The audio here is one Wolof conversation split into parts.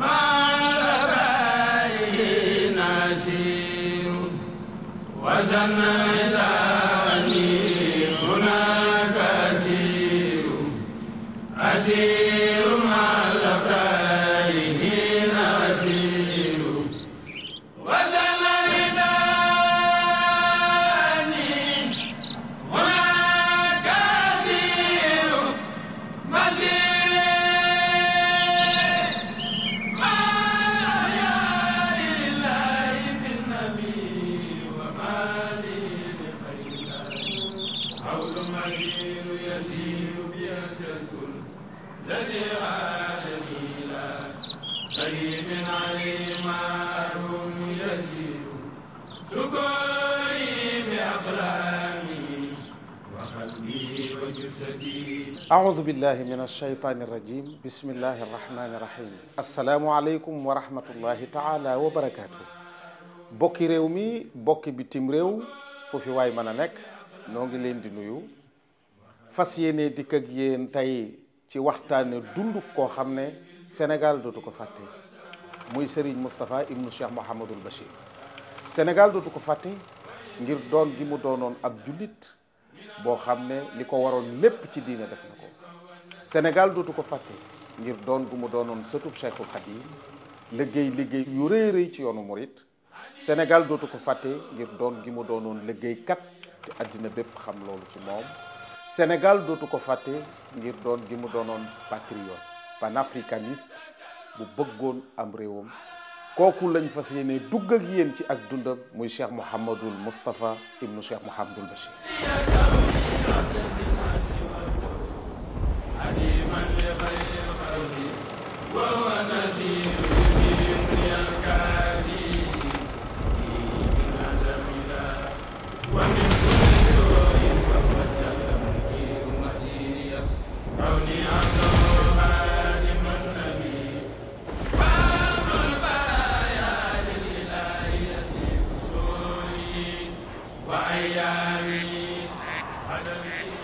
Maalabaay Nasiru wa أعوذ بالله من الشيطان الرجيم بسم الله الرحمن الرحيم السلام عليكم ورحمة الله تعالى وبركاته بوكي ريومي بوكي بيتيم ريو فوفي واي مانا نك نونغي لين دي نويو فاسييني تاي تي وقتاني دوندو كو خامني سنغال دوتو كو فاتي موي سيرين مصطفى ابن الشيخ محمد البشير سنغال دوتو كو فاتي غير دون غي دونون اب boo xam ne li ko waroon lépp ci diine def na ko Sénégal dootu ko fàtte ngir doon gu mu doonoon sëtub Cheikhul Khadim liggéey liggéey yu rëy rëy ci yoonu murit Sénégal dootu ko fàtte ngir doon gi mu doonoon liggéeykat te àddina bépp xam loolu ci moom Sénégal dootu ko fàtte ngir doon gi mu doonoon patriote panafricaniste bu bëggoon am réewam koku lañ fasiyene dugg ak yéen ci ak dundam moy cheikh mouhamadul moustapha ibn cheikh mouhamadul bashir aliman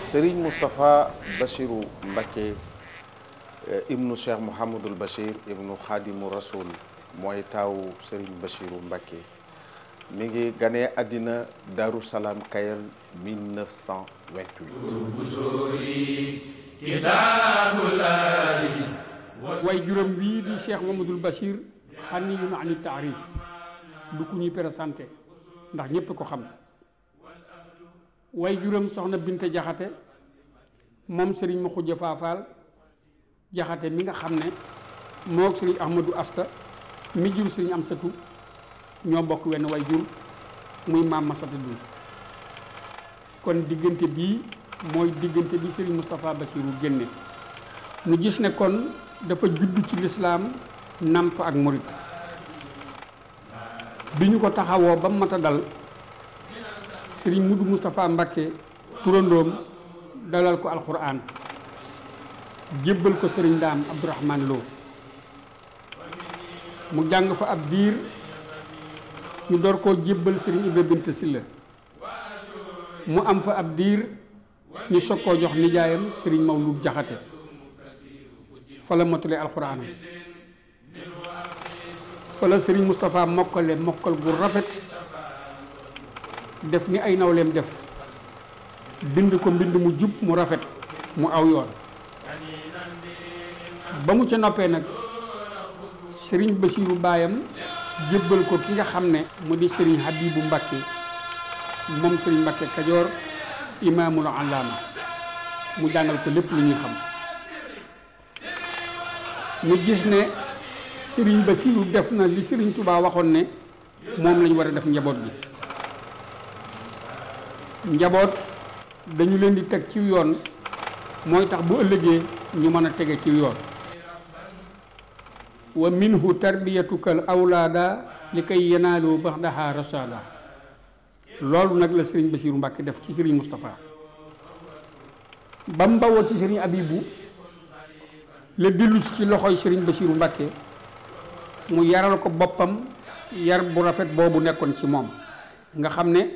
سيرين مصطفى بشير مبكي ابن الشيخ محمد البشير ابن خادم الرسول مويتاو تاو سيرين بشير مكي ميغي غاني ادينا دار السلام كايل 1928 way juróom soxna Binte Jaxate moom Serigne ma xujja faafaal jaxate mi nga xam ne moog Serigne Ahmadou Asta mi jur am Amsatu ñoo bokk wenn way jur muy maam Masata Dun kon diggante bii mooy diggante bi Serigne Moustapha Bassirou génne mu gis ne kon dafa juddu ci lislaam nàmp ak murit bi ñu ko taxawoo ba mata dal sëriñ Mudu Moustapha Mbakke ko alxuraan jébbal ko sëriñ daam mu jàng fa ab diir ñu door koo jébbal sëriñ Ibra Bint am fa ab diir ñu soog koo jox nijaayam sëriñ Mawlud Jaxate fa la motule alxuraanam fa sëriñ Moustapha mokkale mokkal gu rafet def ni ay nawleem def bind ko mbind mu jub mu rafet mu aw yoon ba mu ca noppee nag sëriñ Basiiru baayam jébbal ko ki nga xam ne mu di sëriñ Habibu Mbàkke moom sëriñ Mbàkke Kajoor imaamul allaama mu jàngal ko lépp li ñuy xam mu gis ne sëriñ Basiiru def na li sëriñ Tuubaa waxoon ne moom lañ war a def njaboot bi njaboot dañu leen di teg ci yoon mooy tax bu ëllëgee ñu mën a tege ci yoon wa minhu tarbiyatuka al awlaada li koy kay yanaalu baxdaha rasada loolu nag la sëriñ Basiiru Mbàkke def ci sëriñ Moustapha ba mu ci sëriñ Abibu la dellu ci loxoy sëriñ Basiiru Mbàkke mu yaral ko boppam yar bu rafet boobu nekkoon ci moom nga xam ne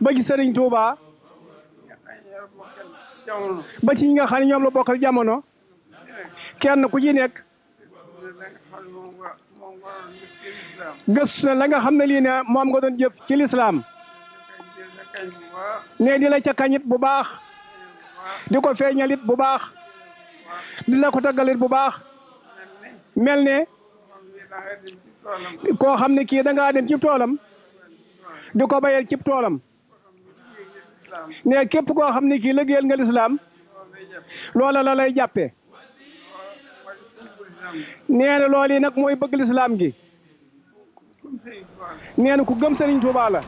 ba ci Serigne Touba ci ñi nga xam ne ñoom la bokkal jamono kenn ku ci nekk gëstu na la nga xam ne lii ne moom nga doon jëf ci lislaam ne di la ca kañit bu baax di ko feeñalit bu baax di la ko taggalit bu baax mel ne koo xam ne kii da ngaa dem ci toolam di ko bayal cib toolam ne képp koo xam ne kii liggéeyal nga lislaam loola la lay jàppee nee na loolu nag mooy bëgg lislaam gi nee na ku gëm Sëriñ Tuubaa la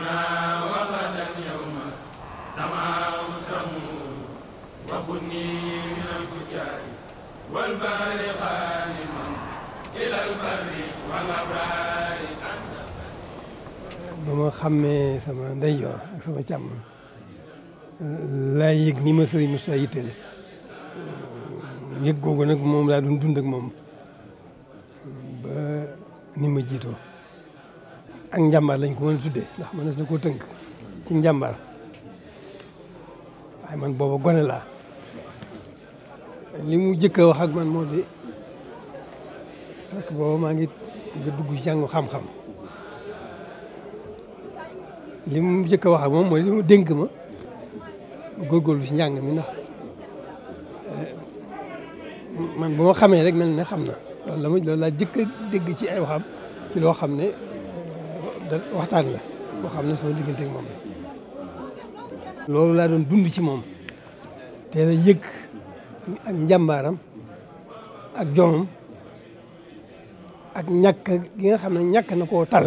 Wow. xam xàmmee sama ndeyjoor sama càmm laa yëg ni ma sëriñ Moussa yittale yëg googu moom laa doon dund ak moom ba ni ma jiitoo ak njàmbaar lañ ko mën a tuddee ndax mënees na koo tënk ci njàmbaar waaye man booba gone laa li mu wax ak man moo di fekk booba maa ngi dugg jàngu xam-xam li mu njëkk a wax ak moom mooy li mu dénk ma góorgóorlu si njàng mi ndax eh, man boo ma xamee rek mel ne xam na loolu la ma loolu laa jëkk dégg ci ay waxam ci loo xam ne eh, waxtaan la boo xam ne sama diggante ak moom loolu laa doon dund ci moom teel a yëg ak njàmbaaram ak jomam ak ñàkk gi nga xam ne ñàkk na koo tal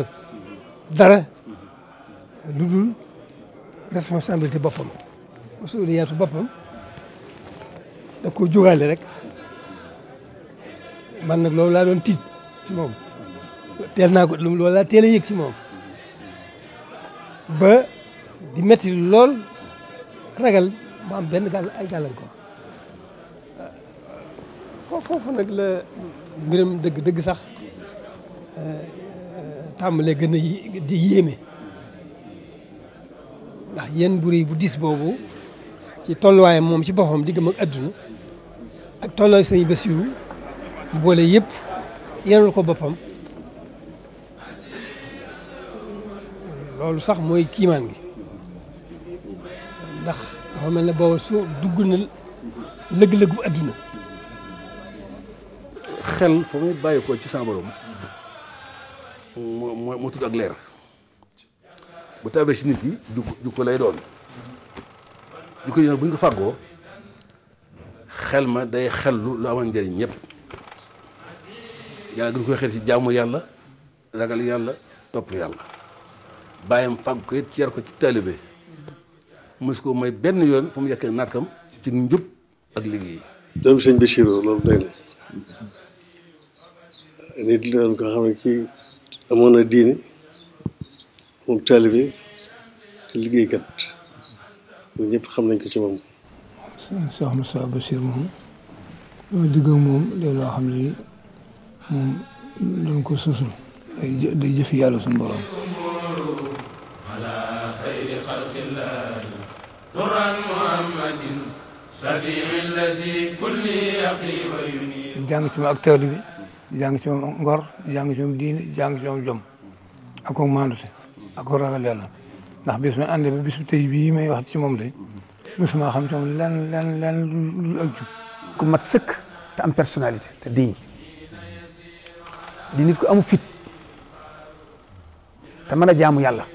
dara lu dul responsabilité boppam masuliyaatu boppam da ko jógaale rek man nag loolu laa doon tiit ci moom teel naa ko loolu laa teel a yëg ci moom ba di métti lool ragal mu am benn gàll ay gàllankoor foofu foofu nag la mbiram dëgg dëgg sax eh, eh, tàmbalee gën a di yéeme ndax yenn bu rëy bu diis boobu ci tolluwaayam moom ci boppam diggam ak adduna ak tolluwaay sëñ Basiru boole yépp yenul ko boppam loolu sax mooy kiimaan gi ndax dafa mel ne su dugg na lëg-lëgu adduna xel fa bàyyi ko ci sa borom mu tudd ak leer bu tawee si nit yi jukko jukko lay doon jukko yi nag bu ñu ko xel ma day xel lu amal njariñ ñëpp yàlla gën koy xel ci jàmm yàlla ragal yàlla topp yàlla bàyyam fàgg ko ci yar ko ci taalibe mos ko mooy benn yoon fu mu yekkee nàkkam ci njub ak liggéey doom sëñ Bachir loolu doy na nit doon ko xam ne kii amoon na diine moom taalibe te liggéeykat ñun ñëpp xam nañ ko ci moom. Cheikh Moussa Bachir moom loolu digg moom day loo xam ne moom dañ ko susul day jë day jëf yàlla suñu borom. jàng ci moom ak taalibe bi jàng ci moom ngor jàng ci moom diine jàng ci moom jom ak ko maandute ak ko ragal yàlla ndax bis ma ànd ba bisu tey bii may wax ci moom de mosuma xam ci moom lenn lenn lenn lu ak jub ku mat sëkk te am personnalité te diñ di nit ku amu fit te mën a jaamu yàlla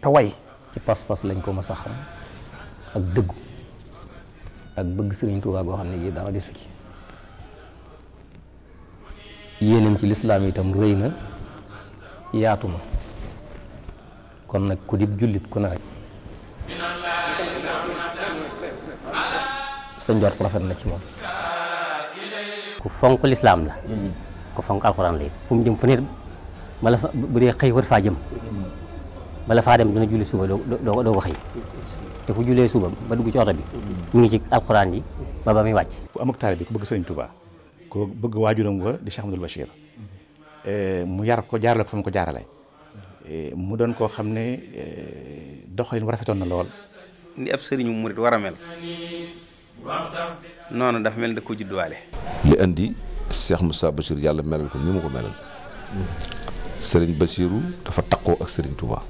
te way ci pas-pas lañ ko mës a xam ak dëggu ak bëgg sëriñ Tuubaa goo xam ne yi dara desu ci yéenam ci lislaam itam rëy na yaatu na kon nag ku dib jullit ku ne rek sa njort rafet na ci moom ku fonk lislaam la ku fonk alxuraan la it fu jëm fu ne bala bu dee xëy war faa jëm bala faa dem dina julli suba doo doo ko xëy te fu jullee suba ba dugg ci oto bi mu ngi ci alxuraan yi ba ba muy wàcc ku am ak taalibe ku bëgg sëriñ Tuubaa ku bëgg waajuram wa di Cheikh Amadou eh, mu yar ko jaarale ko fa ko jaarale Eh, mu doon koo xam ne eh, doxalin rafetoon na lool. ni ab sëriñu murit war a mel noonu dafa mel da ko judduwaale. li andi mu Moussa Bachir yàlla melal ko ni mu ko melal. sëriñ Bachirou dafa takkoo ak sëriñ Touba.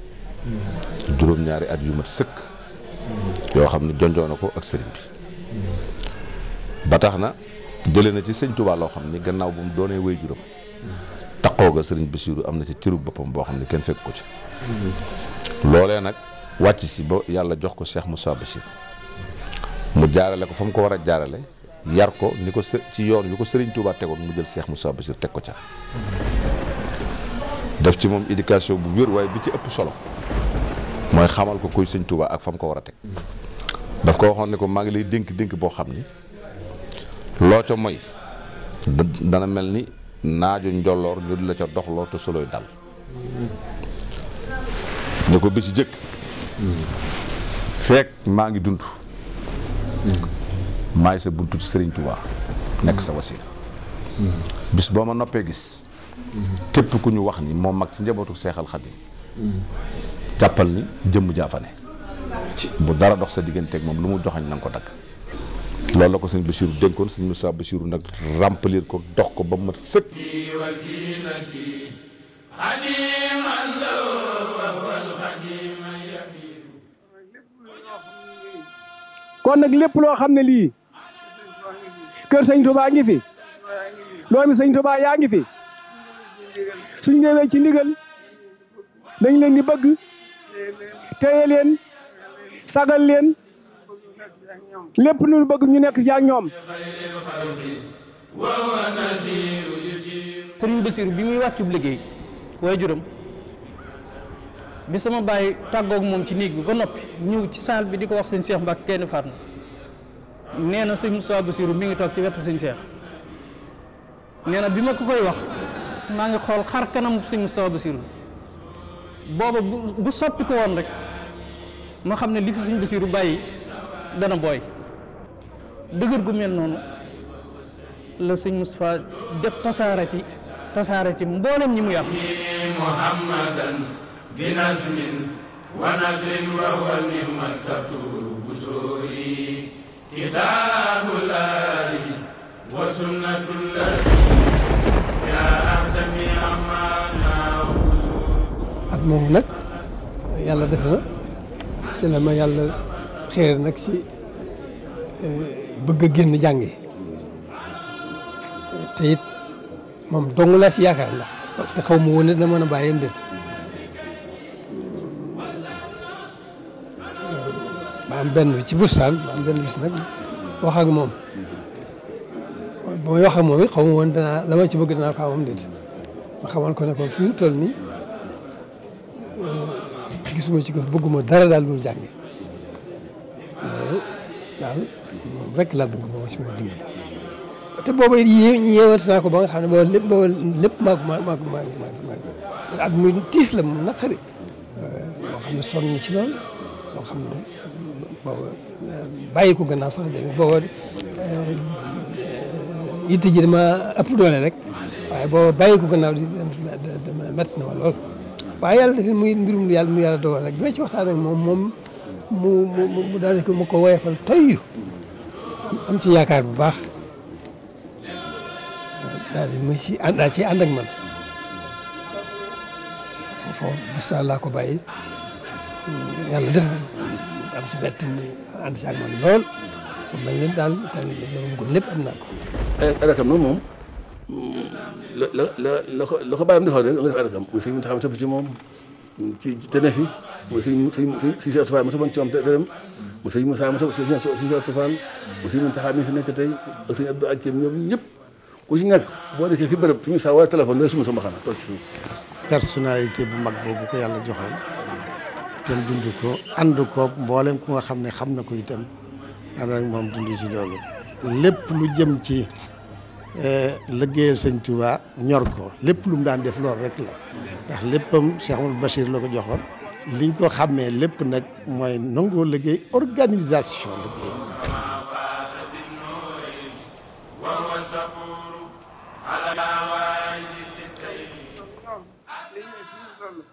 juróom-ñaari at yu mat sëkk. yoo xam ne jonjoo na ko ak sëriñ bi. ba tax na jëlee na ci sëñ Touba loo xam ni gannaaw bu mu doonee wéy juróom. taqoo ga sëriñ Bassirou am na ci cërub boppam boo xam ne kenn fekk ko ci. loolee nag wàcc si ba yàlla jox ko Cheikh Moussa Bassirou mu jaarale ko fa mu ko war a jaarale yar ko ni ko ci yoon yu ko sëriñ tuubaa tegoon mu jël mu Moussa Bassirou teg ko ca. def ci moom éducation bu wér waaye bi ci ëpp solo mooy xamal ko kuy sëñ Touba ak fa mu ko war a teg daf ko waxoon ne ko maa ngi lay dénk dénk boo xam ni loo ca mooy dana mel ni. naaju njolloor ñu di la ca doxloo te soloy looy dal ne ko bi ci jëkk fekk maa ngi dund maay sa buntu ci Sëriñ Tuubaa nekk sa wasiila bis boo ma noppee gis képp ku ñu wax ni moom mag ci njabootu Seexal yi jàppal ni jëmm jaafane bu dara dox sa digganteeg moom lu mu joxañ na ko dagg loolu la ko sëñ Bachirou dénkoon sëñ Moussa Bachirou nag remplir ko dox ko ba mu mat sëkk. kon nag lépp loo xam ne lii kër sëñ Touba ngi fi doomi sëñ Touba yaa ngi fi suñ ñëwee ci ndigal dañ leen di bëgg téye leen sagal leen. lépp lu ñu bëgg ñu nekk ci ñoom. sëriñ Basiiru bi muy wàccub liggéey waaye juróom bi sama bàyyi tàggoog moom ci néeg bi ba noppi ñëw ci saal bi di ko wax seen Cheikh Mbacke kenn faat na nee na sëñ Moussa Basiiru mi ngi toog ci wetu sëñ seex nee na bi ma ko koy wax maa ngi xool xar kanam sëñ Moussa Basiiru booba bu bu soppi ko woon rek ma xam ne li fi Basiiru bàyyi. dana booy dëgër gu mel noonu la sëñ Moustapha def tasaare ci tasaare ci mboolem ñi mu yàq muhammadan bi nasmin wa nasrin wa huwa nimasatu busuri kitaabullahi wa sunnatullahi ya ahtami amana ak moomu nag yàlla def na ci la ma yàlla xëy nag ci eh, bëgg a génn jàngi te moom dong laa ci yaakaar ndax te xaw ma woon ne dina mën a bàyyi am déet benn bi ci bustaan ma am benn bis nag wax ak moom ba may wax moom it xaw ma woon la ma ci bëgg danaa ko am ma xamal ko ne ko fi mu toll nii eh, gisuma ci ko bëgguma dara daal dul jàngi daal moom rek laa bëgg moom si mën a dimbali te booba yéen yéewat naa ko ba nga xam ne booba lépp booba lépp maa ko maa ko maa ko maa ko at muy tiis la moom naqari moo xam ne sonn na ci lool moo xam ne ko gannaaw sax demee booba itti ji di dama métti na ma lool waaye yàlla def muy mbirum yàlla mu yàlla dogal rek bi ci waxtaan moom mu mu mu daal di mu ko woyafal toyyu am ci yaakaar bu baax daal di mu ci ànd daal ci ànd man foofu laa ko bàyyi yàlla def am si bett mu ànd si ak man lool kon mel ni daal kon loolu ko lépp am naa ko. Eh, arakam nag moom la la la la ko la ko bàyyam defoon rek nga def arakam mu taxaw ci moom. ci te ne fi mu sëñ sëñ sëñ Cheikh Soufane mu saban coom dërëm mu sëñ Moussa mu sëñ Cheikh Soufane mu sëñ Mountakha mi fi nekk tey ak sëñ Abdou Akim ñoom ñëpp ku ci nekk boo nekkee fi bërëb suñu saa wala téléphone looy suma sama xanaa toog ci bu mag boobu ko yàlla joxoon te dund ko and ko mboolem ku nga xam ne xam na ko itam ànd ak moom dund ci loolu lépp lu jëm ci Eh, liggéeyal sëñ Touba ñor ko lépp lu mu daan def loolu rek la ndax léppam Cheikh Amadou Bachir la ko joxoon liñ ko xàmmee lépp nag mooy nangoo liggéey organisation liggéey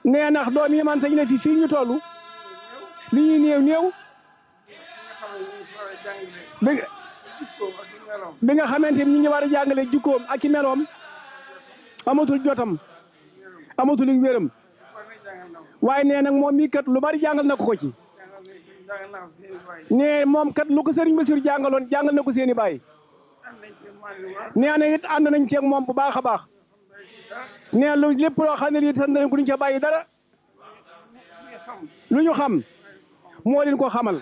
nee nax doom yi man ne fi fii ñu toll néew néew bi nga xamante ni ñu ngi war a jàngale jikkoom ak i meloom amatul jotam amatul i wéram waaye nee nag moom mii kat lu bari jàngal na ko ko ci nee moom kat lu ko sëriñ Basiru jàngaloon jàngal na ko seen i baay nee na it ànd nañ ceeg moom bu baax a baax nee lu lépp loo xam ne lii sant nañ ko duñ ca bàyyi dara lu ñu xam moo leen ko xamal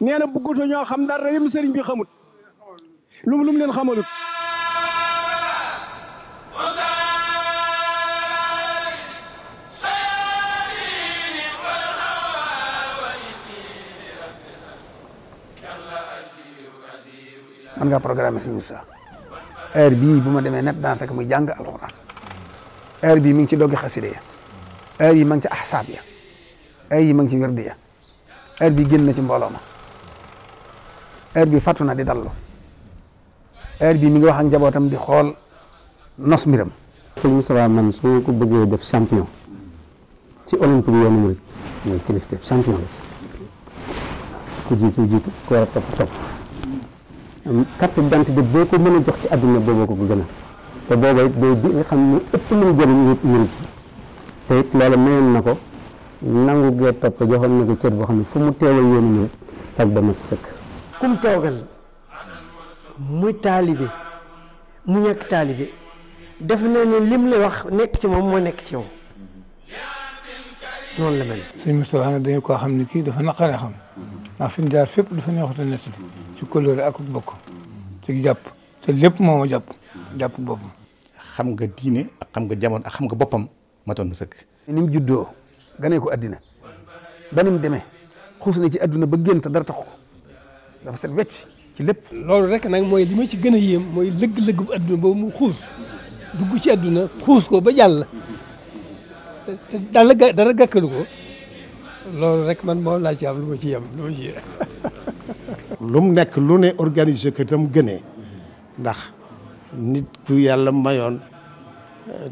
nee na bëggatu ñoo xam dara yëpp sëriñ bi xamut Lum lum len xamalu man nga programme Sëñ Moussa heure bi buma demé net da fek muy jang alcorane heure bi mi ngi ci dogi khassida ya heure yi mang ci ahsab ya ay yi mang ci wirdi ya heure ya. bi genn na ci mboloma heure bi fatuna di dallo heure bii mi ngi wax ak njabootam di xool nos mbiram. sëñ Moustapha man su ma ko bëggee def champion ci olympique yoonu murit mooy kilifteef champion la ku jiitu jiitu ku war a topp topp carte d'identité boo ko mën a jox ci àdduna booboo ko gën a te booba it day bi xam ne ëpp nañu jëriñ yëpp murit te loolu mayoon na ko nangu gee topp joxoon na ko cër boo xam ne fu mu teewal yoonu murit sag dama ci sëkk muy taalibe mu ñàkk taalibe def na ne lim la wax nekk ci moom moo nekk ci yow noonu la mel. sëñ Moustapha nag dañu koo xam ne kii dafa naqaree xam ndax fi mu jaar fépp dafa neexut a nett ci kóllëre ak bokk ci jàpp te lépp moo ma jàpp jàpp boppam. xam nga diine ak xam nga jamono ak xam nga boppam matoon na sëkk. ni mu juddoo ganee ko addina ba ni mu demee xuus na ci adduna ba génn te dara tax ko dafa set wecc. ci lépp loolu rek nag mooy li ma ci gën a yéem mooy lëgg-lëgg bu adduna boobu mu xuus dugg ci adduna xuus ko ba jàll te dara dara gàkkalu ko loolu rek man moo laa ci am lu ma ci yem lu lu mu nekk lu ne organise ko mu gënee ndax nit ku yàlla mayoon eh,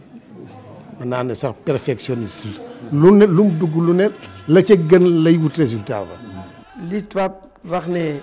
mën naa ne sax perfectionniste lu ne lu dugg lu ne la ca gën lay wut résultat ba li tubaab wax ne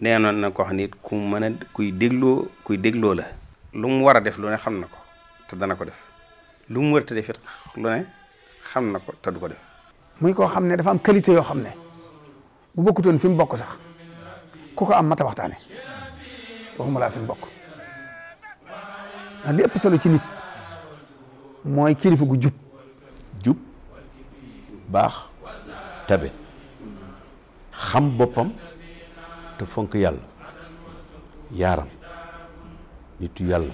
neenoon na ko xam nit ku mën a kuy dégloo kuy dégloo la lu mu war a def lu xam na ko te dana ko def lu mu wërta def xam na ko te du ko def muy koo xam ne dafa am qualité yoo xam ne bu bokkutoon fi mu bokk sax ku ko am mata waxtaane waxuma laa fi mu bokk li ëpp solo ci nit mooy kilifa gu jub jub baax tabe xam boppam te fonk yàlla yaaram nitu yàlla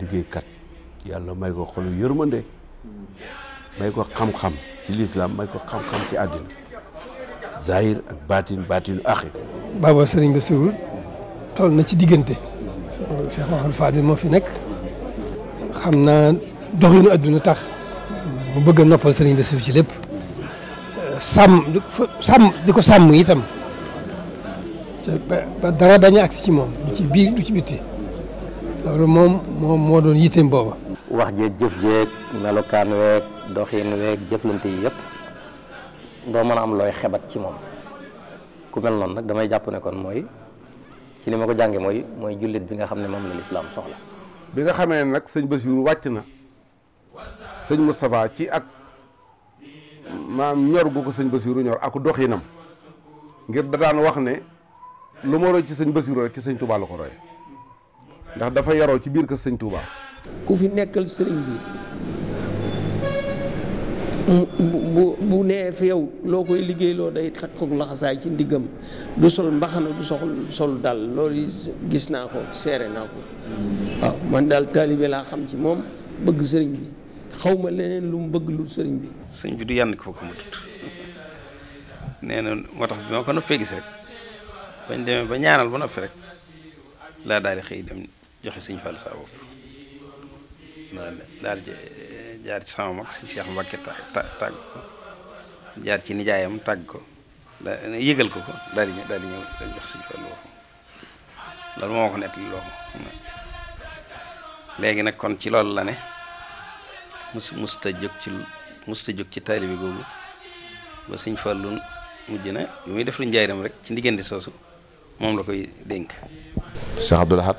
liggéeykat yàlla may ko xolu yërmande may ko xam-xam ci lislaam may ko xam-xam ci àddina zahir ak baatin baatinu axi baaba sëriñ Bassirou toll na ci diggante Cheikh Mahamadou Fadil moo fi nekk xam naa doxinu àdduna tax mu bëgg a noppal sëriñ Bassirou ci lépp sàmm sàmm di ko sàmm itam ba dara bañ a agsi ci moom du ci biir du ci bitti loolu moom moom moo doon yitteem booba wax jeeg jëf jeeg melokaan weeg doxin weeg jëflante yi yëpp doo mën a am looy xebat ci moom ku mel noonu nag damay jàpp ne kon mooy ci li ma ko jànge mooy bi nga xam ne moom soxla bi nga xamee nag sëñ Basiru wàcc na sëñ Moustapha ci ak maam ñor gu ko sëñ Basiru ñor ak doxinam ngir da daan wax ne lu ma roy ci sëñ Basiru rek ci sëñ Touba la ko roy ndax dafa yaroo ci biir kër sëñ Touba. ku fi nekkal sëriñ bi bu bu nee fi yow loo koy liggéeyloo day takkook laxasaay ci ndiggam du sol mbaxana du soxla sol daal loolu gis naa ko seere naa ko waaw man daal taalibe laa xam ci moom bëgg sëriñ bi xaw ma leneen lu mu bëgg lu sëriñ bi. sëñ bi du yànn ko ko mu tudd nee na moo tax bi ma ko noppee gis rek. bañ demee ba ñaanal ba noppi rek laa daal di xëy dem joxe sëñ Fallu saa bopp daal di eh, jaar ci nijaayam tàgg ko daa yëgal ko ko daal di daal di nag kon ci loolu la ne mus musta jóg jóg ci taalibe googu ba sëñ Fallu mujj na lu muy def lu njaay dem rek ci ndiggante soosu moom la koy dénk. Cheikh Abdoul Ahad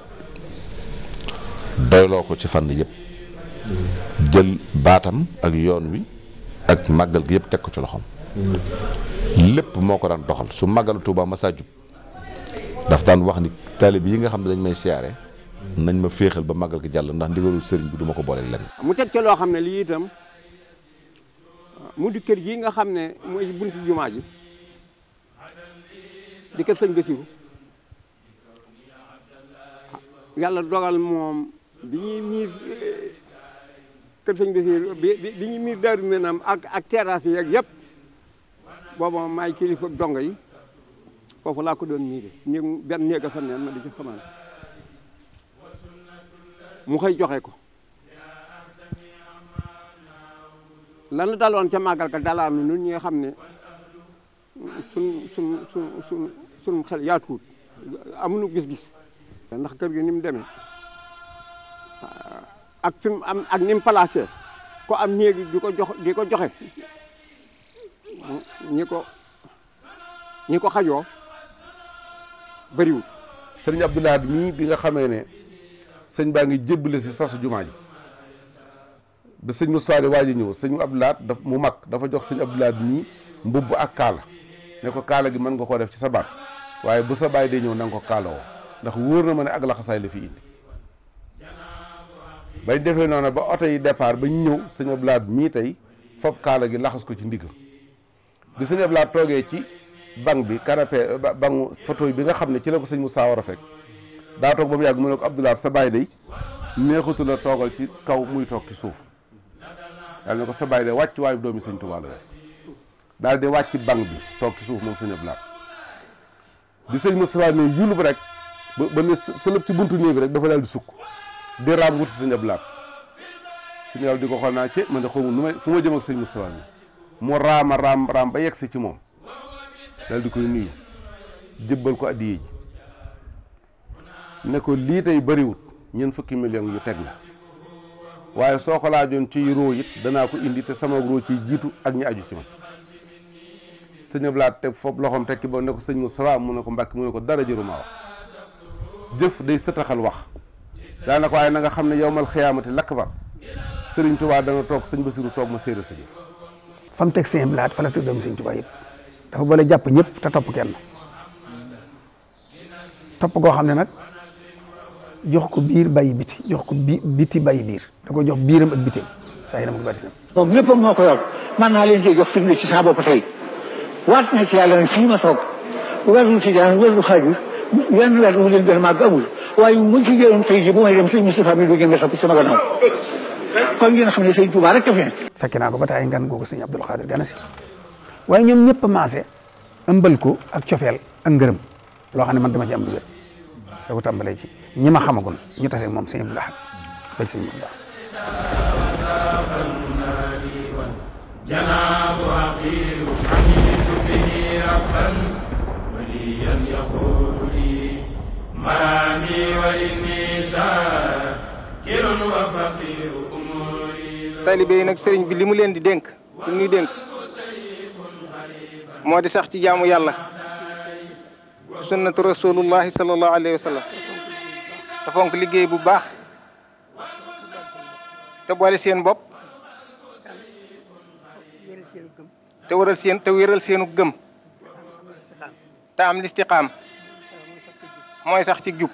doyloo ko ci fànn yëpp jël baatam ak yoon wi ak màggal gi yëpp teg ko ci loxoom. lépp moo ko daan doxal su màggalu Touba Massa jub daf daan wax ni taalib yi nga xam ne dañ may siyaare nañ ma féexal ba màggal gi jàll ndax ndigalul sëriñ bi du ma ko boole lenn. mu teg ci loo xam ne lii itam mu di kër gii nga xam ne mooy buntu jumaa ji di kër sëñ Bassirou yalla dogal moom bi mir miir señ bi ñuy mir daru menam ak ak terrasse yi yep bobo may kilifa donga yi fofu la ko don miire néeg ben néeg fa neen ma di ci xamal mu xey joxe ko sun sun sun sun ka sun sun ñi sun sun sun sun sun sun sun sun xel sun sun gis-gis ndax kër gi ni mu demee ak fi am ak ni mu placé ko am néegi di ko jox di ko joxe ñi ko ñi ko xajoo bëriwul. sëriñ Abdoulaye mii bi nga xamee ne sëñ baa ngi jébbale si sasu jumaa ji ba sëñ mu di waaj a ñëw sëñ Abdoulaye daf mu mag dafa jox sëñ Abdoulaye mii mbubb ak kaala ne ko kaala gi mën nga koo def ci sa baat waaye bu sa baay dee ñëw nan nga ko kaalawoo. ndax wóor na ma ne ak laxasaay la fi indi bay defee noonu ba oto yi départ ba ñu ñëw sëñ Ablaat mii tey fob kaala gi laxas ko ci ndigg bi sëñ Ablaat toogee ci banc bi canapé bangu photo bi nga xam ne ci la ko sëñ mu saawar a fekk daa toog ba mu yàgg mu ne ko Abdoulaye sa baay day neexatu la toogal ci kaw muy toog ci suuf yàlla ne ko sa baay day wàcc waayu doomi sëñ Tuubaa la daal di wàcc banc bi toog suuf moom sëñ Ablaat bi sëñ Moussa ne yulub rek. ba ba ne sëlëb ci buntu néeg rek dafa daal di sukk di raam wutu sëñ Abdu Lahat sëñ di ko xool ma jëm ak sëñ Moustapha ba yegg si ci moom daal di koy nuyu jëbbal ko addiye ji ne ko lii tey bëriwut ñeent fukki million yu teg la waaye soo ko laajoon ci roo it danaa ko indi te sama roo ciy jiitu ak ñi aju ci ma sëñ Abdu Lahat loxoom tekki ba ne ko sëñ Moustapha mu ne ko mbàkk mu ne ko dara jëru maa wax جف دي ستخال واخ دا نكو نغا خامني يوم القيامه لكبا سيرن توبا دا نو توك بسيرو توك ما سيرو سيدي تك سي املات فلا تو دم سيرن توبا ييب دا فا جاب نييب تا توب كين كو خامني نك جوخ كو بير باي بيتي جوخ كو بيتي باي بير دا جوخ بيرم اك بيتي ساي نام كو بارسي نام نيبم مكو مان نا سي جوخ سيرن سابو فاي وات نا سي يالا فيما توك وازو سي yan la lu leen gën a màgg amul waaye muñ si jëloon tey ji bu may dem sëñ Moustapha mi du génne xepp ci magan am kon ngeen xam ne sëñ Touba rek a fi fekke naa ko ba tey ngan googu sëñ Abdoul Khadir Ganasi waaye ñoom ñëpp a maase ëmbal ko ak cofeel ak ngërëm loo xam ne man dama ci am lu wér da ko tàmbalee ci ñi ma xamagoon ñu tase moom sëñ Abdoul Ahad ba ci sëñ Moustapha taalibe yi nag sëriñ bi li mu leen di dénk li muy dénk moo di sax ci jaamu yàlla sunnatu rasulullahi sallallahu alayhi wa sallam te fonk liggéey bu baax te boole seen bopp te waral seen te wéral seenu gëm te am listiqaam mooy sax ci jub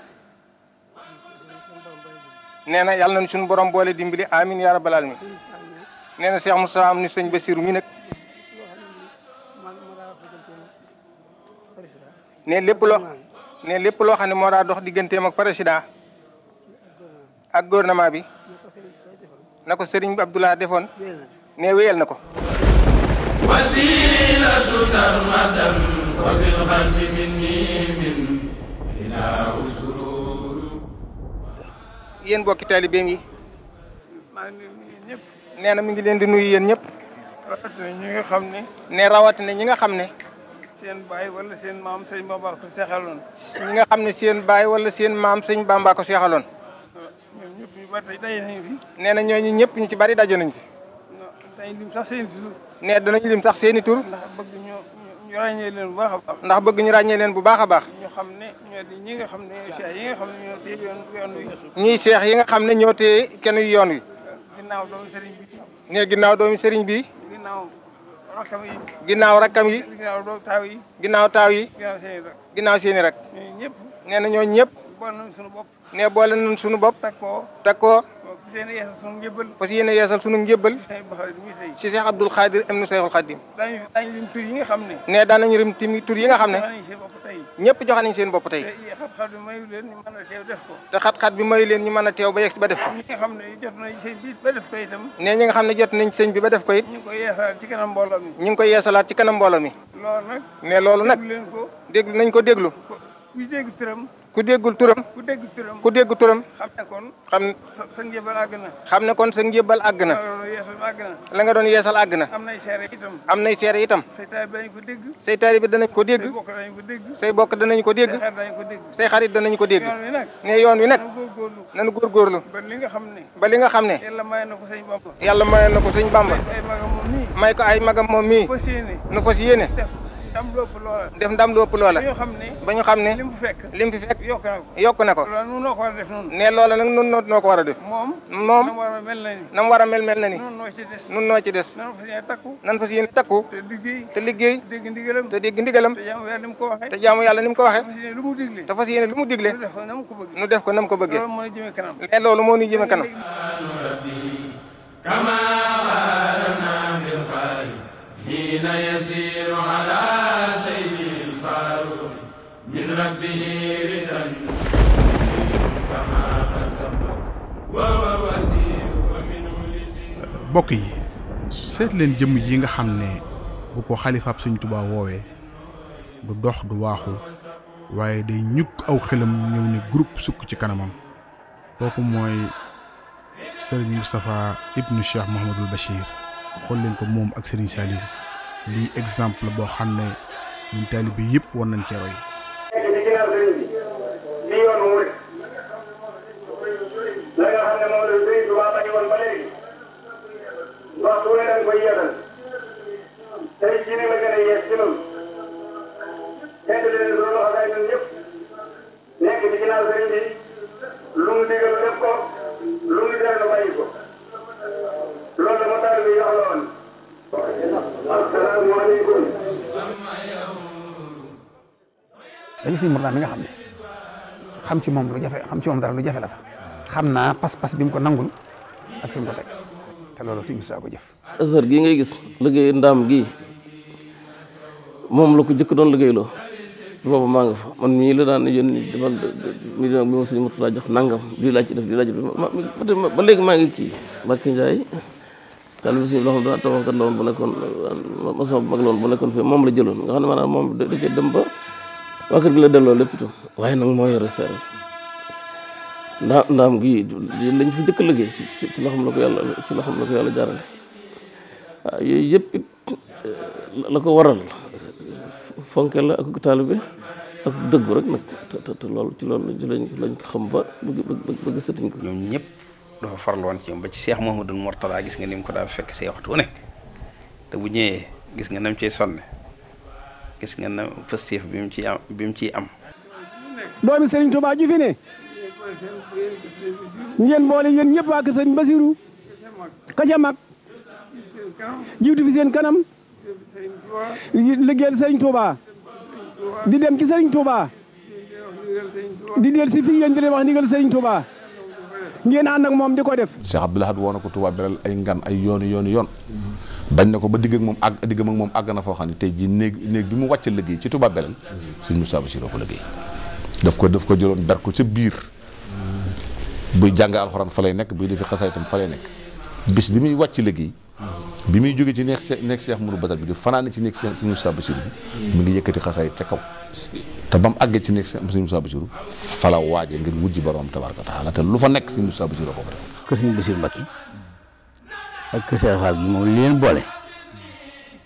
nee na yàlla nañu suñu borom boole dimbali amin yaa balaal alamin nee na Cheikh Moussa am ni sëñ Basiru mi nag ne lépp loo ne lépp loo xam ne moo daa dox digganteem ak président ak gouvernement bi na ko sëriñ bi Abdoulaye defoon ne wéyal na ko yéen bokk taalibeem yi. nee na mi ngi leen di nuyu yéen ñëpp. ñi nga xam ne. ne rawatina ñi nga xam ne. seen wala seen maam sëñ Bamba ko seexaloon. ñi nga xam ne seen wala seen maam sëñ Bamba ko seexaloon. ñoom ñëpp ñu bari day nañ fi. nee na ñooñu ñëpp ñu ci bari daje nañ fi. dañu lim sax seen tur. nee danañu lim sax seen tur. ndax bëgg ñu ñu ràññee leen bu baax a baax. ndax bëgg ñu ràññee leen bu baax a baax. ñu xam ne. ñi nga xam ne seex yi nga xam ne ñoo téye yoon wi. seex yi nga xam ne ñoo téye kenn yoon wi. ginnaaw doomi sëriñ ne ginnaaw doomi sëriñ bi. ginaaw rakkam yi. ginnaaw yi. ginnaaw doomu taaw yi. ginnaaw taaw yi. ginnaaw seeni rek. ginnaaw seeni rek. ñooñu ñëpp. nee na ñooñu ñëpp. boole nañ bopp. nee boole nañ suñu bopp. takkoo fas yéene yeesal sunu njëbbal. fas yeesal sunu njëbbal. ci Cheikh Abdoul Khadir am na Cheikhul Khadim. daañu daañu lim tur rim timi tur yi nga xam ne. ñëpp joxe seen bopp tey. te xat-xat bi mayu leen ñu mën a teew ba yegg ba ba def ko ne ñi nga xam ne jot nañ sëñ bi ba def ko it. ñu koy yeesalaat ci kanam mbooloo mi. ñu ngi koy yeesalaat ci kanam mbooloo mi. ne loolu nag déglu nañ ko déglu. kuy dégg turam ku déggul turam. ku dégg turam ku dégg turam. xam ne kon. xam sa njëbal àgg na. xam ne kon sa njëbal àgg na. la nga doon yeesal àgg na. am nay seere itam. am nay seere itam. say taalibe danañ ko dégg. say taalibe ko dégg. say bokk danañ ko dégg. say xarit danañ ko dégg. ne yoon wi nag. nanu góor ba li nga xam ne. ba li nga xam ne. yàlla mayoon na ko sëñ Bamba. yàlla mayoon na ko sëñ Bamba. may ko ay magam moom mii. nu fas yéene. ndam lu ëpp loola. def ndam lu ëpp loola. ba ñu xam ne lim fi fekk. lim fi fekk yokk na ko yokk na ko. loolu noo ko war a def ne loola nag nun noo ko war a def. moom moom na mu war a mel mel na ni. nun noo ci des. nun noo ci des. nan fas yéene takku. nan fas yéene takku. te liggéey. te liggéey. dégg ndigalam. te dégg ndigalam. te jaamu yàlla ni mu ko waxee. te jaamu yàlla ni mu ko waxee. te fas yéene lu mu digle. nu def ko nam ko bëggee. ne loolu moo ñu jëme kanam. كما وارنا في الخير bokk yi seet leen jëmm yi nga xam ne bu ko xalifaab Sëñ Tuubaa woowee du dox du waaxul waaye day ñukk aw xelam ñëw ne groupe sukk ci kanamam bokk mooy Serigne Moustapha ibnu Cheikh Mouhamadul Bachir xool leen ko moom ak Serigne Saliou lii exemple boo xam ne ñun taalibe yëpp war nañ cee roy. lu mu digal def ko lu mu digal bàyyi ko loolu la ma taal bi yox nga xam ne xam ci moom lu jafe xam ci moom dara lu jafe la sax xam naa pas-pas bi mu ko nangul a fi mu teg te loolu suñu saa ko jëf asar gii ngay gis liggéey ndaam gi moom la ku jëkk doon liggéeyloo boobu maa nga fa man mii la daan yónni demal mi bi moom suñu murtaa jox nangam di laaj ci di laaj ci def ba léegi maa ngi kii Mbacke Ndiaye taalibe Sëñ loo xam ne tabaxkat la woon bu nekkoon maçon bu mag la woon bu nekkoon fii moom la jëloon nga xam ne maanaam moom da cee dem ba waa kër gi la delloo lépp itam waaye nag moo yore service ndaam gi lañ fi jëkk liggéey ci ci loo la ko yàlla ci loo la ko yàlla jaarale waaw yooyu la ko waral fonke la ak taalibe ak dëggu rek nag te te loolu ci loolu lañ lañ xam ba bëgg bëgg bëgg ko ñëpp dafa farloon ci moom ba ci seex Cheikh Mouhamadou Mourtada gis nga ni ko daa fekk see waxtu ne te bu ñëwee gis nga nam cey sonne gis nga na positif bi mu ci am bi mu ciy am. doomi Serigne Touba ju ne ngeen boole yéen ñëpp waa kër Serigne Basirou ka fi seen kanam liggéeyal Serigne Touba di dem ci Serigne Touba di del si fii yéen di leen wax ndigal Serigne Touba. ngeen ànd nag moom di ko def Cheikh Abdoul Ahad woo ko Touba Belel ay ngan ay yooni yooni yoon bañ na ko ba digg moom àgg digg ak moom àgg na foo xam ne tey jii néeg néeg bi mu wàcc liggéey ci Touba Belel saabu si Bachir ko liggéey daf ko daf ko jëloon ber ko ca biir buy jàng alxuraan fa lay nekk buy defi xasaayitam fa lay nekk bis bi muy wàcc léegi bi muy jógee ci nekk see nekk seex mënu batal bi di fanaan ci nekk seen suñu sabasiru bi mu ngi yëkkati xasaay ca kaw te ba mu àggee ci nekk seen suñu sabasiru fala waajee ngir wujji borom tabaraka taala te lu fa nekk suñu sabasiru ko fa def kër si basiru mbakki ak kër seex faal gi moom li leen boole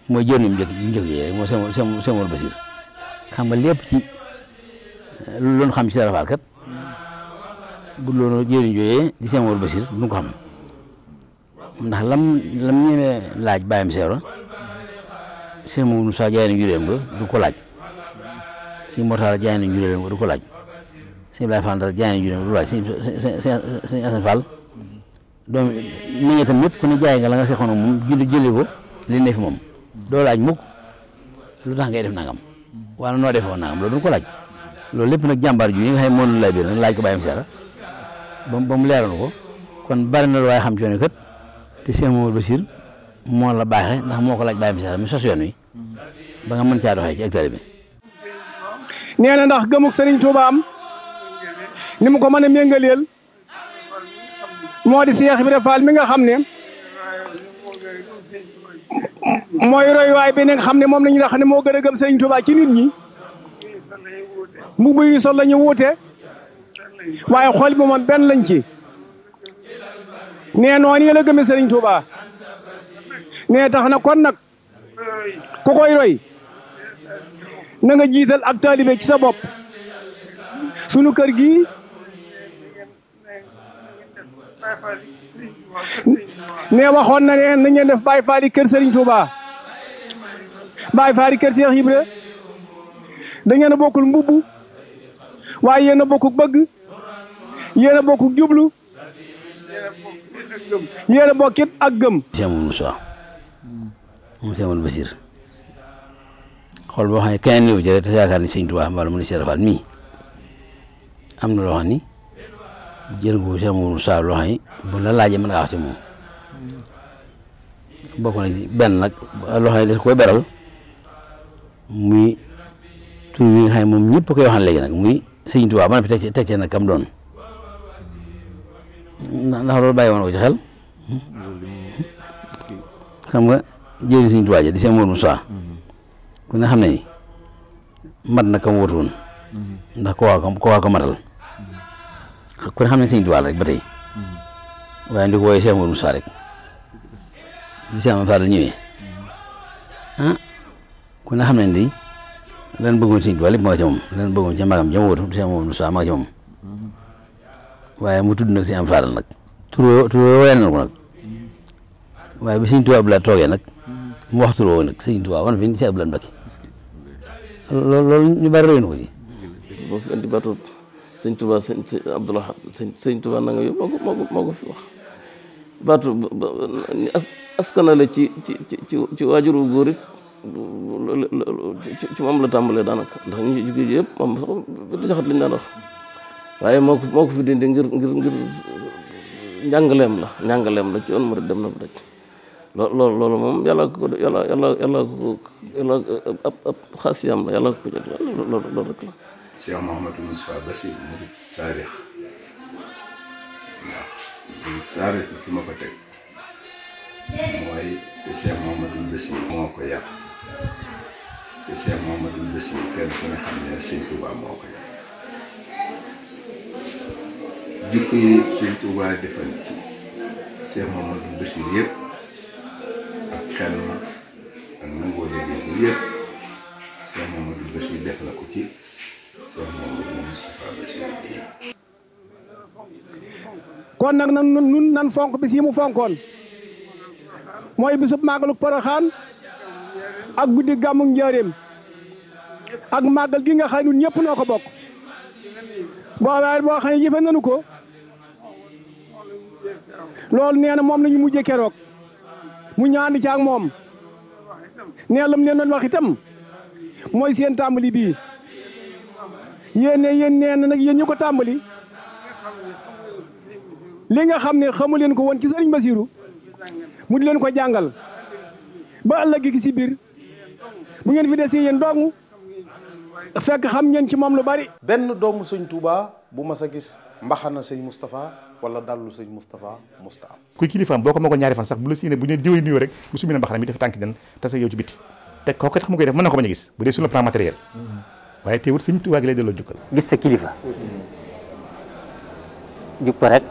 mooy jëriñu njëkk njëkk yi xam nga lépp ci lu xam ci seex faal kat bu loolu jëriñ jooyee di seen wàllu basir du ko xam ndax lam lam ñemee laaj bàyyam seero sëñ Mamadou sa jaay na njuréem nga du ko laaj sëñ Mortala jaay na njuréem nga du ko laaj sëñ Ibrahima Fall dara jaay na njuréem nga du laaj sëñ sëñ tam ñëpp ku ne jaay nga la nga seexoon moom jënd jëlee ko li ne fi moom doo laaj mukk lu tax ngay def nangam wala noo defoo nangam loolu du ko laaj loolu lépp nag jàmbaar ju yi nga xam ne moom laaj ko bàyyam seera ba mu leeroon ko kon bari na lu waaye xam coono kat te Cheikh Mamadou Bachir moo la baaxee ndax moo ko laaj bàyyi misaal mi sos yoon wi ba nga mën caa doxee ci hectare bi. ndax gëmug Serigne Touba am ni mu ko mën a méngaleel moo di Cheikh Ibrahima Fall mi nga xam ne mooy royuwaay bi nga xam ne moom la ñu xam ne moo gën a gëm Serigne Touba ci nit ñi mbubb yi sol la ñu wuute waaye xool bi moom benn lañ ci. nee noonu yéen a gëmee Serigne Touba nee tax na kon nag ku koy roy na nga jiital ak taalibe ci sa bopp sunu kër gi nee waxoon na ne nañ leen def Baye Fall kër Serigne Touba Baye Fall kër Cheikh Ibra da ngeen bokkul mbubb waaye yéen a bokkuk bëgg yéen a bokkuk jublu. yéen a bokk it ak gëm. Cheikh Mouhamadou Moussa moom Cheikh Mouhamadou Bassir xool boo xam ne keneen mu ne Cheikh Rafal am na loo xam ni jërë nga Cheikh Mouhamadou Moussa loo xam bu la laajee mën ngaa wax ci moom bokk na ci benn nag loo xam ne des koy beral muy tur wi nga xam ne moom ñëpp koy waxaan léegi nag muy Sëñ Tuubaa man fi teg ci teg kam doon. ndax loolu bàyyi woon ko ci xel xam nga jëri Sëriñ Tuubaa ji di seen Mor Moussa ku ne xam ne ni na kam wóotu woon ndax ko waa matal ku ne xam ne Sëriñ Tuubaa rek ba tey waaye ndi ko wooyee seen Mor Moussa rek bi seen Mor Fall ñëwee ah ku ne xam ne ni lan bëggoon Sëriñ Tuubaa lépp ma lan bëggoon ca magam jëm wóotu di seen Mor Moussa ma nga ca waaye mu tudd nag si am faral nag tur tur wayal na ko waaye bi sëñ Tuubaa toogee nag mu wax tur woo nag sëñ Tuubaa wan fi ñu si Abdoulaye Mbacké loolu loolu ñu bari réy na ko ci boo fi andi baatu sëñ Tuubaa sëñ Abdoulaye sëñ Tuubaa fi wax baatu la ci ci ci ci waajuru góor it ci moom la tàmbalee daanaka ndax ñu jóge waaye moo ko moo ko fi dindi ngir njàngaleem la njàngaleem la ci yoon moom yàlla ko ko yàlla ab ab xasiyam la yàlla ko saarix saarix bi ko teg mooy Cheikh moo ko yàq Cheikh Mouhamadou moo ko yàq jukk yi sëñ Tuubaa defal ci Cheikh Mamadou Bassir yëpp ak calme ak nangoo liggéey bi yëpp kon nag nan nun nan fonk bis yi mu fonkoon mooy bisub màggalu Poroxaan ak guddi gàmmu njaareem ak màggal gi nga xam ne ñun ñëpp noo ko bokk boo waaye boo xam ne jëfe nanu ko loolu nee na moom lañu ñu mujjee mu ñaandi ci ak moom nee lam leen doon wax mooy seen tàmbali bii yéen ne yéen nee na nag yéen ñu ko tàmbali li nga xam ne xamu leen ko woon ci sëriñ Basiiru mu leen ko jàngal ba ëllëg gi si biir bu ngeen fi desee yéen dong fekk xam ngeen ci moom lu bari benn doomu sëñ Touba bu mas a gis mbaxana sëñ Moustapha wala dallu sëñ Moustapha Moustapha kuy kilifaam boo ko moo ko ñaari fan sax bu la si ne bu ñu diwee nuyoo rek bu summi na mbaxana mi dafa tànk den tase yow ci biti te kooku tax mu koy def mën na ko bañ a gis bu dee sur le plan matériel waaye teewut sëñ Tuubaa gi lay delloo jukkal gis sa kilifa jub ko rek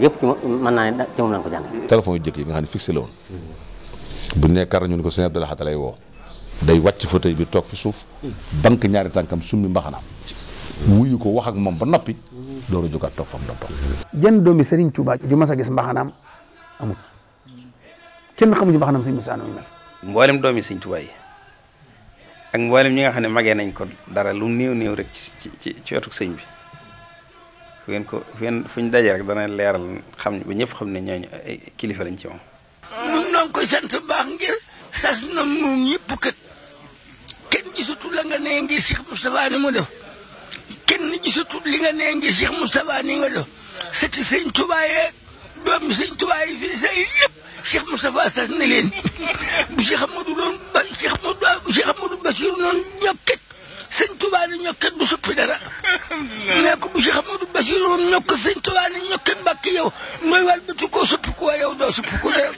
yëpp ci naa ne ci ko jàng téléphone jëkk yi nga xam ne fixé la bu ñu nee kar ñun ko sëñ Abdou Lahad lay woo day wàcc fauteuil bi toog fi suuf banque ñaari tànkam summi mbaxana wuyu ko wax ak moom ba noppi door a jógaat toog fam doon toog jën doomi Serigne Touba ju a gis mbaxanaam amul kenn xamu ci mbaxanaam sëñ Moussa Noël mboolem doomi Serigne Touba ak mboolem ñi nga xam ne magee nañ ko dara lu néew néew rek ci ci ci sëñ bi fu ko fu ngeen ñu dajee rek dana leeral xam ba ñëpp xam ne ñooñu ay kilifa lañ ci moom nun noo koy sant baax ngir sas na nun ñëpp kët kenn gisatu la nga ne ngir Cheikh Moustapha ni mu def gisatut li nga nee ngi Cheikh Moustapha ni nga def sëti sëñ Tuubaa yeeg doomi sëñ Tuubaa yi fii say yëpp Cheikh Moustapha sax na leen bu Cheikh Amadou doon ba Cheikh Amadou bu Cheikh Amadou Bachir noonu ñëpp teg sëñ Tuubaa ni ñokket du suppi dara ne ko bu Cheikh Amadou Bachir woon ñokk sëñ Tuubaa ñokket mbàkk yow mooy wal bëtu suppi ko yow doo suppi ko dara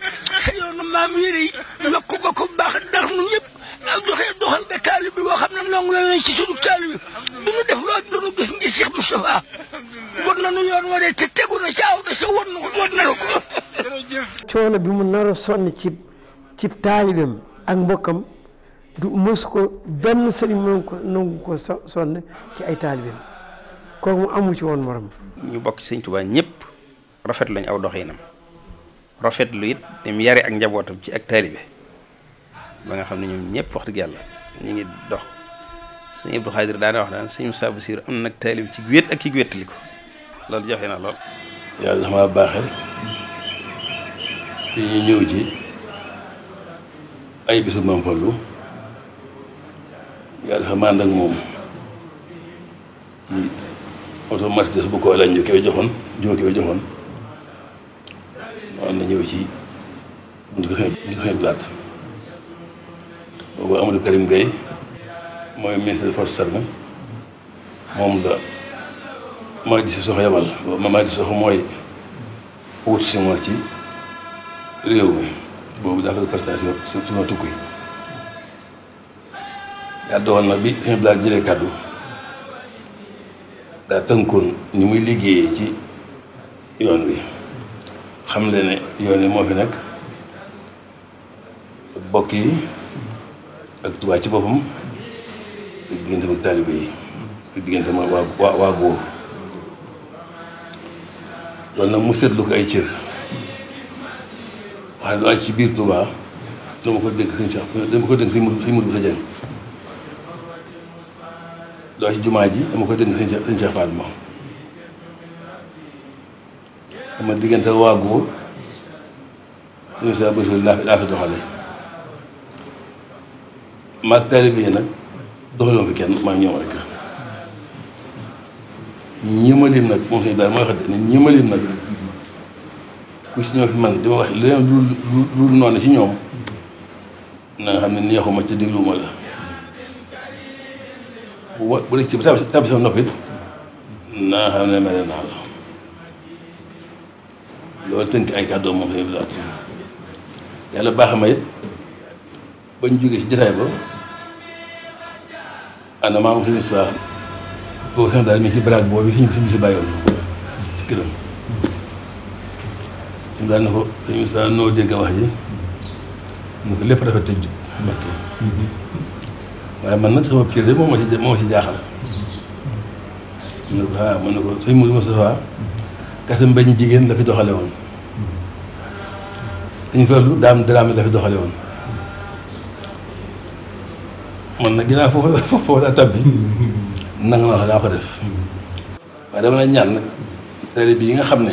sa yoonu maam yére yi yokk ko ko ndax nu ñëpp am doxee doxal nga taalib bi boo xam ne nongu la ci sunu taalib bi duñu def loo duñu gis ngi Cheikh Moustapha war nañu yoon waree te tegu na ci aw na sa war na war na ko ak mbokkam du mës ko benn sëriñ moom ko nangu ko sonn ci ay taalibeem kooku mu amu ci woon morom ñu bokk ci sëñ Tuubaa ñëpp rafet lañ aw doxinam rafet lu it dem yare ak njabootam ci ak taalibe ba nga xam ne ñu ñëpp wax dëgg yàlla ñu ngi dox sëñ Abdou Xaadir daana wax daan si Moussa Bassir am nag taalibe ci wét ak ci li ko loolu jafe na lool yàlla ma baaxee dañuy ñëw ci ay bisu Maam Fallu yàlla dafa mànd ak moom ci oto Mercedes bu ko Alaaji Njóoke ba joxoon Njóoke ba joxoon maanaam na ñëw ci buntu ko xëy blaat boobu Amadou Karim Gueye mooy ministre des forces armées moom la Mamady Sissokho yabal Mamady Sissokho mooy wut si moom ci réew mi boobu dafa président si si tukki yàlla dogal na bi sëñ Abdoulaye jëlee kàddu daa tënkoon ñu muy liggéeyee ci yoon wi xam le ne yoon wi moo fi nekk bokk yi ak Tuubaa ci boppam ak digganteem ak taalibe yi ak digganteem ak waa waa góor loolu nag mu seetlu ko ay cër wax ne lu aj ci biir Tuubaa dama ko dénk sëñ sax dama ko dénk sëñ Mudu Mudu Sa Jeen doo ci jumaa ji dama ko dénk sëñ Cheikh Fatma dama diggante waa góor sëñ Cheikh Bachir laa fi laa fi doxale maag taalibe yi nag doxalewuma fi kenn maa ngi ñoom rek ñi ma lim nag moom suñu daal mooy wax ne ñi ma lim nag noonu ci ñoom na xam ne neexuma ca dégluwuma la bu bu bu ci sa sa sa noppi naa xam ne mel naa la loolu tënk ay kàddoom moom la ñu doon yàlla baax ma it bañ jógee ci jotaay ba ànd maa ngi boo xam mi ci baraag boobu fi ñu fi ñu si ci këram. ñu daal na ko fi noo dégg wax ji ñu ko lépp rafet te jub waaye man nag sama cër de moom moo ci moo ci jaaxal mën na ko ah mën na ko sëñ jigéen la fi doxale woon dañu farlu daam daraame la fi doxale woon man nag ginnaaw foofu foofu foofu daa tabbi nanga la ñaan nag taalibe bi yi nga xam ne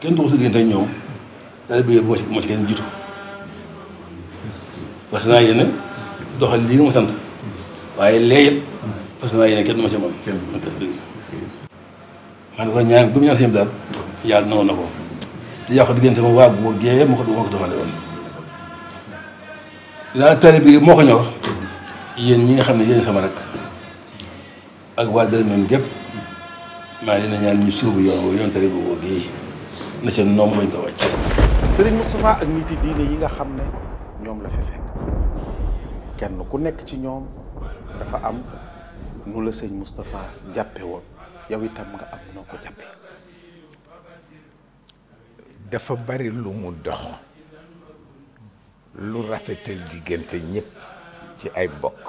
kenn du ko si diggante ak ñoom taalibe bi moo ci moo ci kenn jiitu parce que naa yéen doxal lii nga ma sant waaye lee yëpp parce que naa yéene kenn du ma ci moom. man kese dëgg man ko ñaan bu mu ñaan seen daal yàlla nangu na ko te yàqu diggante ma waa góor gee ma ko ma ko demale woon daal taalibe bi moo ko ñor yéen ñi nga xam ne yéen sama rek ak waa dara même gépp maa ngi leen ñaan ñu suubu yoon woo yoon taalibe bi woo gii na ca noom lañ ko wàcc Serigne Moustapha ak nit yi diine yi nga xam ne ñoom la fi fekk kenn ku nekk ci ñoom dafa am nu la sëñ Moustapha jàppe woon yow itam nga am noo ko jàppe dafa bari lu mu dox lu rafetal diggante ñëpp ci ay bokk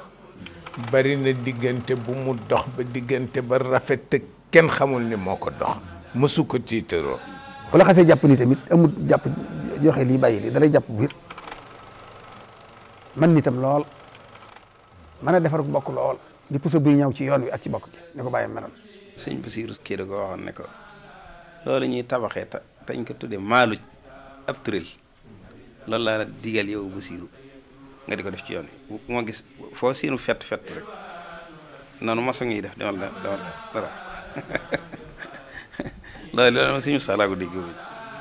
bari na diggante bu mu dox ba diggante ba rafet teg kenn xamul ni moo ko dox mësu ko tiitaroo bu la xasee jàpp ni tamit amul jàpp joxe lii bàyyi lii dalay jàpp biir man nitam lool mana a ko bokku lool di puso bi ñëw ci yoon wi ak ci bokku ne ko baye meral sëñ Basiiru ki da ko waxoon ne ko loolu ñi tabaxé ta dañ ko tuddee maaluj ab tëril loolu laa la digal yow Basiiru nga diko def ci yoon mo gis fo siinu fet fet rek ma sa ngi def demal demal dara loolu sala ko diggu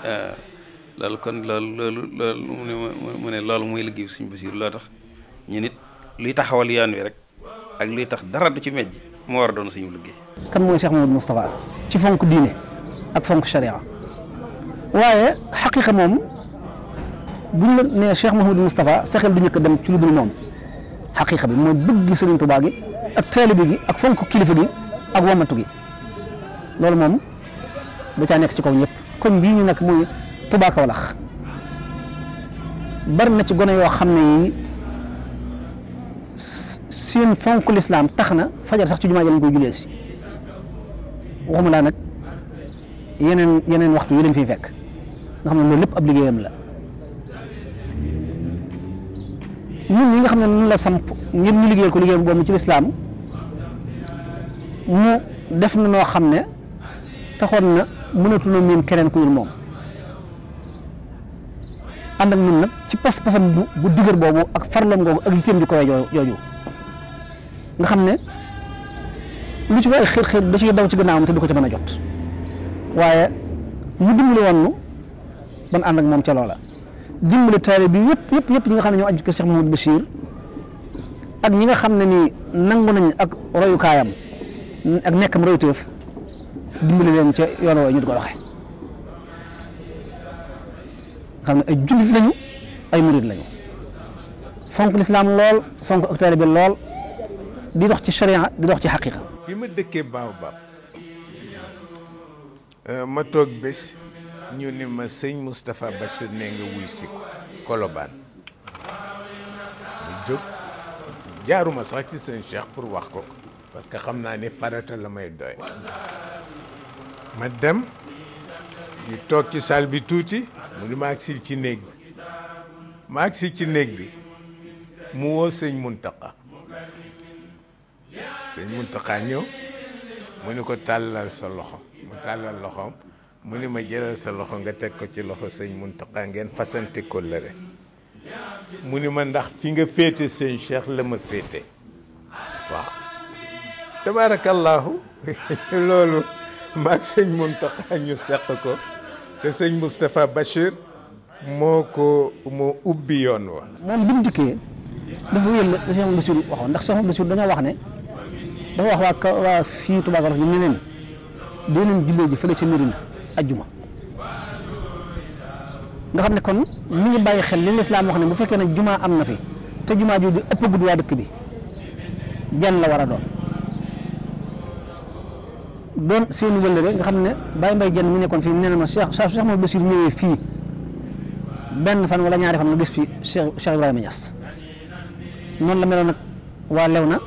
euh loolu kon loolu loolu loolu mu ne loolu muy liggéey suñu Basiiru lo tax ñi nit luy taxawal rek ak luy tax dara du ci mejj moo war a doon suñu liggéey. kan mooy Cheikh Mamadou Moustapha ci fonk diine ak fonk sharia waaye xaqiqa moom bu ñu la nee Cheikh Mamadou Moustapha sa xel du njëkk dem ci lu dul moom xaqiqa bi mooy bëgg Sëriñ Tuubaa gi ak taalibe gi ak fonk kilifa gi ak wamatu gi loolu moom da caa nekk ci kaw ñëpp. comme bii ñu nag muy Touba Kaolack bari na ci gone yoo xam ne yi seen fonk lislaam tax na fajar sax ci jumaa ji lañ koy jullee si waxuma laa nag yeneen yeneen waxtu yi lañ fiy fekk nga xam ne loolu lépp ab liggéeyam la ñun ñi nga xam ne nun la samp ngir ñu liggéeyal ko liggéeyam boobu ci lislaam mu def na noo xam ne taxoon na mënatu na miin keneen ku dul moom and ak ñun nak ci pass passam bu digeur bobu ak farlam gogu ak yitem ju koy jooju nga xamne lu ci waay xir xir da ci daw ci gannaam te du ko ci mëna jot waye mu dimbali wonu ban and ak mom ci lola dimbali taale bi yep yep yep ñi nga xamne ne ñoo aju ko Cheikh Mouhamadou bashir ak ñi nga xamne ni nangu nañ ak royu kayam ak nekkam royuteef dimbali leen ci yoon way ñu ko doxee كان جلد لنا أي مريض لنا فنك الإسلام لول فنك أكتر باللول دي دوختي الشريعة دي دوختي حقيقة بما دكي بابا ما توق بس نيوني ما سين مصطفى بشر نيني ويسيكو كولوبان جوك جارو ما ساكي سين شيخ بور وخكو بس كخمنا ني فارتا لما يدوي مدام يتوكي سالبي توتي mu ni ma agsil ci néeg bi ma agsi ci néeg bi mu woo sëñ Muntaqa sëñ Muntaqa ñëw mu ni ko tàllal sa loxo mu tàllal loxoom mu ni ma jëlal sa loxo nga teg ko ci loxo sëñ Muntaqa ngeen fasante ko lëre mu ni ma ndax fi nga féete sëñ Cheikh la ma féete waaw tabaarakallaahu loolu maag sëñ Muntaqa ñu seq ko te sëñ Moustapha Bachir moo ko moo ubbi yoon wa moom bi mu dikkee dafa wéyal la sëñ Bassir waxoon ndax sëñ Bassir dañoo wax ne dafa wax waa waa fii Touba Gallas ñu ne leen dee leen jullee ji fële ca Mérina ajjuma nga xam ne kon mu ngi bàyyi xel li lislaam wax ne bu fekkee ne jumaa am na fi te jumaa jooju ëpp gudd waa dëkk bi jan la war a doon doon seen wëllëre nga xam ne Baye Mbaye Diène mi nekkoon fii nee na ma Cheikh saa su Cheikh Mouhamadou Bassir ñëwee fii benn fan wala ñaari fan nga gis fii Cheikh Cheikh Ibrahima Niass non la meloon nag waa Léona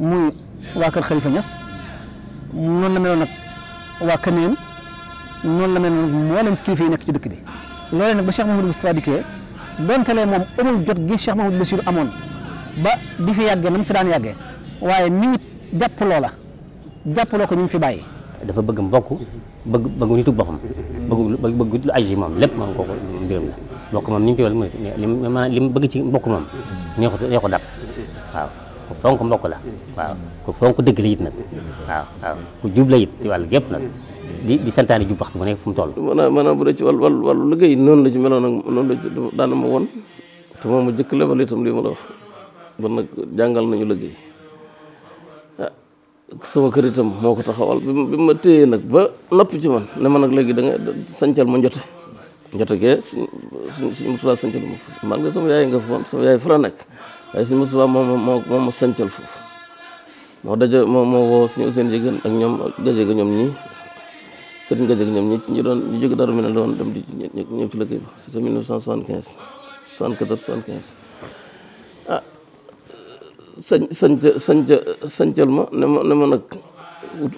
muy waa kër Khalifa Niass non la meloon nag waa Kaneen non la meloon nag mboolem kilifa yi nekk ci dëkk bi loolee nag ba Cheikh Mouhamadou Moustapha dikkee dontelee moom amul jot gi Cheikh Mouhamadou Bassir amoon ba di fi yàggee na mu fi daan yàggee waaye mi ngi jàpp loola. jàppaloo ko ñu fi bàyyi. dafa bëgg mbokk bëgg bëgg nitug boppam bëgg bëgg lu aju ci moom lépp moom kooku mbiram la mbokk moom ni ñu koy wal mu ma li mu bëgg ci mbokk moom neexu neexu dab waaw ku fonk mbokk la waaw ku fonk dëgg la it nag waaw waaw ku jub la it ci wàllu gépp nag di di santaane jub waxtu bu nekk fu mu toll maanaam maanaam bu dee ci wàllu wàllu wàllu liggéey noonu la ci meloon nag noonu la ci daana ma woon te moom mu jëkk level itam lii ma la wax bon nag jàngal nañu liggéey sama këritam moo ko taxawal bi ma nak nag ba noppi ci man ne ma nag léegi da nga sancal ma njote njote gee suñ suñ mutulaa sancal ma foofu man nga sama yaay nga foon sama yaay fara nekk waaye suñ mutulaa moo moo moo ma sancal foofu moo daje moo moo woo suñu useen jigéen ak ñoom gaje ga ñoom ñii sëriñ gaje ga ñoom ñu doon ñu jóge dara mu ne dem di ñëw ci lëkkëy bi c'était 1975 74 75 ah sañ sañ sañ sañcal ma ne ma ne ma nag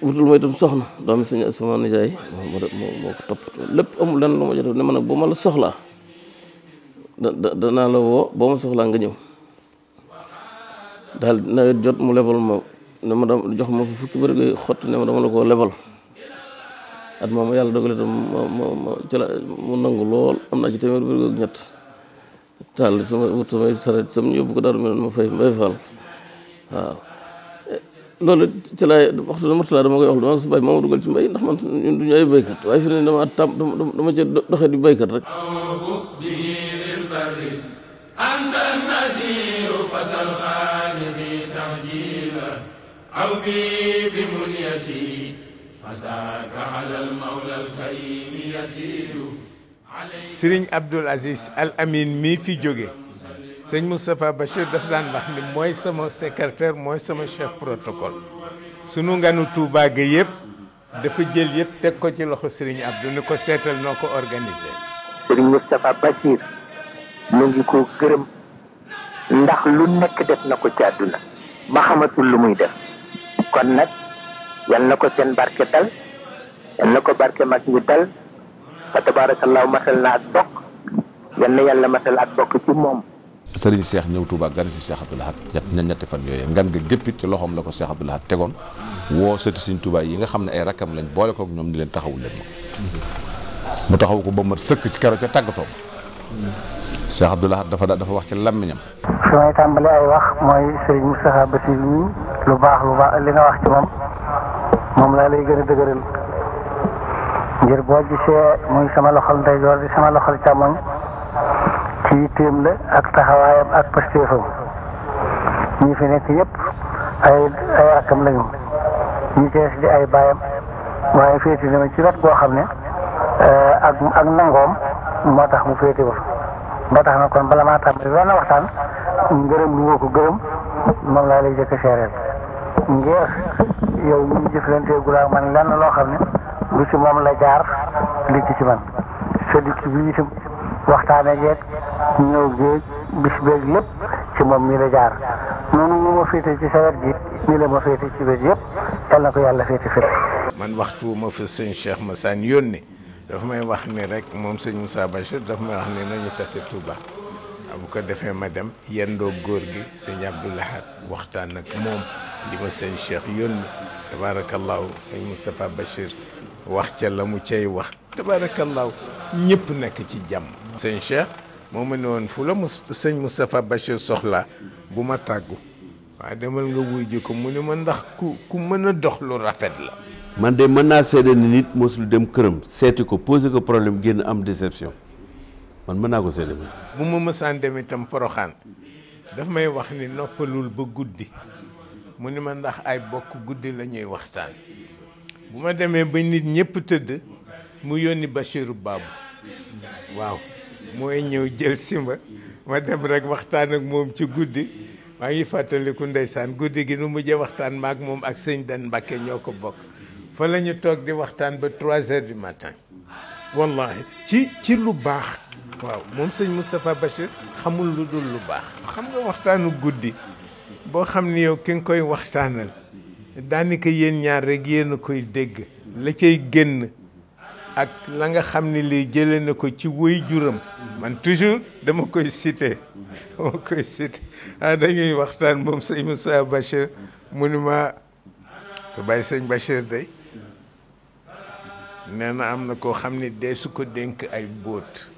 wutul may itam soxna doomi sañ sama nijaay moo moo ko topp lépp amul lenn lu ma jot ne ma nag bu ma la soxlaa nga ñëw daal nawet jot mu lebal ma ne ma dama jox ma fukki bëri ngay xott ne ma dama la koo lebal at moom yàlla dogale tam ma ma ma ci mu nangu lool am naa ci téeméer bëri ak ñett taal sama wut samay saret sam ñu yóbbu ko daal ma fay mbay faal waaw loolu ci laay waxtu la martulaa dama koy wax dama su bàyyi moo ma dugal ci mbéy ndax man ñun duñu ay béykat waaye fi ne dama tam dama ci doxee di béykat rek aw bi bi munyati fasaka alal mawla al karim yasiru sëriñ Abdul Aziz Al Amin mii fi jóge sëñ Moustapha Bachir daf daan wax ni mooy sama secrétaire mooy sama chef protocole sunu nganu Touba ga yëpp dafa jël yëpp teg ko ci loxo Serigne Abdou ni ko seetal noo ko organisé. Serigne Moustapha Bachir mu ngi ko gërëm ndax lu nekk def na ko ci àdduna ba xamatul lu muy def kon nag yal na ko seen barke dal yal na ko barke mag ñi dal fa tabaarakallaahu matal na ak bokk yal na yàlla matal ak bokk ci moom. sëriñ Cheikh ñëw Touba gan si Cheikh Abdou Lahad ñett ñetti fan yooyu ngan nga géppit ci loxoom la ko Cheikh Abdou Lahad tegoon woo sëti sëriñ Touba yi nga xam ne ay rakkam lañ boole kook ñoom ni leen taxawul leen ma mu taxaw ko ba mat sëkk ci kero ca tàggatoo Cheikh Abdou Lahad dafa dafa wax ci làmmiñam su may tàmbali ay wax mooy sëriñ Moustapha Bassir ñi lu baax lu baax li nga wax ci moom moom laa lay gën a dëgëral ngir boo gisee muy sama loxol ndeyjoor di sama loxol càmmoñ yitteem la ak taxawaayam ak pastéefam ñi fi nekk yëpp ay ay rakkam lañu ñi tees di ay baayam waaye féete na ci wet boo xam ne eh, ak ak nangoom moo tax mu féete ba ba tax na kon bala maa tàmbali benn waxtaan ngërëm lu nga ko gërëm moom laa lay jëkk a seereel ngir yow ñu jëflantee gulaa man lenn loo xam ne lu ci moom la jaar li ci ci man sa dikk bi itam waxtaane jeeg ñëw géej bis beeg lépp ci moom mi la jaar noonu ñu ma féete ci sa wet gi ni la ma féete ci wet yëpp yal na ko yàlla féete fépp man waxtu ma fa sëñ Cheikh Massane yónni dafa may wax ni rek moom sëñ Moussa Bachir dafa may wax ni nañu tase Touba bu ko defee ma dem yendoo góor gi sëñ Abdoulahat waxtaan ak moom li ma sëñ Cheikh yónni tabaarakallaahu sëñ Moustapha Bachir wax ca la mu cay wax tabaarakallaahu ñëpp nekk ci jàmm sëñ Cheikh moo ma ne woon fu la mu sëñ Moustapha Bachir soxla bu ma tàggu waaye demal nga wuy ko mu ne ma ndax ku ku mën a dox lu rafet la. man de mën naa seede ni nit mosul dem këram seeti ko posé ko problème génn am déception man mën naa ko seede ma. ma mësaan dem itam poroxaan daf may wax ni noppalul ba guddi mu ni ma ndax ay bokk guddi la ñuy waxtaan bu ma demee ba nit ñëpp tëdd mu yónni Bachirou Babou waaw. mooy ñëw jël simba ma dem rek waxtaan ak moom ci guddi maa ngi fàttaliku ndeysaan guddi gi nu mujjee waxtaan maak moom ak sëñ den Mbàkke ñoo ko bokk fa lañu toog di waxtaan ba trois heures du matin wallahi ci ci lu baax waaw moom sëñ Moustapha Bachir xamul lu dul lu baax xam nga waxtaanu guddi boo xam ni yow ki nga koy waxtaanal daanaka yéen ñaar rek yéen a koy dégg la cay génn ak la nga xam ne lii jële na ko ci wéy juram man toujours dama koy cité dama koy cité ah dañuy waxtaan moom sëñ Moussa Bachir mu ni ma sa bàyyi sëñ day nee na am na koo xam ne dee su ko dénk ay bóot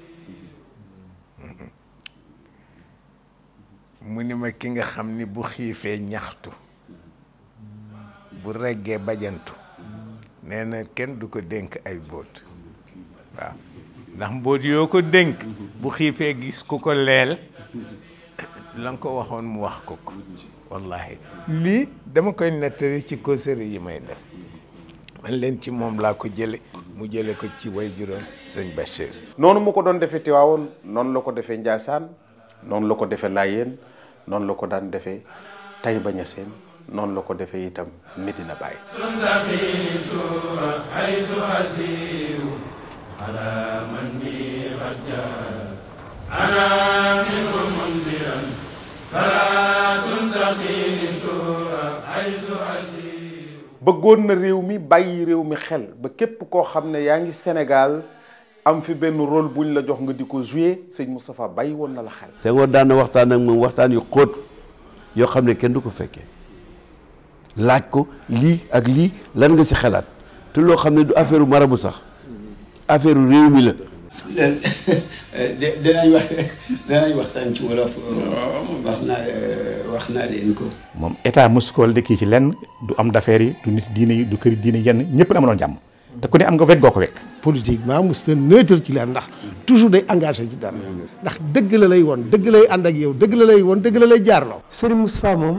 mu ki nga xam ni bu xiifee ñaxtu bu reggee bajantu nee na kenn du ko dénk ay boot waaw ndax mbóot yoo ko dénk bu xiifee gis ku ko leel la ko waxoon mu wax ko ko wallahi lii dama koy nettali ci kóosëre yi may def man leen ci moom laa ko jële mu jële ko ci way juróom sëñ Bachir noonu mu ko doon defee Tiwaawoon noonu la ko defee Njaasaan noonu la ko defee Laayeen noonu la ko daan defee Tayba Ñaseen noonu la ko defee itam Medina Baye bëggoon na réew mi bàyyi réew mi xel ba képp koo xam ne yaa ngi senegal am fi benn rôle buñ la jox nga di ko joué sëñ Moustapha bàyyi woon na la xel. Senghor daan na waxtaan ak moom waxtaan yu xóot yoo xam ne kenn du ko fekkee. laaj ko lii ak lii lan nga si xalaat te loo xam ne du affaire marabu sax affaire réew mi la. dinañ wax dinañ waxtaan ci wolof. wax naa wax naa leen ko. moom état mosu ko kii ci lenn du am d'affaires yi du nit diine yi du kër diine yenn ñëpp la amaloon jàmm. te ku ne am nga wet goo ko wekk. politiquement mos na neutre ci leen ndax toujours day engagé ci dara. ndax dëgg la lay woon dëgg lay ànd ak yow dëgg la lay woon dëgg la lay jaarloo. Serigne Moustapha moom.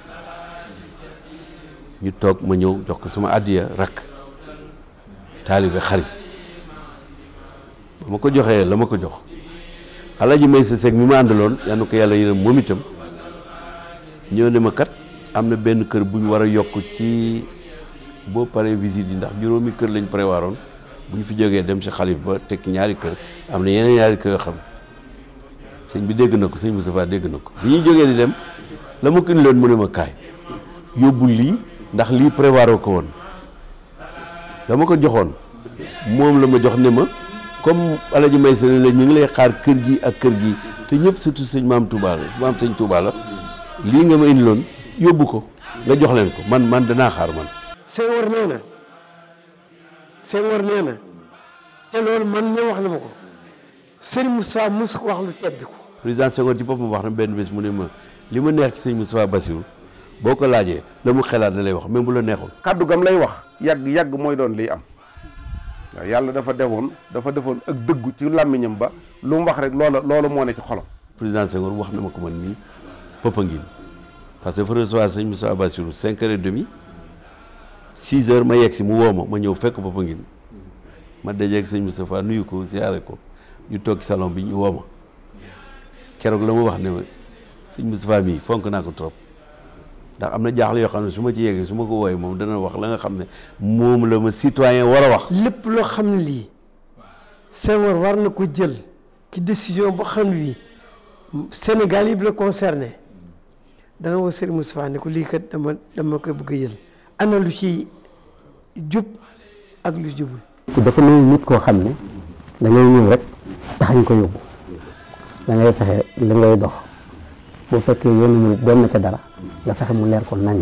ñu toog ma ñëw jox ko sama àddiya rakk taalibe xarit ma ko joxee la ma ko jox ji may sa seeg mi ma àndaloon yàlla ko yàlla yërëm moom itam ñëw ne ma kat am na benn kër bu ñu war a yokk ci boo paree visite yi ndax juróomi kër lañ prévoir bu ñu fi jógee dem si xalif ba tekki ñaari kër am na yeneen ñaari kër yoo xam sëñ bi dégg na ko sëñ Moustapha dégg na ko bi ñuy jógee di dem la ma ko ni leen mu ne ma kaay yóbbu lii ndax lii prévoir ko woon dama ko joxoon moom la ma jox ne ma comme alaji may sene la ñu ngi lay xaar kër gi ak kër gi te ñëpp surtout sëñ maam Touba la maam sëñ Touba la lii nga ma indi loon yóbbu ko nga jox leen ko man man danaa xaar man Senghor nee na Senghor nee na te loolu man muy wax na ma ko Serigne Moustapha mos ko wax lu tebbi ko président Senghor ci boppam wax na benn bés mu ne ma li ma neex ci sëñ Moustapha Bassirou boo ko laajee la mu xelaat la lay wax même bu la neexul. kàddu gam lay wax yàgg yàgg mooy doon liy am waaw yàlla dafa defoon dafa defoon ak dëggu ci làmmiñam ba lu mu wax rek loola loolu moo ne ci xolam. président Senghor wax na ma ko man nii Popenguine parce que dafa recevoir sëñ Moussa Bassirou cinq heures et demi six heures ma yegg si mu woo ma ñëw fekk Popenguine ma dajeeg sëñ Moustapha nuyu ko ziare ko ñu toog salon bi ñu woo ma keroog la ma wax ne ma sëñ fonk naa ko ndax na jaaxle yoo xam ne su ma ci yeggee ko wooyee moom dana wax la nga xam ne moom la ma citoyen war a wax. lépp loo xam ne lii Senghor war na ko jël ci décision boo xam ne Sénégal la concerné dana woo Serigne lii kat dama bëgg a jël ci jub ak lu koo xam ne da ngay ñëw rek taxañ ko yóbbu da fexe li ngay dox. boo fekkee yónni ñu benn ca dara nga fexe mu leer ko nañ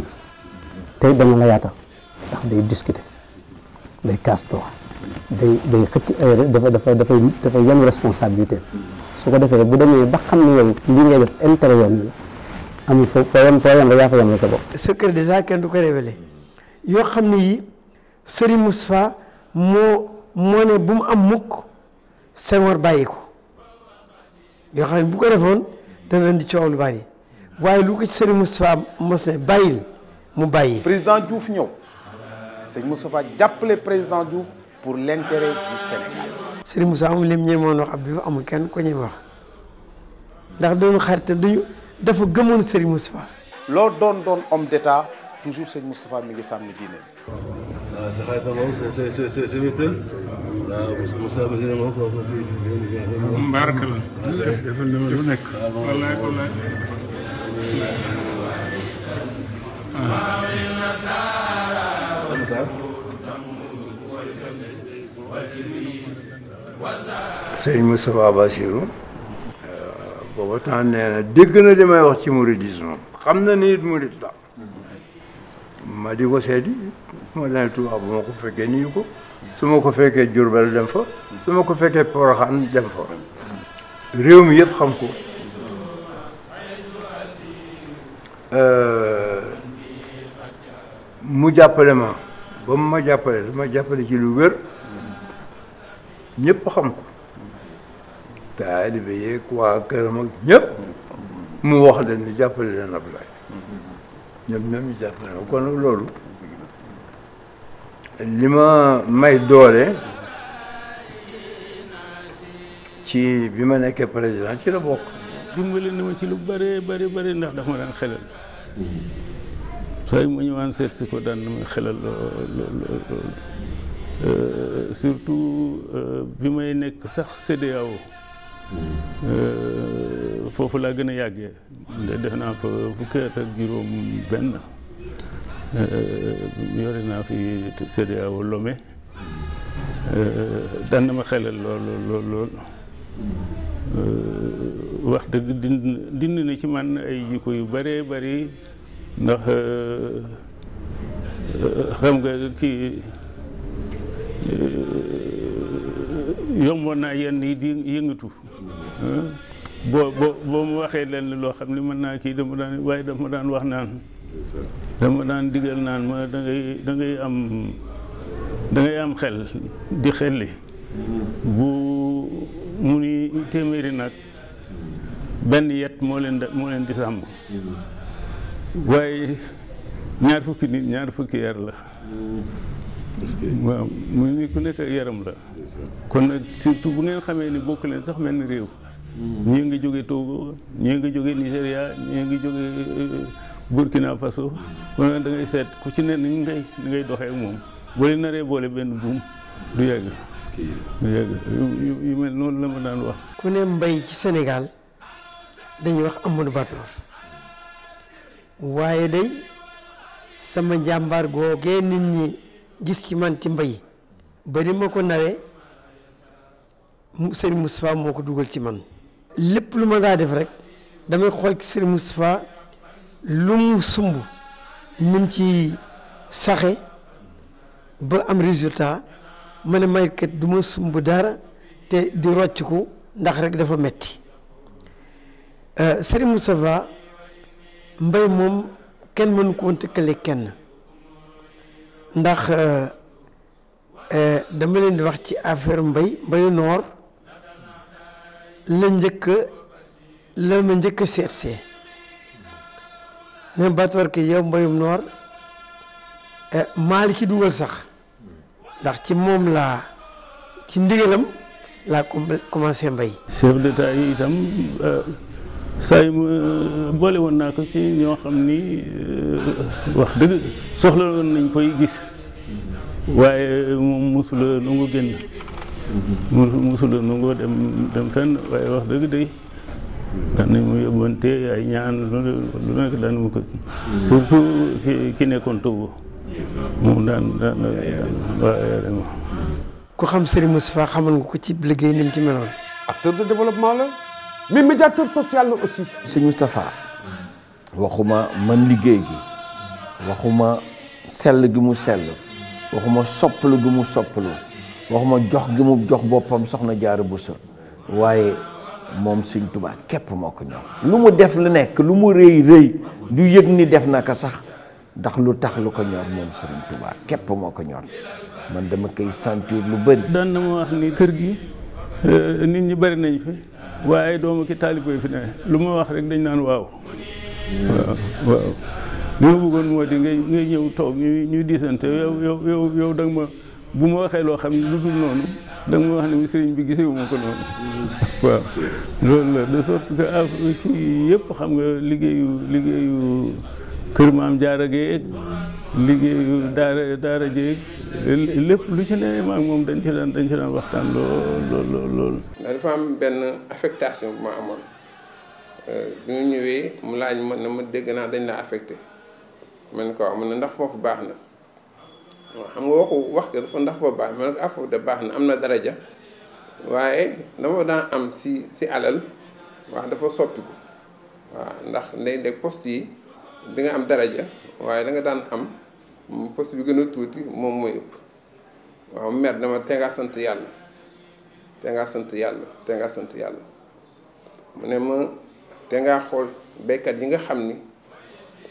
tey dana la yaatal ndax day discuter day casse droit day day xëcc ay dafa dafa dafay dafay yan responsabilité su ko defee bu demee ba xam ne yow lii ngay def intérêt yoon bi la amul foo foo yem foo yem rek yaa fa yem la sa bopp. secret déjà kenn du ko révélé yoo xam ne yi Serigne Moustapha moo moo ne bu mu am mukk Senghor bàyyi ko yoo xam ne bu ko defoon. dana indi ci lu bari waaye lu ko ci Serigne Moustapha mos ne bàyyil mu bàyyi. président Diouf ñëw Serigne Moustapha jàppale président Diouf pour l' intérêt du Sénégal. Serigne Moustapha moom lim ñeemoon wax ab bi amul kenn ko ñeem wax ndax doonu xarit duñu dafa gëmoon Serigne Moustapha. loo doon doon homme d' état toujours Serigne Moustapha mi ngi sàmm diine. waaw sa xarit sa moom sa sa sa waaw Moussa Bassiré moom kooku fii fii. mbaaraka la. defal na ma lu nekk. wallaay wallaay. sëñ Moustapha Bassirou. booba temps nee na dégg na li may wax ci mouridisme xam na ni it murid la. ma di ko seeti ma daan tubaab bu ma ko fekkee nii ko. su ma ko fekkee Jurbel dem fa su ma ko fekkee Poroxaan dem fa réew mi yépp xam ko euh, mu jàppale ma ba mu ma jàppale ma jàppale ci lu wér ñépp xam ko taalibe yeeg waa këram ak mu wax leen ni jàppale leen Ablaay ñoom ñoom ñu jàppale ma kon loolu li ma may doole ci bi ma nekkee président ci la bokk. dimbali na ma ci lu bëree bari bari ndax daf ma daan xelal. saa yu ma ñëwaan seet si ko daan xelal lool surtout euh, bi may nekk sax CEDEAO. Euh, foofu laa gën a yàggee. def naa fa fukki at juróom benn. Euh, euh, yore naa fi CEDEAO Lomé euh, daan na ma xelal lool lool wax dëgg dind dind na ci man ay jikko yu bëree bëri ndax xam nga kii yomboon naa yenn yi di yëngatu boo boo boo mu waxee lenn loo xam ne mën naa kii dama daan waaye dama daan wax naan dama daan digal naan ma da ngay da ngay am da ngay am xel di xelli bu mu ni miri nak ben yet molen leen moo di sàmm waaye ñaar fukki nit ñaar fukki yar la waaw mu ni ku nekk yaram la kon nag surtout bu ngeen xamee ni bokk leen sax mel ni réew ñii nga tu Togo ñii nga ni Nigeria ñii nga Burkina Faso ku ne da ngay seet ku ci ne ni ngay ni ngay doxee moom boole naree boole benn buum du yàgg du yàgg yu mel noonu la ma daan wax ku ne mbay ci Sénégal dañuy wax Amadou Batoor waaye day sama njàmbaar googee nit ñi gis ci man ci mbay ba ni ma ko nawee Serigne Moustapha moo ko dugal ci man lépp lu ma daa def rek damay xool ci Serigne Moustapha lu mu sumb nim ci saxe ba am résultat ma ne may kat du ma sumb dara te di rocc ndax rek dafa metti euh, Serigne Moustapha mbay moom kenn mënu ko tëkkale kenn ndax euh, euh, dama leen di wax ci affaire mbay mbayu noor la njëkk la ma njëkk a seetsee même batoor ki yow mbayum noor eh, maali ci dugal sax ndax ci moom laa ci ndigalam laa commencé mbay chef d'état yi itam euh, saa yi mu euh, boole woon naa ko ci ñoo xam ni euh, wax dëgg soxla woon nañ koy gis waaye moom mosula nu ngu génn mosula mm-hmm. nu ngoo dem dem fenn waaye wax dëgg day daan nañ ay ñaan lu nekk daan ma ko mm. surtout ki ki nekkoon xamal nga ko ci liggéey ni mu ci meloon acteur de développement la mais médiateur social la aussi Serigne Moustapha waxuma man liggéey gi waxuma sell gi mu sell waxuma soppalu gi mu soppalu waxuma jox gi mu jox boppam soxna Jaara Buso waaye moom Sëñ Tuubaa képp moo ko ñor lu mu def la nekk lu mu rëy rëy du yëg ni def na ko sax ndax lu tax lu ko ñor moom Sëriñ Tuubaa képp moo ko ñor man dama koy sentir lu bëri. daan na ma wax ni kër gi euh, nit ñi bari nañ fi waaye doomu ki taalibe fi ne lu ma wax rek dañ naan waaw. waaw li ma bëggoon moo di ngay ngay ñëw toog ñuy ñuy diisante yow yow yow yow ma bu ma waxee loo xam ne lu dul noonu da nga ma wax ne sëriñ bi gisee wu ma ko noonu. waaw loolu la de sorte que af ci yëpp xam nga liggéeyu liggéeyu kër maam jaara geeg liggéeyu daara daara jeeg lépp lu ci ne maag moom dañ ci daan dañ ci daan waxtaan lool lool lool ndax dafa am benn affectation bu ma amoon euh, bi mu ñëwee mu laaj mën na ma dégg naa dañ la affecté man ko mu na ndax foofu baax na waaw xam nga waxu wax ko dafa ndax foofu baax man ko ah foofu de baax na am na daraja waaye dama daan am si si alal waaw dafa soppiku waa ndax ndey de poste yi di nga am daraja waaye danga daan am post bi gën a tuuti moom mooy ëpp mer dama te ngaa sant yàlla te sant yàlla te ngaa sant mu ne ma te ngaa xool baykat yi nga xam ni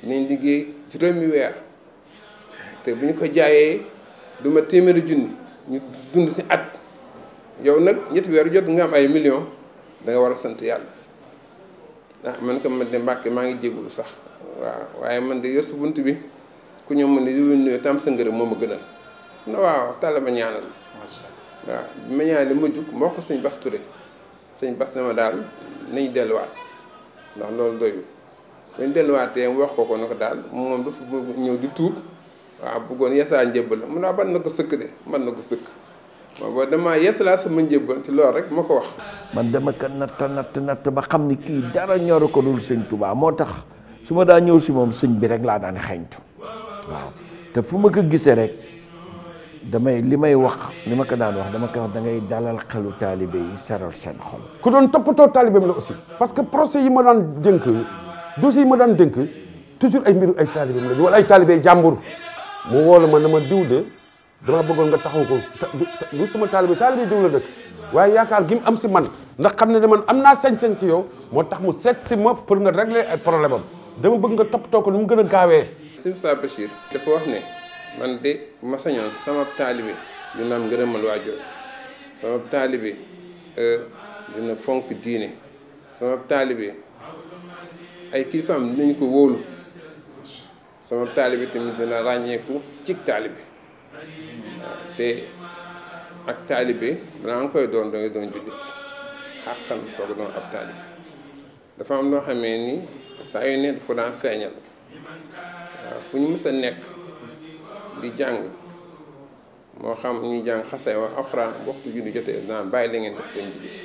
nañ liggéey juróomi weer te bu ñu ko jaayee duma téeméeri junni ñu dund si at yow nag ñetti weer jot nga am ay million da war a sant yàlla ah man ko man de mbàkke maa ngi jégulu sax waaw waaye man de yor sa bunt bi ku ñëw mën ne di nuyu tam sa ngërëm moom na waaw tàlla ma ñaanal waaw bi ma sëñ Bas ma daal nañ delluwaat ndax loolu doyul bañ delluwaatee mu wax ko ko ne daal moom dafa bëgg ñëw di tuub waaw bëggoon yasaa njëbb la mun naa ban na ko sëkk de ban na ko sëkk booba damaa yes laa sama njëbbal loolu rek ma ko wax. man dama ko natt natt natt ba xam ni kii dara ñoru ko dul sëñ Touba moo tax su ma daan ñëw si moom sëñ bi rek laa daan xeeñtu te fu ma ko gisee rek damay li may wax li ma ko daan wax dama ko wax da ngay dalal xelu taalibe yi seral seen xol. ku doon toppatoo taalibeem la aussi. parce que procès yi ma daan dénk dossiers yi ma daan dënk toujours ay mbiru ay taalibeem la wala taalibe jàmbur mu woo la ma dama diw de. dama bëggoon nga taxaw ko du suma taalibe taalibe jëw la dëkk waaye yaakaar gi mu am si man ndax xam ne ne man am naa sañ señ si yow moo tax mu seet si ma pour nga régler ay problème am dama bëgg nga toppatoo ko gën a gaawee Sëriñ Moussa Bachir dafa wax ne man de ma sañoon sama taalibe dina am ngërëmal waajur sama taalibe euh, dina fonk diine sama taalibe ay kilifaam dinañ ko wóolu sama taalibe tamit dina ràññeeku cig taalibe te ak taalibe balaa nga koy doon dangay doon jullit xàqan soog a doon ab taalibe dafa am loo xamee ni saa yu ne dafa daan feeñal waaw fu ñu mës a nekk di jàng moo xam ñuy jàng xasay wax alxuraan bu waxtu julli jotee naan bàyyi la ngeen def te julli si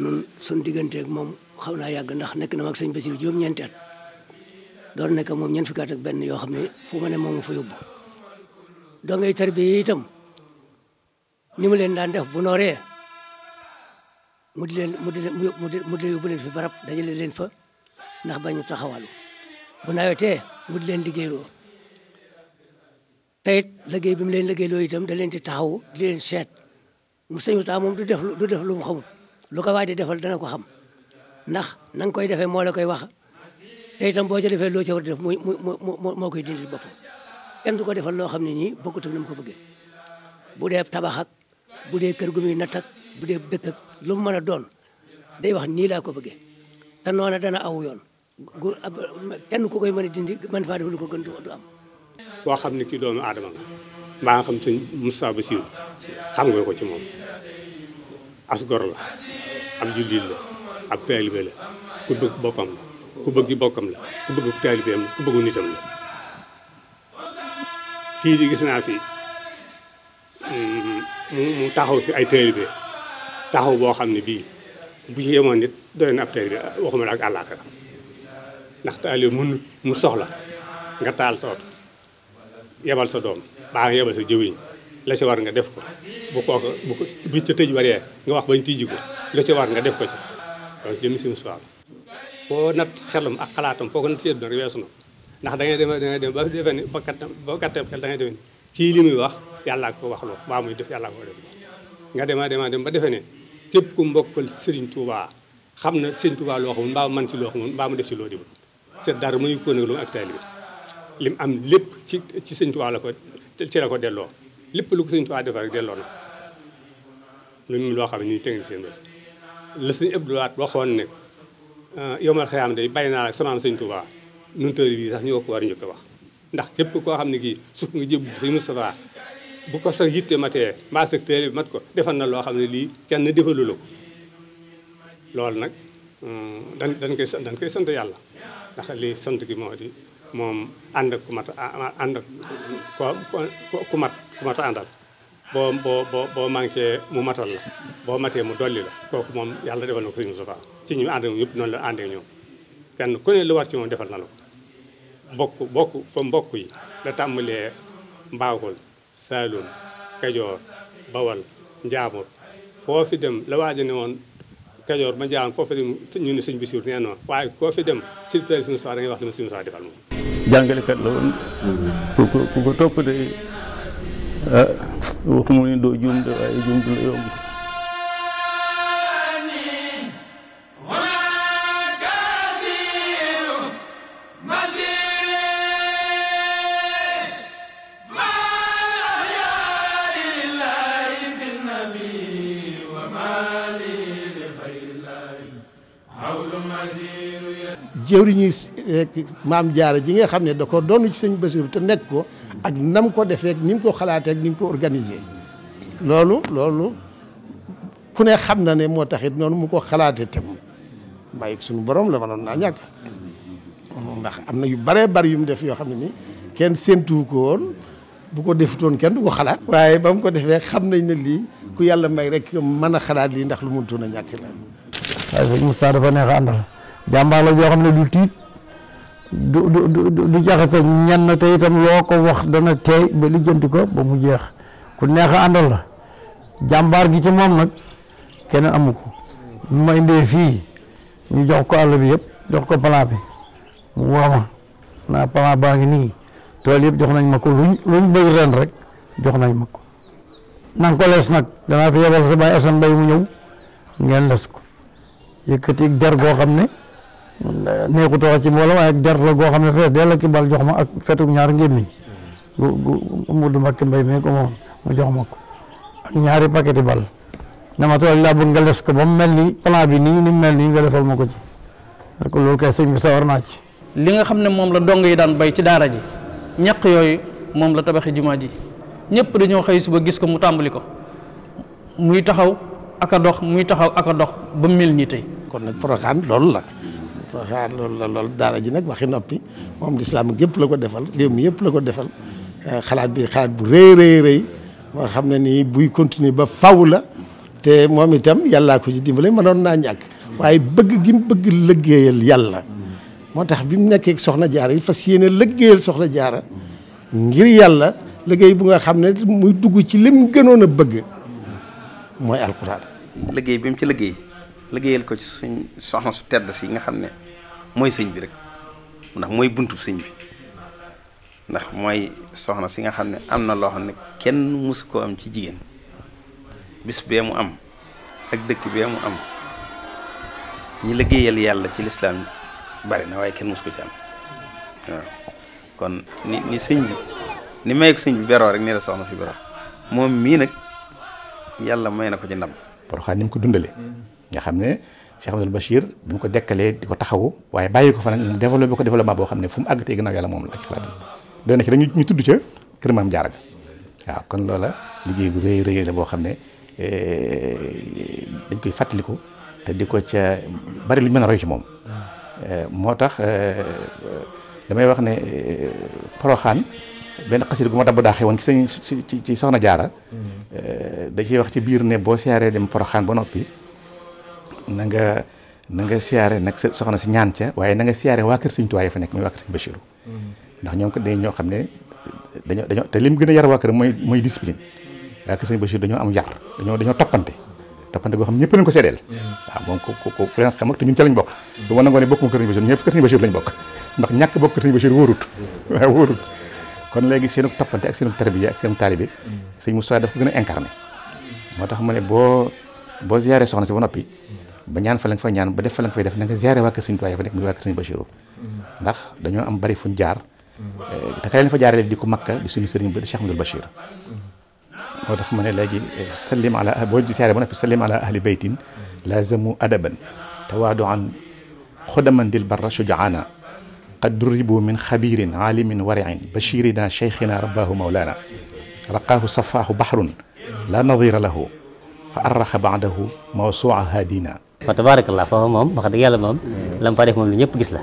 noonu suñ digganteeg moom xaw naa yàgg ndax nekk na mag sëñ Basiru juróom-ñeenti at doon nekk moom ñeent fukki at ak benn yoo xam ne fu ma ne moom ma fa yóbbu dongay tarbiya itam ni mu leen daan def bu nooree mu di leen mu di leen mu di yóbbu leen fi barab dajale leen fa ndax bañu taxawal bu naawete mu di leen liggéeyloo tayit liggéey bi mu leen liggéeyloo itam da leen di taxaw di leen seet mu sëñ bi moom du def du def lu mu xamul lu ko waay di defal dana ko xam ndax na nga koy defee moo la koy wax tey tam boo ca defee loo ca war def mu mu moo koy dindi boppam kenn du ko defal loo xam ne nii bokkut ak na mu ko bëggee bu dee tabax ak bu dee kër gu muy natt ak bu dee dëkk ak lu mu mën a doon day wax nii laa ko bëggee te noona dana aw yoon gu kenn ku koy mën a dindi mën faa def lu ko gën du am. boo xam ne kii doomu adama la mbaa nga si sëñ Moustapha Bassirou xam nga ko ci moom as la ab jullit la ab taalibe la ku bëgg boppam la ku bëgg bokkam la ku bëgg taalibeem la ku bëgg nitam la. fii di gis naa fi mu taxaw fi ay taalibe taxaw boo xam ne bii bu ci yemoon nit doy na ab taalibe waxuma la ak àllaaxira ndax taalibe mun mu soxla nga taal sa oto yebal sa doom baa nga yebal sa jëwiñ la ci war nga def ko bu kooka bu ko bi ca tëj waree nga wax bañ tijji ko la ci war nga def ko ci loolu jëmmi si mu nat xelam ak xalaatam foo ko nat seet na weesu ndax dangay ngay dem da ngay dem ba defe ni ba kattan ba kattan xel da ngay defe kii li muy wax yàllaa ko wax loo waa muy def yàllaa ko def nga dema dema dem ba defe ne képp ku mbokk mbokkal Serigne Touba xam na Serigne Touba loo xamul mbaa man ci loo xamul mbaa mu def ci loo dibul te dara muy ko nag lu mu ak taalibe bi lim am lépp ci ci Serigne Touba ko ci la ko delloo lépp lu ko Serigne Touba defar rek lu mu loo xam ne nii technicien bi la Serigne Abdou Lahat waxoon ne ah, yomal xëyaam day bàyyi naa la ak sama am Serigne Touba nun tëri bii sax ñu ko war a ko wax ndax képp koo xam ne kii su sukk nga jébbu sëñ Moustapha bu ko sa yitte matee mbaa sa tëri bi ko defal na loo xam ne lii kenn defalu loolu nag hmm, dañ dañ koy dañ koy sant yàlla ndax lii sant gi moo moom ànd ku mat ànd ak ku mat ku mat àndal boo boo boo boo manqué mu matal la boo matee mu dolli la kooku moom yàlla defal na ko si ñu ànd ak noonu la àndee ñoom kenn ku ne lu war ci moom defal na la mbokk bokk fa mbokk yi la tàmbalee mbaagul saalum kajoor bawal njaamur foo dem la waaja ne woon kajoor ba njaamur foo dem ñu ne sëñ Basiiru nee koo fi dem ci teel suñu soxla wax li ma suñu soxla defal moom jàngalekat la woon ku ko ku ko topp de ah, waxuma ne doo juum de waaye juum la yomb jëwriñu eh, maam jaara ji nga xam ne da ko doon ci sëñ Basiru te nekk ko ak nam ko defeek ni mu ko xalaateek ni mu ko organisé loolu loolu ku ne xam na ne moo taxit noonu mu ko xalaatee te mu suñu borom la manoon naa ñàkk ndax am na yu bare bari yu mu def yoo xam ne nii kenn séentuwu ko woon bu ko defutoon kenn du ko xalaat waaye ba mu ko defee xam nañ ne lii ku yàlla may rek mën a xalaat lii ndax lu mënutoon a ñàkk la waaye sëñ Moustapha dafa neex a àndal jàmbaar la joo xam ne du tit du du du du jaxase ñan te itam loo ko wax dana teey ba lijjanti ko ba mu jeex ku neex andal la jambar gi ci mom nak kene amu ko ñu ma ñu jox ko Allah bi yëpp jox ko plan bi mu wama na plan ba ngi ni tol yëpp jox nañ ma ko luñ luñ bëgg ren rek jox nañ ma ko nang ko les nak dana fi yebal sa bay asan bay mu ñew ngeen les ko yëkkati der go xamne ne neexut a wax ci mbooloo waaye der la goo xam ne fees dell ki bal jox ma ak fetuk ñaar ngémmiñ gu gu mu du mbakki mbay mee ko moom mu jox ma ko ak ñaari paqueti bal ne ma tool nga les ko ba mu mel ni plan bi nii ni mel nii nga ko ci rek loolu kay sëñ bi sawar naa ci li nga xam ne moom la dong yi daan bay ci daara ji ñaq yooyu moom la tabaxi jumaa ji ñëpp dañoo xëy gis ko mu tàmbali ko muy taxaw ak a dox muy taxaw ak a dox ba mel nii tey kon nag Porokhane loolu la waaw loolu la loolu daara ji nag waxi noppi moom lislaam gépp la ko defal réew mi yëpp la ko defal eh, xalaat bi xalaat bu rëy rëy rëy moo xam ne nii buy continuer ba faw la te moom itam yàllaa ko ci dimbale mënoon naa ñàkk waaye bëgg gi mu bëgg liggéeyal yàlla moo tax bi mu nekkee soxna jaara yi fas yéene liggéeyal soxna jaara ngir yàlla liggéey bu nga xam ne muy dugg ci lim gënoon a bëgg mooy alxuraan liggéey bi mu ci liggéey liggéeyal ko ci suñ soxna su tedd si nga xam ne mooy sëñ bi rek ndax mooy buntu sëñ bi ndax mooy soxna si nga xam ne am na loo xam kenn mësu koo am ci jigéen bis bee mu am ak dëkk bee mu am ñi liggéeyal yàlla ci lislaam bari na waaye kenn mësu ci am kon ni ni sëñ bi ni may sëñ bi beroo rek ni la soxna si beroo moom mii nag yàlla may na ko ci ndam. Porokhane ni mu ko dundale mm. nga xam ne. Cheikh Abdoul Bachir bu mu ko dekkalee di ko taxawu waaye bàyyi ko fa nag mu développé ko développement boo xam ne fu mu àgg tey gannaaw yàlla moom la ak xalaatam doy na ñu tudd ca kër maam jaara ga kon loola liggéey bu rëy rëy la boo xam ne eh, dañ koy fàttaliku te di ko ca bari lu ñu mën a roy ci moom eh, moo tax eh, damay wax ne poroxaan benn xasida gu ma dabb daaxee woon ci sëñ ci ci soxna jaara mm-hmm. da ciy wax ci biir ne boo siyaaree dem poroxaan ba noppi na nga na nga siyaare nag soxna si ñaan ca waaye na nga siyaare waa kër Sëñ Tuubaa fa nekk muy waa kër Sëñ Bachirou ndax ñoom ko dañ ñoo xam ne dañoo dañoo te lim gën a yar waa kër mooy mooy discipline waa kër Sëñ Bachirou dañoo am yar dañoo dañoo toppante toppante goo xam ñëpp lañ ko seedeel mm-hmm. waaw moom xam ak te ñun ca lañ bokk mm-hmm. du ne bokkuma kër Sëñ ñëpp kër Sëñ Bachirou ndax ñàkk bokk kër Sëñ Bachirou wóorut mm-hmm. waaw wóorut kon léegi seenu toppante ak seenu tarbiya ak seenu taalibe Sëñ Moussa daf ko gën a incarné moo tax ma ne boo boo siyaare soxna si ba noppi ba ñaan fa la nga fay ñaan ba def fa la nga fay def na nga ziare waa kër Sëriñ Tuubaa fa nekk muy waa kër Sëriñ Bachirou ndax dañoo am bari fuñ jaar te ka leen fa jaaree di ko makka di suñu sëriñ bi di Cheikh Amadou Bachir moo tax ma ne léegi sallim ala boo ziare ba noppi sallim ala ahli baytin laazamu adaban tawaaduan xudaman dil barra sujaana qad duribu min xabirin aalimin wariin bachirina cheikhina rabbaahu mawlaana raqaahu safaahu bahrun la nadira lahu fa arraxa baadahu mawsuua haadina fa tabaarakallaa foofa moom wax dëgg yàlla moom la mu fa def moom lu ñëpp gis la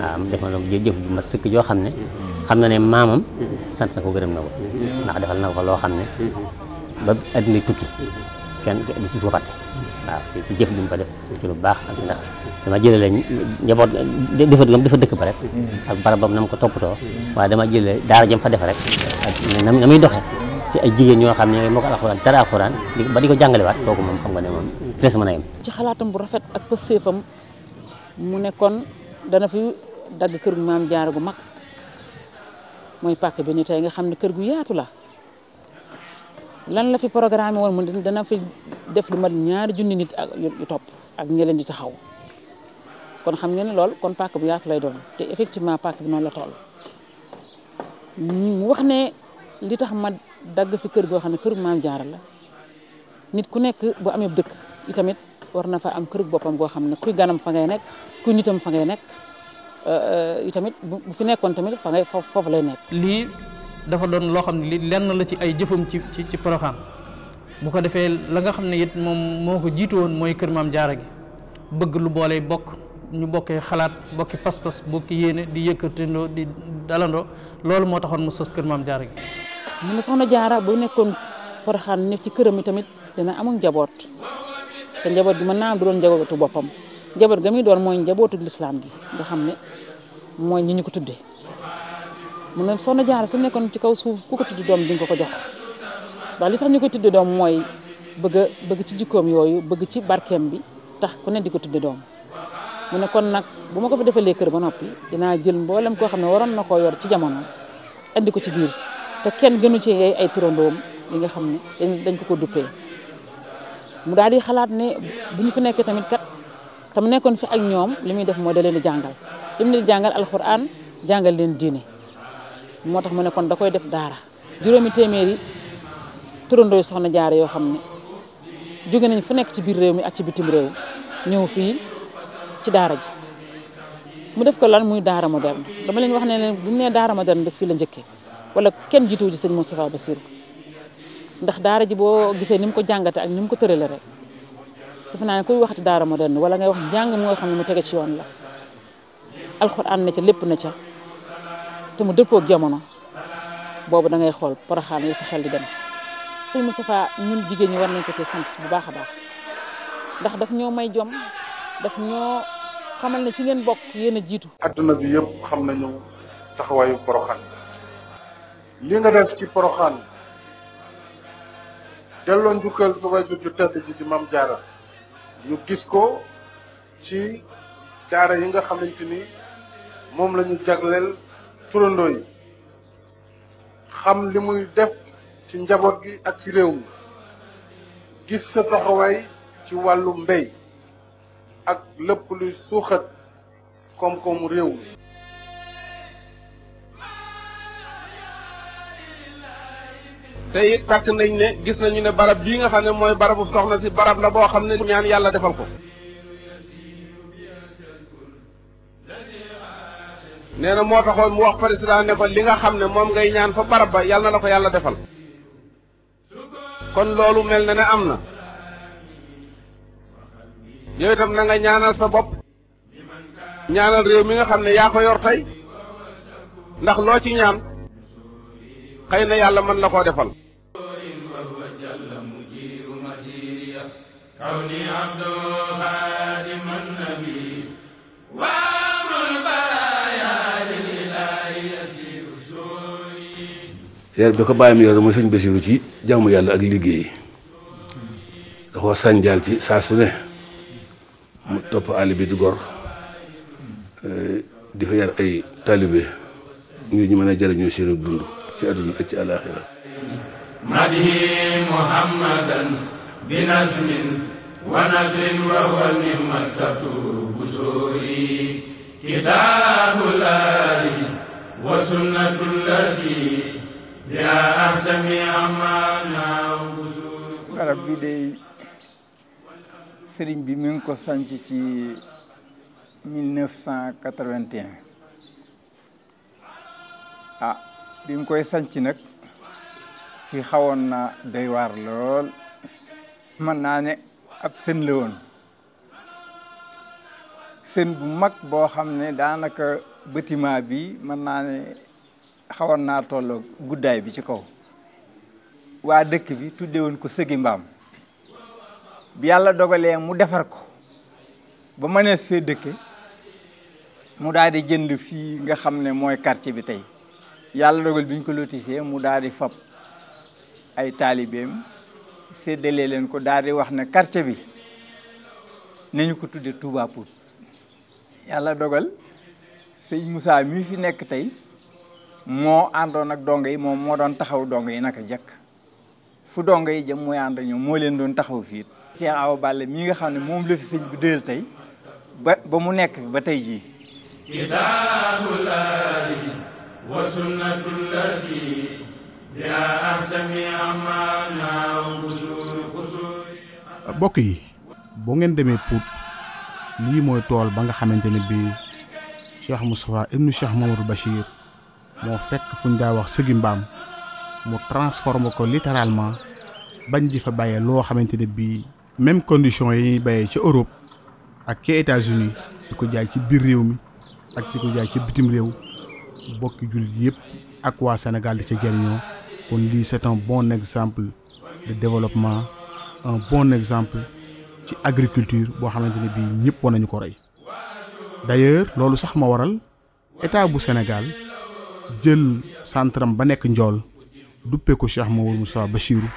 waaw def na jëf ju mat sëkk joo xam ne xam na ne maamam sant na ko gërëm na ndax defal na ko fa loo xam ne ba adduna tukki kenn di su ko fàtte jëf ju mu fa def ci lu baax ak ndax dama jëlale njaboot defat gam dafa dëkk ba rek ak barabam na mu ko toppatoo waaye dama jëlale daara jëm fa def rek na muy doxe ci ay jigéen ñoo xam ne ñooy mokk alxuraan tere alxuraan ba di ko jàngalewaat kooku moom xam nga ne moom fees mën a yem ci xalaatam bu rafet ak pëstéefam mu nekkoon dana fi dagg kër gu maam jaar gu mag mooy pàkk bi ni tey nga xam ne kër gu yaatu la lan la fi programme woon mu dana fi def lu mat ñaari junni nit ak yu topp ak ñi di taxaw kon xam ngeen ne lool kon pàkk bu yaatu lay doon te effectivement pàkk bi noonu la toll mu wax ne li tax ma dagg fi kër goo xam ne kër maam jaara la nit ku nekk bu amee dëkk itamit war na fa am kër boppam goo xam ne kuy ganam fa ngay nekk kuy nitam fa ngay nekk euh, euh, itamit bu fi nekkoon tamit fa ngay foofu lay nekk. lii dafa doon loo xam ne lii lenn la ci ay jëfam ci ci ci Porokhane bu ko defee la nga xam ne it moom moo ko jiitu woon mooy kër maam jaara gi bëgg lu boole bokk. ñu bokkee xalaat bokki pas-pas bokki yéene di yëkkatindoo di dalandoo loolu moo taxoon mu sos kër maam jaara gi ñu ma soxna jaara bu nekkoon poroxaan nekk ci këram yi tamit dina amul njaboot te njaboot gi mën naa am du doon njabootu boppam njaboot ga muy doon mooy njabootu lislaam gi nga xam ne mooy ñi ñu ko tuddee mu ne soxna jaara su nekkoon ci kaw suuf ku ko tudd doom ko ko jox ndax li tax ñu koy doom mooy bëgg bëgg ci jikkoom yooyu bëgg ci barkeem bi tax ku ne di ko tuddee doom mu ne kon nag bu ma ko fa defalee kër ba noppi dinaa jël mboolem koo xam ne waroon na koo yor ci jamono indi ko ci biir te kenn gënu ci ay turandoom yi nga xam ne dañ ko ko duppee mu daal di xalaat ne bu ñu fi nekkee tamit kat tam nekkoon fi ak ñoom li muy def mooy da leen di jàngal li mu leen jàngal leen diine moo tax mu ne da koy def daara juróomi téeméeri turandoo soxna jaare yoo xam ne jóge nañ fu nekk ci biir réew mi ak ci bitim réew ñëw fii ci daara ji mu def ko lan muy daara moderne dama leen wax ne leen bu ñu nee daara moderne def fii la njëkkee wala kenn jiituwu ci sëñ Moustapha Bassirou ndax daara ji boo gisee ni mu ko jàngate ak ni mu ko tërale rek defe naa ne kuy waxati daara moderne wala ngay wax jàng mu nga xam ne mu tege ci yoon la alxuraan na ca lépp na ca te mu dëppook jamono boobu dangay xool poroxaan yi sa xel di dem sëñ Moustapha ñun jigéen ñi war nañ ko ci sant bu baax a baax ndax daf ñoo may jom daf ñoo xamal ne ci ngeen bokk yéen a jiitu. adduna bi yëpp xam nañu taxawaayu poroxaan. li nga def ci poroxaan delloo njukkal sa waajur ju tedd ji di Maam Jaara ñu gis ko ci jaara yi nga xamante ni moom lañu ñu jagleel turandoo yi xam li muy def ci njaboot gi ak ci réew mi gis sa taxawaay ci wàllu mbéy ak lépp luy suuxat koom-koomu réew mi tey it nañ ne gis nañu ne barab bii nga xam ne mooy barabu soxna si barab la boo xam ne ñaan yàlla defal ko nee na moo taxoon mu wax président ne ko li nga xam ne moom ngay ñaan fa barab ba yàlla na la ko yàlla defal kon loolu mel na ne am na yow itam na nga ñaanal sa bopp ñaanal réew mi nga xam ne yaa ko yor tey ndax loo ci ñaan xeyna yalla man mën la koo defal yar bi ko bàyyam yor mo seigne Basiiru ci jamu yalla ak liggey da ko sanjal ci sa su ne mu top àll bi di gor euh difa yar ay talibé ñu ñu mëna a jëriñoo seen dundu ci àdduna ak ci alaaxira madhi muhammadan bi nasmin wa nasrin wa huwa nimasatu busuri kitaabullahi wa sunnatu llati biha ahtami amana busuri barab bi day sëriñ bi mi ngi ko sanc ci 1981 ah bi koy sanc nag fi xawoon na doy lool mën naa ne ab sën la woon sën bu mag boo xam ne daanaka bâtiment bi mën naa ne xawoon naa tolloo guddaay bi ci kaw waa dëkk bi tuddee woon ko sëgi mbaam bi yàlla dogalee mu defar ko ba mënees fee dëkke mu daal di jënd fii nga xam ne mooy quartier bi tey yàlla dogal bi ñu ko lotisee mu daal di fab ay taalibeem séddale leen ko daal wax na quartier bi ñu ko tuddee Touba Pout yàlla dogal sëñ Moussa mi fi nekk tey moo àndoon ak dongo yi moom moo doon taxaw dongo yi naka jekk fu dongo yi jëm mooy ànd ak ñoom moo leen doon taxaw fii Cheikh Awa Balla mi nga xam ne moom la fi sëñ bi déel tey ba mu nekk fi ba tey jii وسنة التي يا أهتمي أما أنا ومزور خصوصي بوكي بوغن دمي بوت لي موي تول باغا خامتيني بي شيخ مصطفى ابن شيخ محمود البشير مو فك فون دا واخ سيغي مبام مو ترانسفورم كو ليترالمون باغ دي فا باي لو خامتيني بي ميم كونديسيون يي باي سي اوروب ak ci états unis diko jaay ci biir réew mi ak diko jaay ci bitim réew bokki jullit yëpp ak waa Sénégal di ci jëriñoo kon lii c'est un bon exemple de développement un bon exemple ci agriculture boo xamante ne bii ñëpp war nañu ko rey d'ailleurs loolu sax ma waral état bu Sénégal jël centram ba nekk njool duppee ko Cheikh Maoul Moussa Bachirou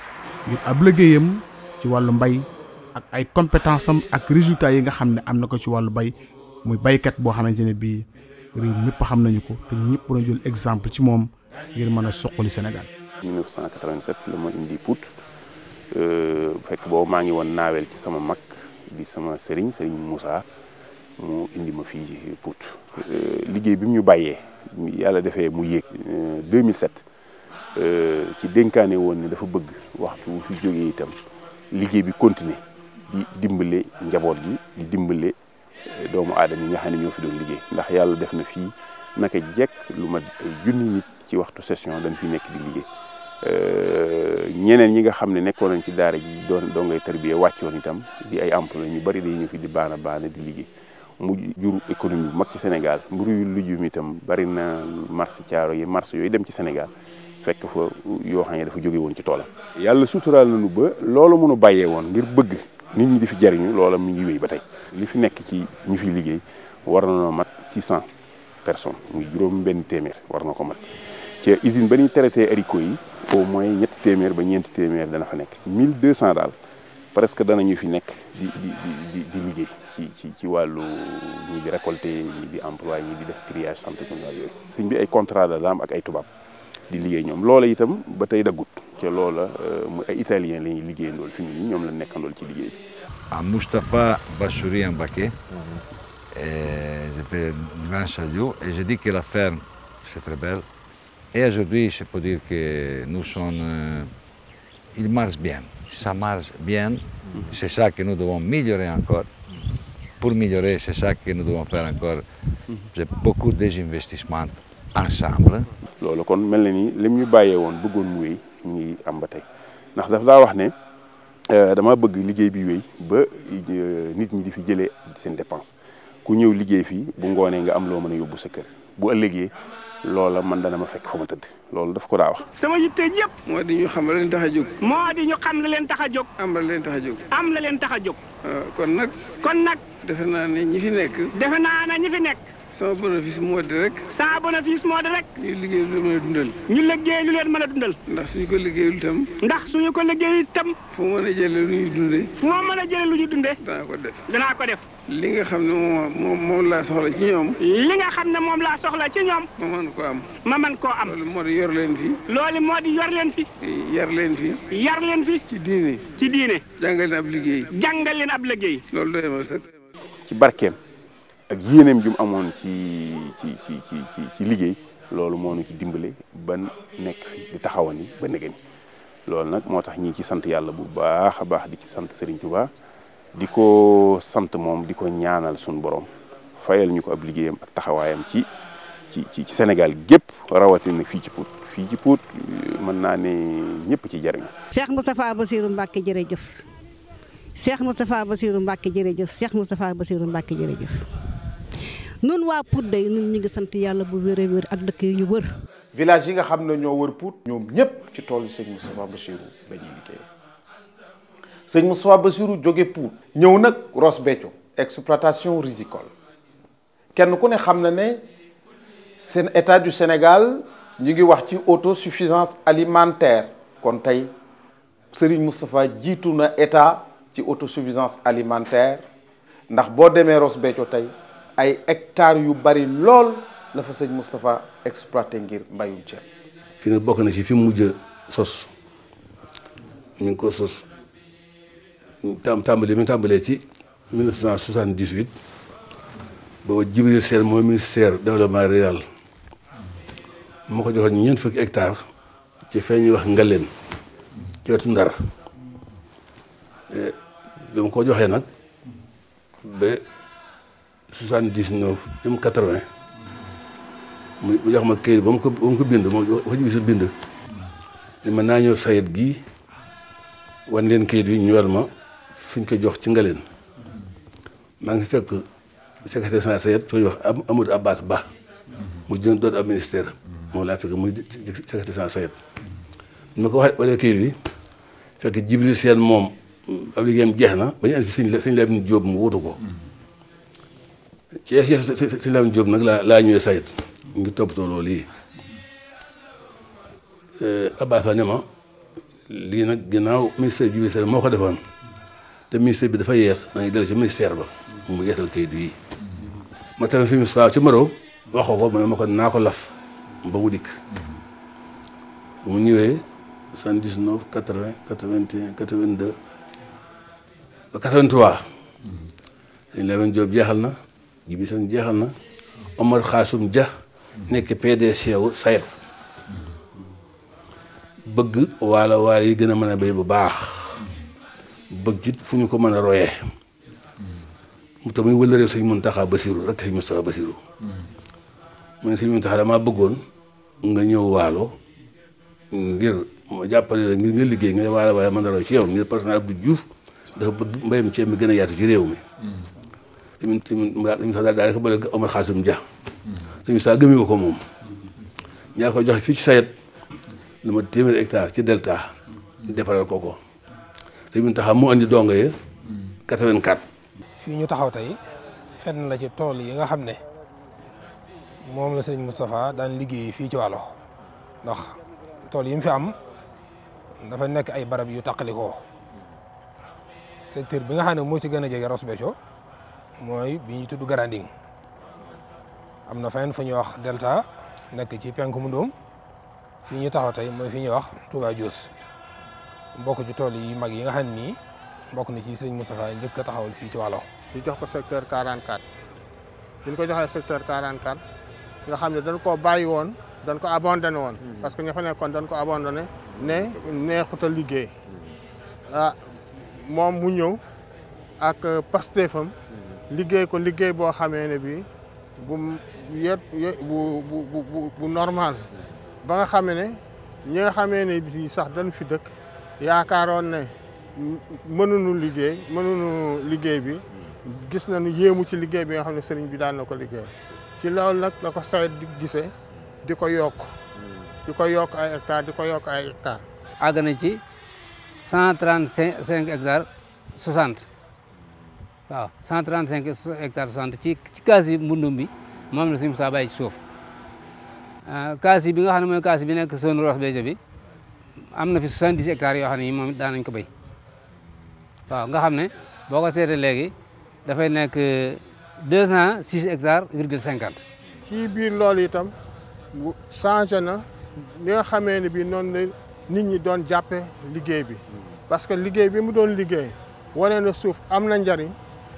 ngir ab liggéeyam ci wàllu mbay ak ay compétence am ak résultats yi nga xam ne am na ko ci wàllu mbay muy baykat boo xamante ne bii réew mi ñëpp xam nañu ko te ñëpp na jël exemple ci moom ngir mën a soqali Sénégal. 1987 la ma indi Pout euh, bu fekk boobu maa ngi woon naaweel ci sama mag di sama sëriñ sëriñ Moussa mu indi ma fii Pout. Euh, liggéey bi mu ñu bàyyee yàlla defee mu yéeg 2007 euh, ci dénkaane woon ne dafa bëgg waxtu wu fi jógee itam liggéey bi continuer di dimbale njaboot gi di dimbale. doomu aadama yi nga xam ne ñoo fi doon liggéey ndax yàlla def na fii naka jekk lu ma junni nit ci waxtu session dañ fi nekk di liggéey euh, ñeneen ñi nga xam ne nekkoon nañ ci daara ji doon doo ngay tarbiya wàccoon itam di ay emploi ñu bari day ñu fi di baana baana di liggéey mu jur économie bu mag ci senegal mburu yu lujum itam bari na marché caaro yi marché yooyu dem ci Sénégal fekk fa yoo xam ne dafa jóge woon ci toolam. yàlla suturaal nañu ba loolu mënu bàyyee woon ngir bëgg. nit ñi di fi jariñu loola mi ngi wéy ba tey li fi nekk ci ñi fi liggéey war na mat 600 personnes muy juróom benn téeméer war na ko mat ci usine ba ñuy traité haricot yi au moins ñetti téeméer ba ñeenti téeméer dana fa nekk 1200 daal presque danañu fi nekk di di di di liggéey ci ci ci wàllu ñi di récolter ñi di employé ñi di def triage centre communal yooyu. sëñ bi ay contrat la daam ak ay tubaab di liggéey ñom loola itam ba tay dagut ci loola euh, mu ay italien la ñuy liggéeyandool fi mu ñoom la nekkandol ci liggéey bi. ah Moustapha Bachouri Baké, euh, j'ai fait le grand salut et j'ai dit que la ferme c'est très belle. Et aujourd'hui, je peux dire que nous sommes. Euh, il marche bien. Ça marche bien. C'est ça que nous devons améliorer encore. Pour améliorer, c'est ça que nous devons faire encore. J'ai beaucoup d'investissements ensemble. loolu kon melni ni lim ñu bayé won bëggoon mu wéy ñi ngi am ba tay ndax daf da wax euh dama bëgg liggéey bi wéy ba euh, nit ñi di fi jëlé seen dépense ku ñëw liggéey fi bu ngone nga am lo mëna yobbu sa kër bu ëllëgee loola man na ma fekk fa ma tëdd loolu daf ko da wax. sama yitté yëpp. mo di ñu xam la leen tax a di ñu xam la leen tax am la leen tax am la leen euh, kon nak kon nak defena ni ñi fi nekk. defena na ñi fi nekk. sama bénéfice moo di rek. sama bénéfice moo di rek. ñu liggéey lu leen mën a dundal. ñu liggéey lu leen man a dundal. ndax suñu ko liggéeyul tam ndax suñu ko liggéey itam. fu mu mën a jëlee lu ñuy dundee. fu ma a jëlee lu ñuy dundee. danaa ko def li nga xam ne moom moom laa soxla ci ñoom. li nga xam ne moom laa soxla ci ñoom. ma man ko am. ma man koo am. loolu moo di yor leen fi. loolu moo di yor leen fi. yar leen fi. yar leen fi. ci diine. ci diine. jàngal leen ab liggéey. jàngal leen ab liggéey. loolu doy ma sëkk. ci ak yéeneem ju amoon ci ci ci ci ci liggéey loolu moo ñu ci dimbale ba nekk fi di taxawani ba negeen loolu nag moo tax ñi ci sant yàlla bu baax a baax di ci sant Serigne Touba di ko sant moom di ko ñaanal suñu borom fayal ñu ko ab liggéeyam ak taxawaayam ci ci ci Sénégal gépp rawatina fii ci Pout fii ci Pout mën naa ne ñëpp ci jariñ Cheikh Moustapha Bassirou Mbacké jërëjëf Cheikh Moustapha Bassirou Mbacké jërëjëf Cheikh Moustapha Bassirou Mbacké jërëjëf nun wa Pout day nun ñu ngi sant yalla bu wéré a ak dëkk yi ñu wër. village yi nga xam ne ñoo wër Pout. ñoom ñëpp ci tollu seigne sëñ Moustapha Bachirou la ñuy liggéey Moustapha Bachirou joggé Pout. ñëw nak Ross Béthio exploitation rizicole kenn ku ne xam na ne état du Sénégal ñi ngi wax ci autosuffisance alimentaire kon tay Serigne Moustapha jiitu na état ci autosuffisance alimentaire ndax bo démé Ross Béthio tay ay hectares yu bari lool la fa sëñ Moustapha exploité ngir mbayum ca fi ne bokk na ci fi mu mujj sos mi ngi ko sos tam tàmbali mi tàmbalee ci 1978 booba Jibril Sène mooy ministère développement rural moo ko joxoon ñeent fukki hectares ci fee ñuy wax Ngaleen ci wetu Ndar dama eh, ko joxee nag 79 jëm 80 mu jox ma këyit ba mu ko ba mu ko bind ma wax bind ni naa ñëw sayet gi wan leen këyit bi ñu war ma fiñ ko jox ci ngaleen maa ngi fekk secrétaire général sayet koy wax Amadou Abbas Ba mu jën doon ab ministère moom laa fekk mu secrétaire général sayet ma ko wax walee këyit bi fekk Jibril Seen moom ab liggéeyam jeex na ba ñu andi fi sëñ Lamine Jóob mu wutu ko ci si Lamine nag laa laa ñëwee sayt mu ngi toppatoo lii yi eh, Abba ne ma lii nag ginnaaw ministère bi ministère moo ko defoon te ministère bi dafa yees da ngay dellu ci ministère ba mu yeesal kayit yi ma tamit fi mu saa ci Maro ko ma ne ma ko naa ko laf ba dikk bu mu ñëwee soixante-dix-neuf quatre-vingt vingt un trois dañ Lamine Diop jeexal na gibisan seen na Omar Khasum jah, Nek pdc wu SAED bëgg wala wala yi gëna mëna bay bu baax bëgg jit fuñu ko mëna royé mu tamuy muy wëlëree sëñ muntaha Basiru rek sëñ Mustafa Basiru mu ne muntaha dama bëggoon nga ñëw walo ngir ma jàppale ngir nga liggéey nga wala wala mëna roy ci yow ngir personnel bu juuf dafa bëgg mbayam ci mi gëna ci réew mi sëñ bi sax daal ko bële Omar Xaasim Dia. sëñ bi sax gëmee ko moom. ñaa ko joxe fii ci sayet lu ma téeméeri hectare ci delta defaral ko ko sëñ bi taxaw mu indi dongo yi 84. fii ñu taxaw tey fenn la ci tool yi nga xam ne moom la sëñ Moustapha daan liggéey fii ci wàllo ndox tool yi mu fi am dafa nekk ay barab yu taqalikoo secteur bi nga xam ne moo ci gën a jege Ross moy biñu tuddu tudd Garanding am na feneen wax Delta nek ci penku mu ndóom fii taxaw tay moy fiñu wax Touba Dios bokk ci tol yi mag yi nga xam ni bokk na ci serigne Moustapha njëkk a taxawal fii ci walo ñu jox ko secteur 44 buñ ko joxe secteur 44 nga xam dañ ko bayyi won dañ ko abandonné won hmm. parce que ña fa nekkoon dañ ko abandonné né né xuta liggé hmm. ah mom mu ñew ak euh, pastefam hmm. liggéey ko liggéey boo xamee ne bi bu yet normal ba nga xamee ne ñi nga xamee ne bi sax dañ fi dëkk yaakaaroon ne mënuñu liggéey mënuñu liggéey bi gis na nañu yéemu ci liggéey bi nga xam ne sëriñ bi daan na ko liggéey ci loolu nag la ko sawet di gisee di ko yokk di ko yokk ay hectares di ko yokk ay hectares àgg na ci cent trente cinq hectares soixante waaw 135 hectares 60 ci ci kaas yi mbundum bi moom la suñu saa bàyyi ci suuf kaas ah, yi bi nga xam ne mooy kaas bi nekk zone Ross Béthio bi am na fi 70 hectares yoo xam ne moom it daan ko béy nga xam ne boo ko seetee léegi dafay nekk 206 hectares virgule cinquante ci biir loolu itam bu changé na li nga xamee ne bii noonu la nit ñi doon jàppe liggéey bi parce que liggéey bi mu doon liggéey wane na suuf am na njariñ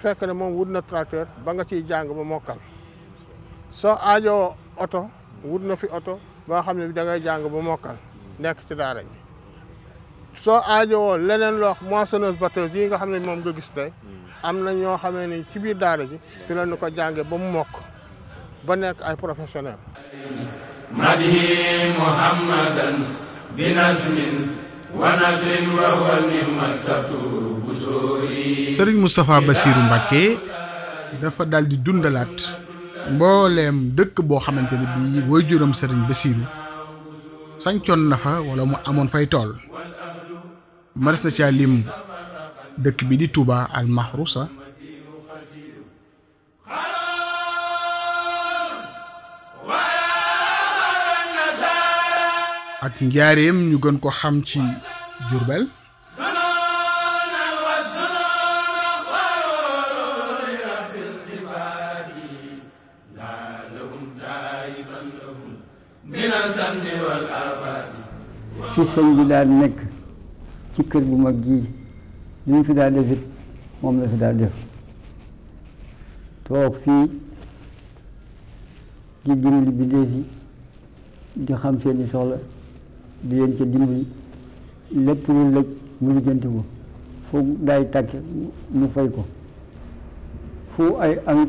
fekk ne moom wut na tracteur ba nga ciy jàng ba mokkal soo aajoo oto wut na fi oto ba nga xam ne da ngay jàng ba mokkal nekk ci daara ji soo aajowoo leneen loo moissonneuse batteuse yi nga xam ne moom nga gis tey am na ñoo xamee ni ci biir daara ji fi la ñu ko jàngee ba mu mokk ba nekk ay professionnel madhi muhammadan binasmin sëriñ Moustapha Bassirou Mbacké dafa daldi dundalaat mbooleem dëkk boo xamante ne bii waajuram sëriñ Bassirou sancoon na fa wala mu amoon fay tool maris na ca lim dëkk bi di Touba al Mahrousa ak njaareem ñu gën ko xam ci Jurbel fi sëñ bi daal nekk ci kër bu mag gii li mu fi daal def it moom la fi daal def toog fii di dimbali bindee fi di xam seeni soxla di leen ca dimbali lépp lu lëj mu lijjanti ko fu daay tàkke mu fay ko fu ay amit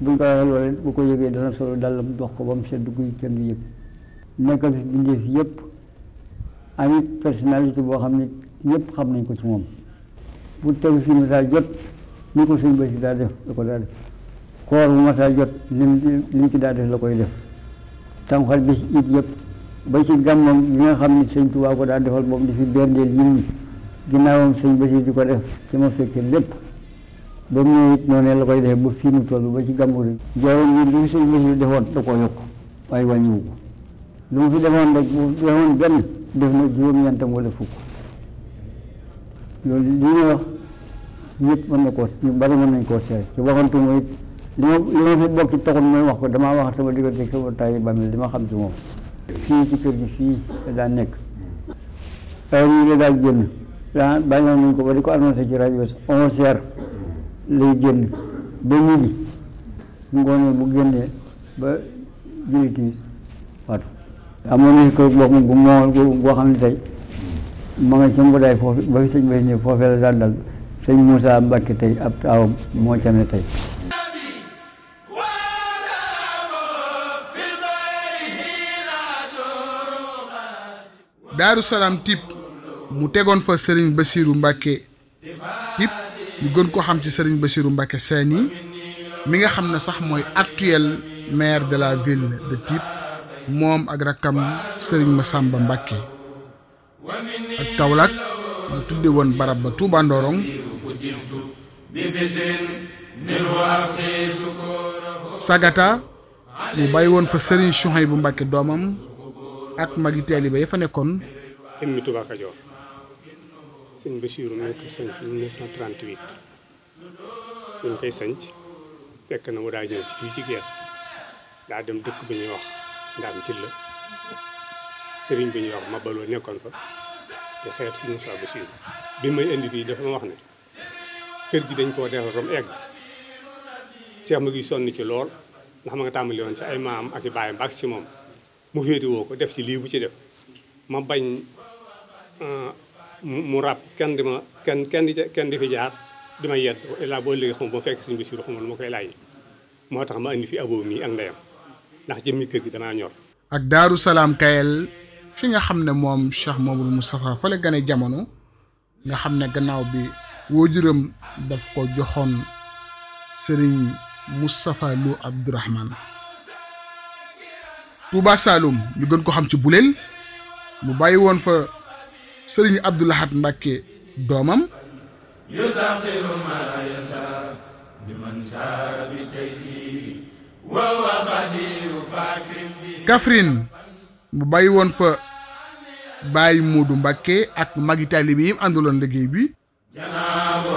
buñ ko waxee loolu bu ko yëgee dana solo mu dox ko ba mu sedd guy kenn du yëg nekkal fi bindéef yëpp amit personnalité boo xam ne ñëpp xam nañ ko ci moom bu te fi masaa jot ni ko sëñ ba si daa def la ko daa def koor bu masaa jot lim lim ci daa def la koy def tamxal bis it yëpp ba ci gàmmam gi nga xam ni sëñ Tuubaa ko daan defal moom di fi berndeel nit ñi ginnaawam sëñ Basiir di ko def ci ma fekkee lépp ba mu ñëwee it noonu la koy defee ba fii mu toll ba ci gàmmu rek jaaroon ñi li sëñ defoon da koo yokk waaye ko lu mu fi defoon rek bu defoon benn def na juróom-ñeentam wala fukk loolu li ñëpp mën na koo ñu bari mën nañ koo seet ci waxantu mooy li ma li fi bokki taxul mooy wax ko damaa wax sama diggante sama tayi bàmmeel li ma xam ci moom fii ci kër gi fii la daan nekk heure yi la daan génn daa bàyyi nañ ko ba di ko annoncé ci rajo bi onze heures lay génn ba midi ngoonee bu génnee ba julli timis waatu amoon na kër boppam gu moo goo xam ne tey ma nga ca mbudaay foofu ba fi sëñ bay ne foofee la daan dal sëñ Moussa Mbacke tey ab taawam moo ca ne tey daaru salaam mu tegoon fa sëriñ basiiru mbàkke tip ñu gën ko xam ci sëriñ basiiru mbàkke seeni mi nga xam ne sax mooy actuel maire de la ville de Typ moom ak rakkam sëriñ Masamba Mbàkke ak Kaolack mu tudde woon barab ba Touba Ndorong Sagata mu bàyyi woon fa sëriñ bu Mbàkke doomam at magi ba ya fa nekkoon. jëmmi Touba Kajoor sëñ Bachirou moo ko sanc 1938 bu ñu koy sanc fekk na mu daa ñëw ci fii ci geer daa dem dëkk bi ñuy wax ndaam ci bi ñuy wax ma nekkoon fa te xeeb sëñ bi may indi fii dafa ma wax gi dañ koo defal rom egg seex ma ci lool ndax ma nga tàmbali woon ci ay maam ak i baayam baax ci moom mu féete woo ko def ci lii bu ci def ma bañ ah, mu rab kenn di ma kenn kenn kenn di fi jaar di ma yedd laa boo léegi xam ba fekk suñu bisiru xamul ma koy laaj moo tax ma indi fi aboo mii ak ndeyam ndax jëmmi kër gi damaa ñor ak daaru salaam kayel fi nga xam ne moom Cheikh Mamadou Moustapha fa la gane jamono nga xam ne gannaaw bi waajuram daf ko joxoon sëriñ Moustapha Lo Abdourahmane Touba Saloum ñu gën ko xam ci Buleel mu bàyyi woon fa Serigne Abdou Lahad Mbacke doomam Kaffrine mu bàyyi woon fa Baye Modou Mbacke ak magi taalibe yi mu àndaloon liggéey bi janaabu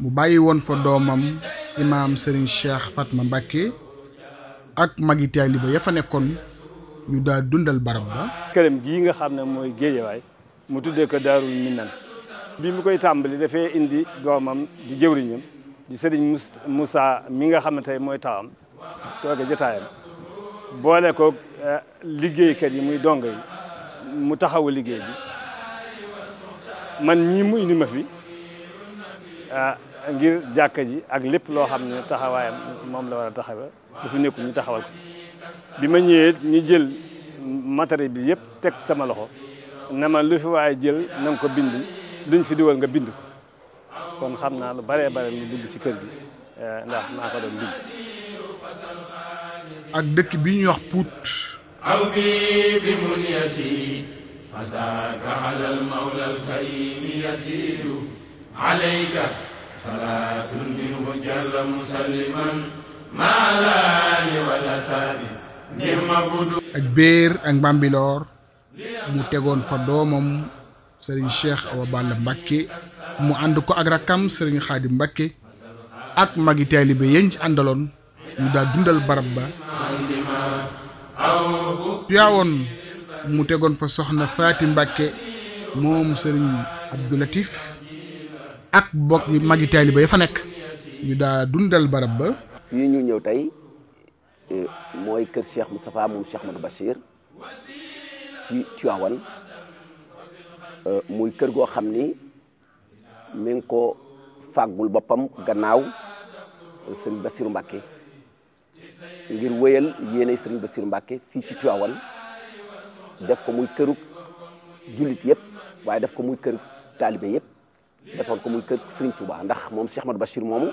mu bàyyi woon fa doomam imaam Serigne Cheikh Fatma Mbacke ak magi taaliba ya fa nekkoon ñu daal dundal barab ba. këram gii nga xam ne mooy géejawaay mu tuddee ko Daarul Minan bi mu koy tàmbali dafay indi doomam di jëwriñam di Serigne Moussa mi nga xam ne tey mooy tawam tooge jotaayam boole ko eh, liggéeykat yi muy dongo yi mu taxawu liggéey bi man ñii mu indi ma fi ah, ngir jàkka ji ak lépp loo xam ne taxawaayam moom la war a taxawe bu fi nekkul ñu taxawal ko bi ma ñëwee ñu jël matériel bi yëpp teg sama loxo ne ma lu fi waaye jël na nga ko bind luñ fi diwal nga bind ko kon xam naa lu baree bare lu dugg ci kër gi eh, ndax maa ko doon bind ak dëkk bi ñuy wax puut aw bi bi munyati fasaka ala al mawla al karim alayka صلاة منه ak beer ak bambilor mu tegon fa domam serigne cheikh awa balla mbacke mu and ko ak rakam serigne khadim mbacke ak magi talibe yeñ ci andalon ñu da dundal barab ba piawon mu tegon fa soxna fatim mbacke mom serigne abdoulatif ak bokk yu magi taaliba ya fa nekk ñu daa dundal barab ba fii ñuy ñëw tey e, mooy kër Cheikh Moustapha moom Cheikh Madou Bachir ci Tivaouane e, muy kër goo xam ni mi ko fàggul boppam gannaaw Serigne Bassirou Mbacké ngir wéyal yéene Serigne Bassirou Mbacké fii ci Tivaouane def ko muy këru jullit yëpp waaye def ko muy këru taalibe yëpp defoon ko mu keur Serigne Touba ndax mom Cheikh Ahmadou bashir momu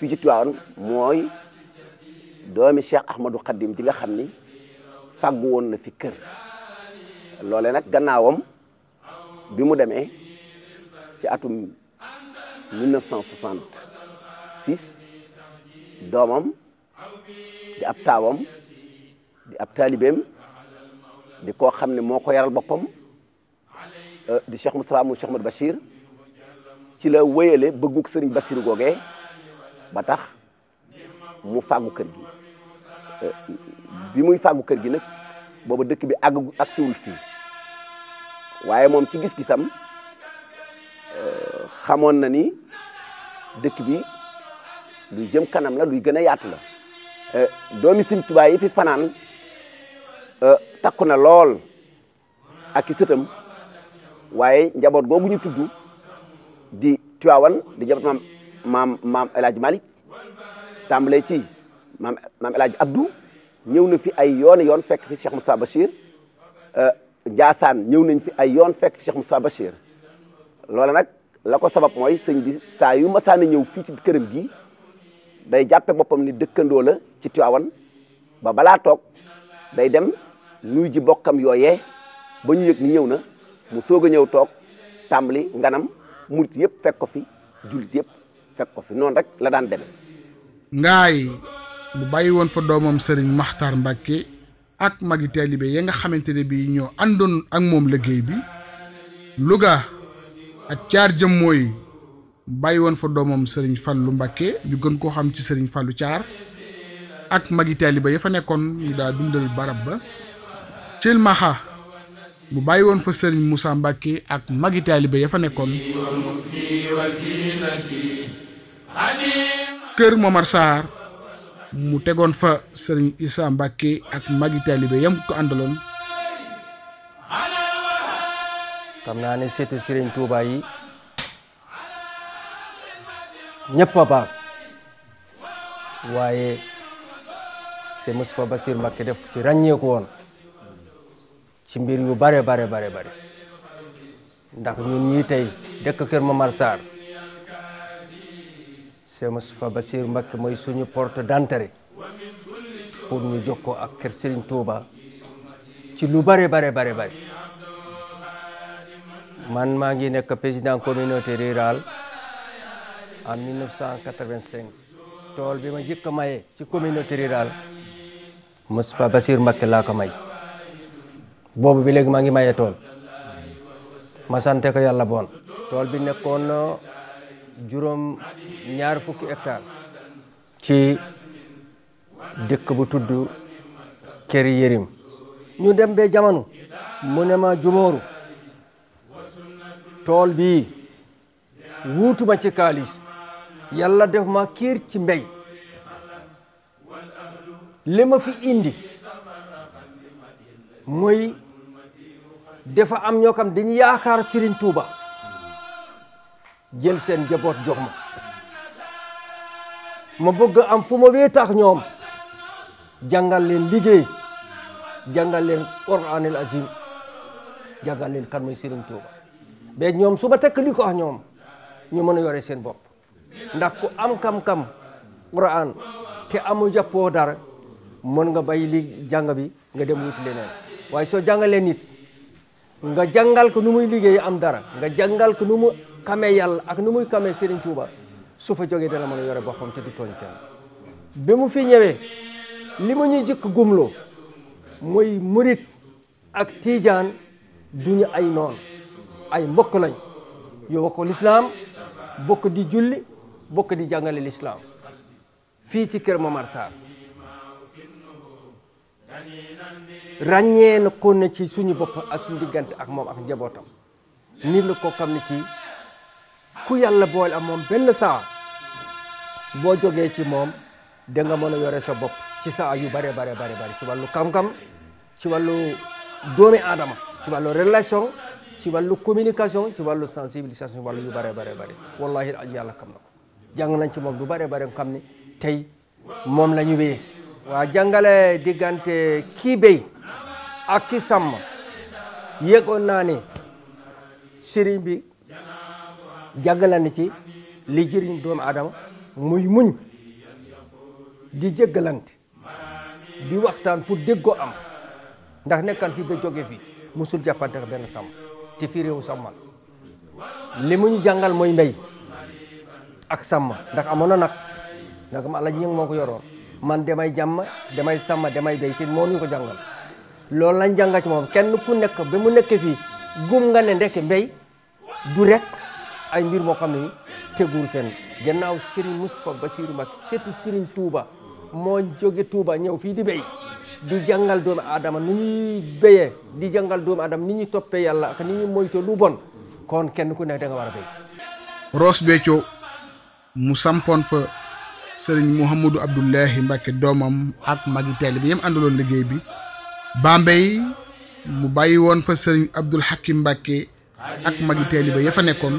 fi ci Tiwaawan moy domi Cheikh Ahmadou Khadim ji nga xamni ni won na fi keur lolé nak gannaawam bi mu démé ci atum 1966 domam di ab tawam di ab talibem di ko xamni moko yaral bopam di Cheikh Moustapha mu Cheikh Ahmadou bashir ci la wéyale bëgguk sëriñ Bassirou googee ba tax mu fàggu kër gi euh, bi muy fàggu kër gi nag boobu dëkk bi àgg ak siwul fii waaye moom ci gis-gisam euh, xamoon na ni dëkk bi luy jëm kanam la luy gën a yaatu la euh, doomi sëñ Tuubaa yi fi fanaan takku na lool ak i sëtam waaye njaboot googu ñu tudd di Tiwaawan di jabat maam maam maam El Hadj ci maam maam El ñëw na fi ay yoon yoon fekk fi Cheikh Moussa Bachir euh, Ndiassane ñëw nañ fi ay yoon fekk fi Cheikh Moussa Bachir loola nag la ko sabab mooy sëñ bi saa yu masaana ñëw fii ci këram gi day jàppe boppam ni dëkkandoo la ci Tiwaawan ba balaa toog day dem nuyu ji bokkam yooyee ba ñu ni ñëw na mu soog a ñëw toog tàmbali nganam murit yëpp fekk ko fi jullit yëpp fekk ko fi noonu rek la daan demee. ngay mu bàyyi woon fa doomam Serigne Makhtar Mbacke ak magi taalibe ya nga xamante ne bii ñoo àndoon ak moom liggéey bi Louga ak caar jëm mooy bàyyi woon fa doomam Serigne Fallou Mbacke ñu gën koo xam ci sëriñ Fallou caar ak magi taalibe ya fa nekkoon ñu daa dundal barab ba Thiel Maha mu bàyyi woon fa sëriñ Moussa Mbacke ak magi taalibe ya fa nekkoon kër Momar Sarr mu tegoon fa sëriñ Issa Mbacke ak magi taalibe yam ko àndaloon xam naa ne seetu sëriñ Touba yi ñëpp a baax waaye c'est Moustapha Bassir Mbacke def ci ràññeeku woon ci mbir yu bare bare bare bare ndax ñun ñii tey dekk Kër ma Sarr Cheikh Moustapha Bassirou Mbacké mooy suñu porte d'entrée pour ñu jokkoo ak kër Serigne Touba ci lu bare bare bare bare man maa ngi nekk président communauté rural en 1985 tool bi ma jëkk a maye ci communauté rurale Moustapha Bassirou Mbacké laa ko may boobu bi léegi maa ngi maye tool masante ko yàlla bon tool bi nekkoon juróom ñaar fukki hectare ci dëkk bu tudd Kër Yërim ñu dem ba jamono mu ne ma jumooru tool bii wuutuma ci kaalis yàlla def ma kiir ci mbey li fi indi mooy dafa am ñoo xam dañu yaakar Serigne Touba jël seen jabot jox ma ma bëgg am fu ma wéetaax ñoom jangal leen liggéey jangal leen Qur'anul Azim jangal leen kan moy Serigne Touba ba ñoom suba tek liko wax ñoom ñu mëna yoré yore seen bop ndax ku am kam-kam Qur'an té amu jappo dara mën nga bay li jang bi nga dem wuti leneen waye so jangale nit nga jàngal ko nu muy liggéey am dara nga jàngal ko nu mu xamee yàlla ak nu muy xamee Serigne Touba su fa jogee dana mën a yore boppam te du tooñ kenn bi mu fi ñëwee li ma ñu jëkk gumloo mooy murit ak tiijaan duñu ay noon ay mbokk lañ yow bokk lislaam bokk di julli bokk di jàngale lislaam fii ci kër Momar Sarr ràññee na ko ne ci suñu bopp ak suñu diggante ak moom ak njabootam nit la koo xam ne kii ku yàlla bool ak moom benn saa boo jógee ci moom da nga mën a yore sa bopp ci saa yu bare bare bare bare ci wàllu xam-xam ci wàllu doomi aadama ci wàllu relation ci wàllu communication ci wàllu sensibilisation wàllu yu bare bare bare wallahi yàlla xam na ko jàng nañ ci moom du bare bare xam ne tey moom la ñu wéyee waa jàngale diggante ki béy sama, ye ko nani sëriñ bi jàngalani ci li jëriñ doom adam muy muñ di jegalante di waxtan pour deggo am ndax nekkan fi be joge fi musul jappante ben sam ti fi rew sàmmal li mu ñu jàngal ak sàmm ndax amono nak nag ma la ñing moko ko man demay jamma demay demay ñu ko jangal loolu lañ jànga ci moom kenn ku nekk ba mu nekk fii gum nga ne ndekk mbéy du rek ay mbir moo xam ne teguur fenn gannaaw Serigne Moustapha Bassirou Mbacké surtout Serigne Touba moo jóge Touba ñëw fii di béy di jàngal doomu aadama ni ñuy béyee di jàngal doomu aadama ni ñuy toppee yàlla ak ni ñuy moytu lu bon kon kenn ku nekk da nga war a béy Ross Béthio mu sampoon fa Serigne Mouhamadou Abdoulahi Mbacké doomam ak magi teel bi yam àndaloon liggéey bi Bambey mu bàyyi woon fa sëriñ Abdul Hakim Mbàkke ak magi taaliba ya fa nekkoon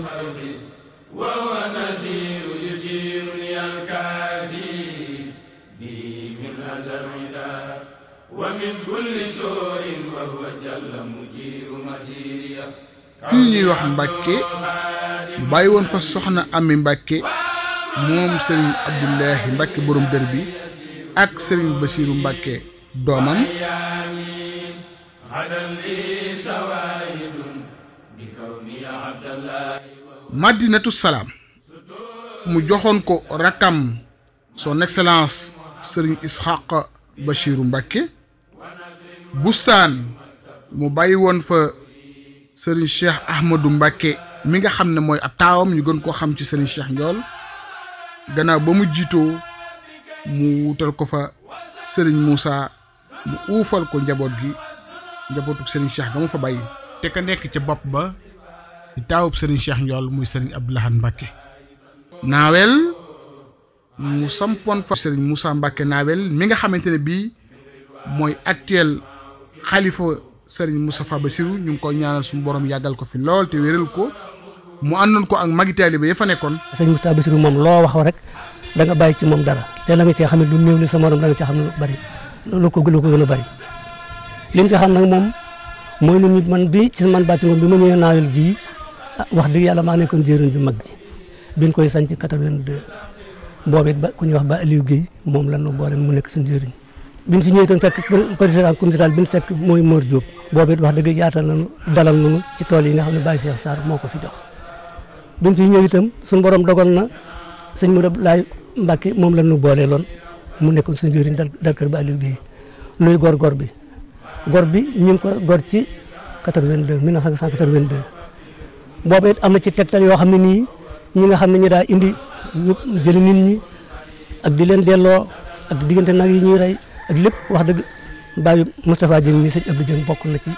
fii ñuy wax Mbàkke mu bàyyi woon fa soxna Ami Mbàkke moom sëriñ Abdullahi Mbàkke borom dër bi ak sëriñ Basiiru Mbàkke doomam madinatu salaam mu joxoon ko rakkam son excellence sëriñ Ishaq Bachiru Mbàkke bustaan mu bàyyi woon fa sëriñ Cheikh Ahmadou Mbàkke mi nga xam ne mooy ab taawam ñu gën koo xam ci sëriñ Cheikh Njool gannaaw ba mu jiitoo mu wutal ko fa sëriñ Moussa mu uufal ko njaboot gi njabootuk serigne cheikh gamu fa baye te ka nek ci bop ba di tawup serigne cheikh njool muy serigne abdullah mbake nawel mu sampon fa serigne moussa mbake nawel mi nga xamantene bi moy actuel khalifa serigne moustapha basiru ñu ko ñaanal suñu borom yagal ko fi lol te wéral ko mu andon ko ak magi taalibe ya fa nekkon serigne moustapha basiru mom lo wax rek da nga bay ci mom dara te la nga ci xam lu neew ni sa morom da nga ci bari lu ko ko gëna bari li ñu ci xam nag moom mooy nu nit man bi ci man bàcc ngoom bi ma ñëwee naawel gii ah, wax dëgg yàlla maa nekkoon jëriñ bi mag ji biñ koy sanc 82 boobu it ba ku ñuy wax ba Aliou moom la ñu boole mu nekk suñu jëriñ biñ fi ñëwee itam fekk président communal bi ñu fekk mooy Mor Diop boobu it wax dëgg yaatal nañu dalal nañu ci tool yi nga xam ne Baye Cheikh saar moo ko fi jox biñ fi ñëw itam suñu borom dogal na sëñ Modou Laye Mbacke moom la nu boolee loon mu nekkoon suñu jëriñ dal dal kër ba Aliou Guèye luy góor-góor bi gor bi ñu ngi ko gor ci 82 1982 boobu it am na ci tegtal yoo xam ne nii ñi nga xam ne ñu daa indi jëli nit ñi ak di leen delloo ak diggante nag yi ñuy rey ak lépp wax dëgg bàyyi Moustapha Dieng mi si Abdou Dieng bokk na ci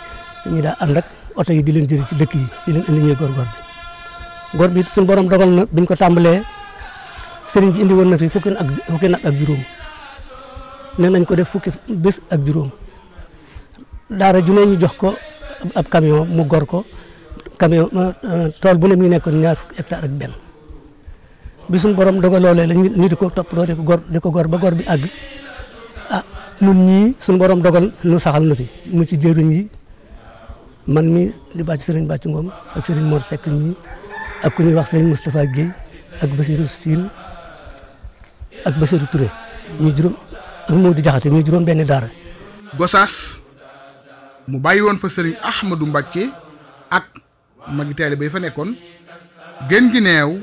ñi daa ànd ak oto yi di leen jëli ci dëkk yi di leen indi ñuy gor gor bi gor bi suñu borom dogal na biñ ko tàmbalee sëriñ bi indi woon na fi fukki ak fukki nag ak juróom nee nañ ko def fukki bés ak juróom daara ju ne ñu jox ko ab camion mu gor ko camion euh, tool bu ne mi nekkoon ñaar fukki ak benn bi suñ borom dogal loolee la ñu di ko toppatoo di gor di ko gor ba gor bi àgg ah nun ñii suñ borom dogal nu saxal na fi mu ci jëriñ yi man mi di bàcc sëriñ Bàcc Ngom ak sëriñ Mor Seck ñii ak ku ñuy wax sëriñ Moustapha Guèye ak Bassirou Sine ak Bassirou Touré ñu juróom ak Modou Diakhaté ñu juróom benn daara Gossas mu bàyyi woon fa sëriñ Ahmadou Mbacke ak magi taalibe yi fa nekkoon gën gi neew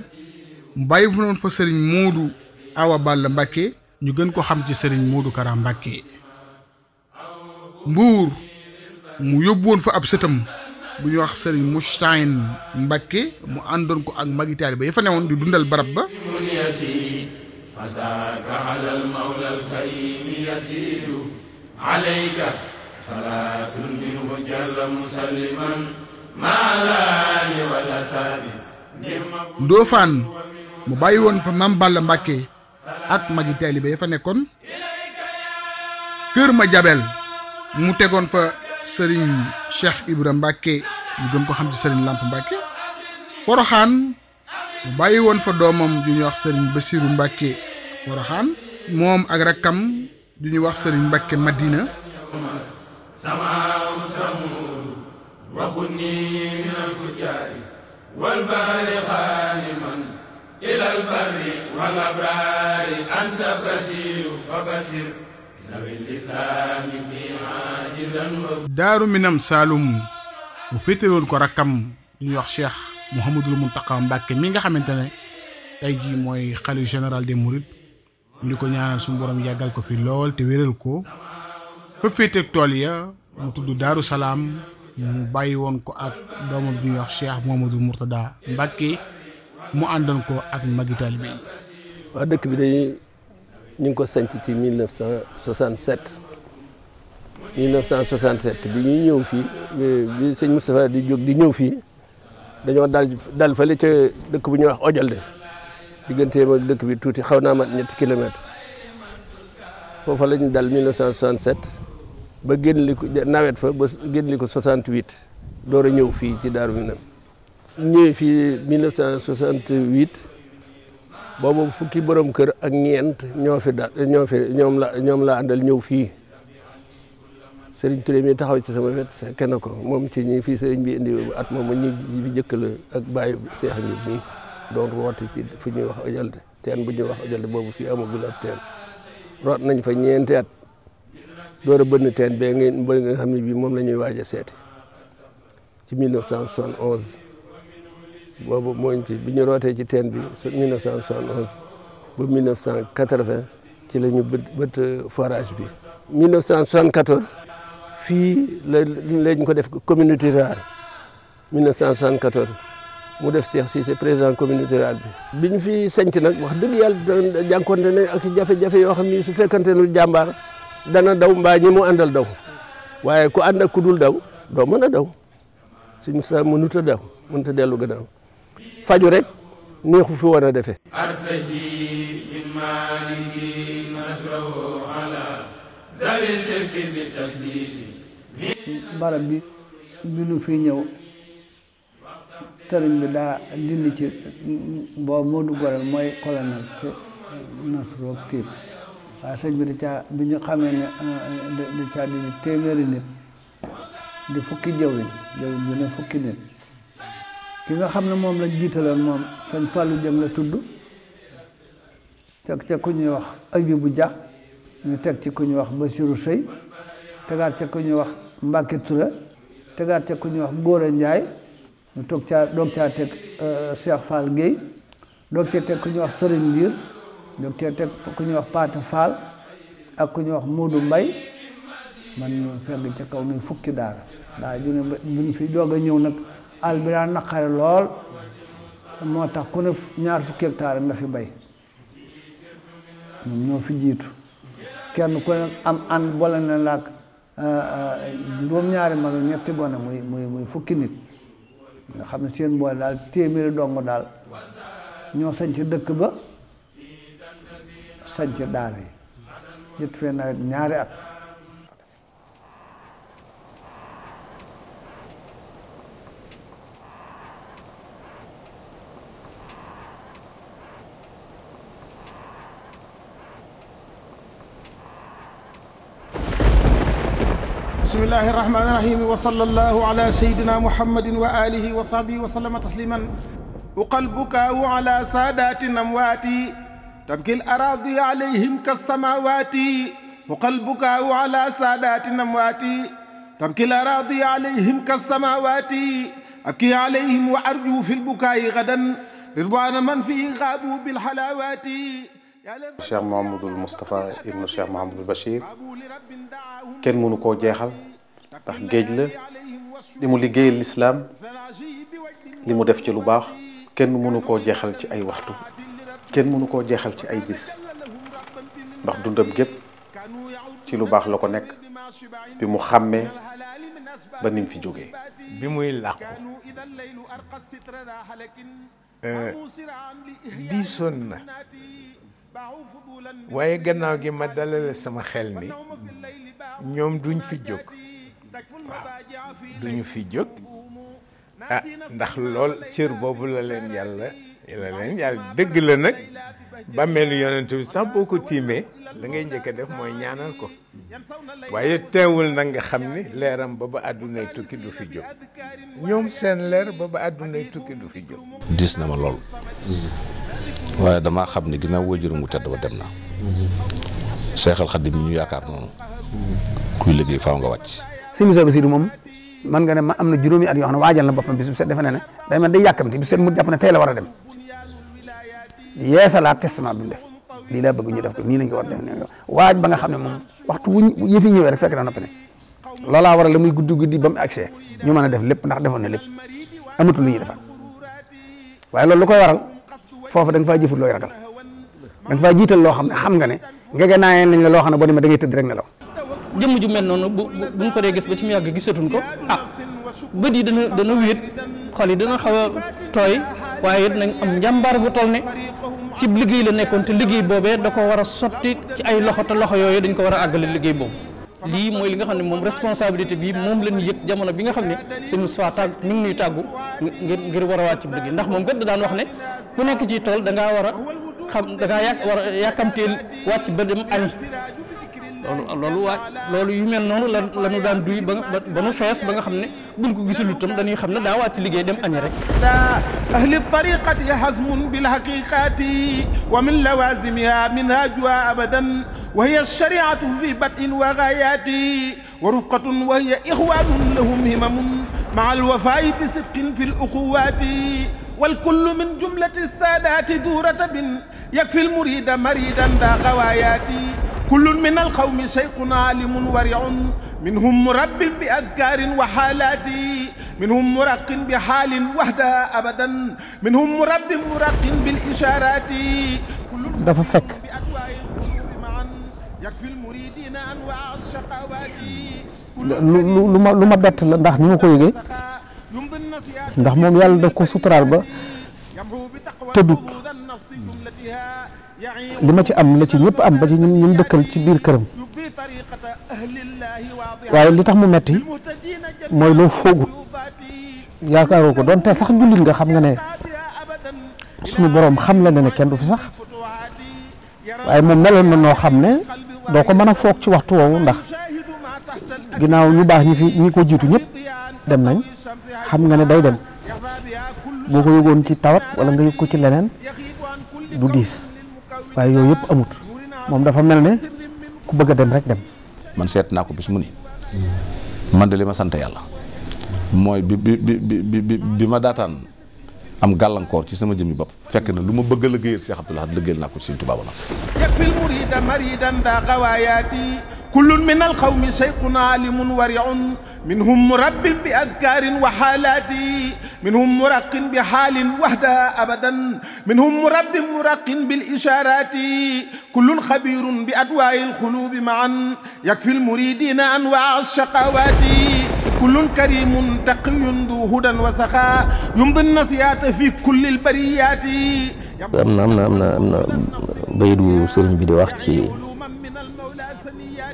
mu bàyyi woon fa sëriñ Moodu Awa Balla Mbacke ñu gën ko xam ci sëriñ Moodu Kara Mbacke mbuur mu yóbbu woon fa ab sëtam bu ñuy wax sëriñ Moustahine Mbacke mu àndoon ko ak magi taalibe yi fa newoon di dundal barab ba masaka ala al mawla al karim yasiru Dofan منه جل مسلما مع الآل والأساب ndofan mu bàyyi woon fa mam balla mbàkke ak magi taalibe ya fa nekkoon kër ma jabel mu tegoon fa sëriñ cheikh ibra mbàkke ñu gën ko xam ci sëriñ lamp mbàkke poroxaan mu bàyyi woon fa doomam ju ñuy wax sëriñ basiru mbàkke poroxaan moom ak rakkam ju wax madina دارو تمور وخني من الفجار والبحر غانما إلى البر نيوخ شيخ محمد المنتقى مباكي ميغا خامتاني tay ji mooy xali général des mourid ñu ko ñaanal suñu borom yàggal fa féeteeg tool ya mu tudd Daaru Salaam mu bàyyi woon ko ak doomam bi ñuy wax Cheikh Mouhamadou Mourtada Mbacke mu àndoon ko ak magi bi yi. waa dëkk bi day ñu ngi ko sanc ci 1967 1967 bi ñuy ñëw fii bi sëñ Moustapha di jóg di ñëw fii dañoo dal dal fële ca dëkk bu ñuy wax Odiolde digganteem ak dëkk bi tuuti xaw naa ma ñetti kilomètres foofa la ñu dal 1967. ba génn li ko nawet ba génn ko 68 door a ñëw fii ci Daaru Minam ñëwee fii 1968 boobu fukki borom kër ak ñeent ñoo fi da fi ñoom la ñoom la àndal ñëw fii sëriñ Touré mi taxaw ci sama wet fekke na ko moom ci ñi fii sëriñ bi indi at moom ñi fi jëkk la ak bàyyi seex ñu nii doon rooti fu ñuy wax ojalte teen bu ñuy wax ojalte boobu fii amagul ab teen root nañ fa ñeenti at door a bënn teen bee ngeen bëri nga xam ne bii moom la ñuy waaj a seeti ci 1971 boobu mooñ ci bi ñu rootee ci teen bi su 1971 ba 1980 ci la ñu bët bët euh, forage bi 1974 fii la lañ ko def communauté rurale 1974 mu def Cheikh Cissé président communauté rurale bi bi ñu fi sanc nag wax dëgg yàlla jànkoonte ne ak jafe-jafe yoo xam ni su fekkante nu jàmbaar dana daw mbaa ñi mu àndal daw waaye ku ànd ak ku dul daw doo mën a daw suñu sa mënut a daw mënut a dellu gannaaw faju rek neexu fi war a defee barab bi bi nu fi ñëw tëriñ bi daa dindi ci boobu moo goral mooy colonel nasroog tiib waaye sëñ bi da caa bi ñu xamee ne euh, da caa di téeméeri nit di fukki jawwin jawwin bi ne fukki nit ki nga xam ne moom lañ jiitaloon moom sëñ Fallou Dieng la tudd teg ca ku ñuy wax bu Ja ñu teg ci ku ñuy wax Basiru Sëy tegaat ca ku ñuy wax Mbàkke Tura tegaat ca ku ñuy wax Góora Njaay ñu toog caa doog caa teg euh, Cheikh Fall Guèye doog caa teg ku ñuy wax Sëriñ Ndiir docteur teg ku ñuy wax Paate Fall ak ku ñuy wax Modou Mbay man ñu fekk ca kaw nuy fukki daara daa jóge buñ fi doog a ñëw nag àll bi daa naqare lool moo tax ku ne ñaar fi bay ñoo fi jiitu kenn ku ne am an boole na laak euh, euh, juróom-ñaari mag ñetti gone muy muy fukki nit nga xam ne seen boole daal téeméeri dong daal ñoo sañ ci dëkk ba بسم الله الرحمن الرحيم وصلى الله على سيدنا محمد وآله وصحبه وسلم تسليما وقلبك على سادات أمواتي تبكي الأراضي عليهم كالسماوات وقلبك على سادات النموات تبكي الأراضي عليهم كالسماوات أبكي عليهم وأرجو في البكاء غدا رضوان من فيه غابوا بالحلاوات الشيخ محمد المصطفى ابن الشيخ محمد البشير كان منكو جيحل تاخ جيجل دي مو الاسلام لي مو ديف سي لو باخ كين منو كو جيهال اي وقتو kenn mënu koo jeexal ci ay bis ndax dundam gépp ci lu baax la ko nekk bi mu xàmmee ba nim fi jóge bi muy làqu euh, diisoon na waaye gannaaw gi ma dalale sama xel ni ñoom duñ fi jóg duñu fi jóg ah ndax lool cër boobu la leen yàlla la leen yàlla dëgg la nag bàmmeelu yonent bi sax boo ko tiimee la ngay njëkk def mooy ñaanal ko waaye teewul nag nga xam ni leeram ba ba àddunay tukki du fi jot ñoom seen leer ba ba àddunay tukki du fi jot diis na ma lool. waaye damaa xam ni ginnaaw waajuram wu tedd ba dem na. seexal xaddim ñu yaakaar noonu. kuy liggéey faaw nga wàcc. sëñ Moussa Bassirou moom man nga ne ma am na juróomi at yoo xam waajal na boppam bis bu defe na day man day la war a dem. yeesalaat testament bi mu def lii laa bëgg ñu def ko nii lañ ko war def waaj ba nga xam ne moom waxtu wu yëfi ñëwee rek fekk na noppi ne loolaa waral la muy guddi guddi ba mu accès ñu ma a def lépp ndax defoon na lépp amatul lu ñuy defaat waaye loolu lu koy waral foofu da nga faa jëfut looy ragal da jiital loo xam ne xam nga ne ngege naayeen lañ la loo xam ne boo ma da ngay tëdd rek nelaw jëmm ju mel noonu bu buñ ko dee gis ba ci mu yàgg ko ah bët yi dana dana wéet xol yi dana xaw a tooy waaye it nañ am njàmbaar gu toll ne ci liggéey la nekkoon te liggéey boobee da ko war a sotti ci ay loxo te loxo yooyu dañ ko war a àggale liggéey boobu lii mooy li nga xam ne moom responsabilité bi moom la ñu yëg jamono bi nga xam ne sëñ Moustapha tàgg mi ngi nuy tàggu ngir ngir war a wàcc ci liggéey ndax moom kat da daan wax ne ku nekk ci tool da ngaa war a xam da ngaa yàq war a wàcc ba dem añi loolu loolu waa loolu yu mel noonu la la ñu daan duy ba ba nu fees ba nga xam ne buñ ko gisul itam dañuy xam ne daa wàcc liggéey dem añi rek la ahli tariqati hazmun bil haqiqati wa min lawazimiha minhajuha abadan wa hiya shari'atu fi batin wa ghayati wa rufqatun wa hiya ikhwanun lahum himamun ma'a al wafa'i bi sidqin fi al uquwati والكل من جملة السادات دورة بن يكفي المريد مريدا ذا غواياتي كل من القوم شيخ عالم ورع منهم مرب بأذكار وحالاتي منهم مرق بحال وحدها أبدا منهم مرب مرق بالإشارات dafa fekk lu ma lu لما bett la ndax ni ma ko yëgee ndax moom yàlla daf ko suturaal ba tëddut li ma ci am la ci ñëpp am ba ci ñun dëkkal ci biir këram waaye li tax mu metti mooy loo foogut yaakaaroo ko donte sax jullit nga xam nga ne suñu boroom xam la ne ne kenn du fi sax waaye moom meloon na noo xam ne doo ko mën a foog ci waxtu woowu ndax ginnaaw ñu baax ñi fi ñi ko jiitu ñëpp dem nañ xam nga ne day dem boo ko yëgoon ci tawat wala nga yëg ko ci leneen du gis waaye yooyu yëpp amut moom dafa mel ne ku bëgg a dem rek dem. man seet naa ko bis mu ni man de li ma sant yàlla mooy bi bi bi bi bi ma daataan am gàllankoor ci sama jëmmi bopp fekk na lu ma bëgg a liggéeyal Cheikh Abdoul Ahad liggéeyal naa ko ci Sëriñ Tuubaa ba كل من القوم شيخ عالم ورع منهم مرب بأذكار وحالات منهم مرق بحال وحدها أبدا منهم مرب مرق بالإشارات كل خبير بأدواء القلوب معا يكفي المريدين أنواع الشقاوات كل كريم تقي ذو هدى وسخاء يمضي النصيات في كل البريات am na am na am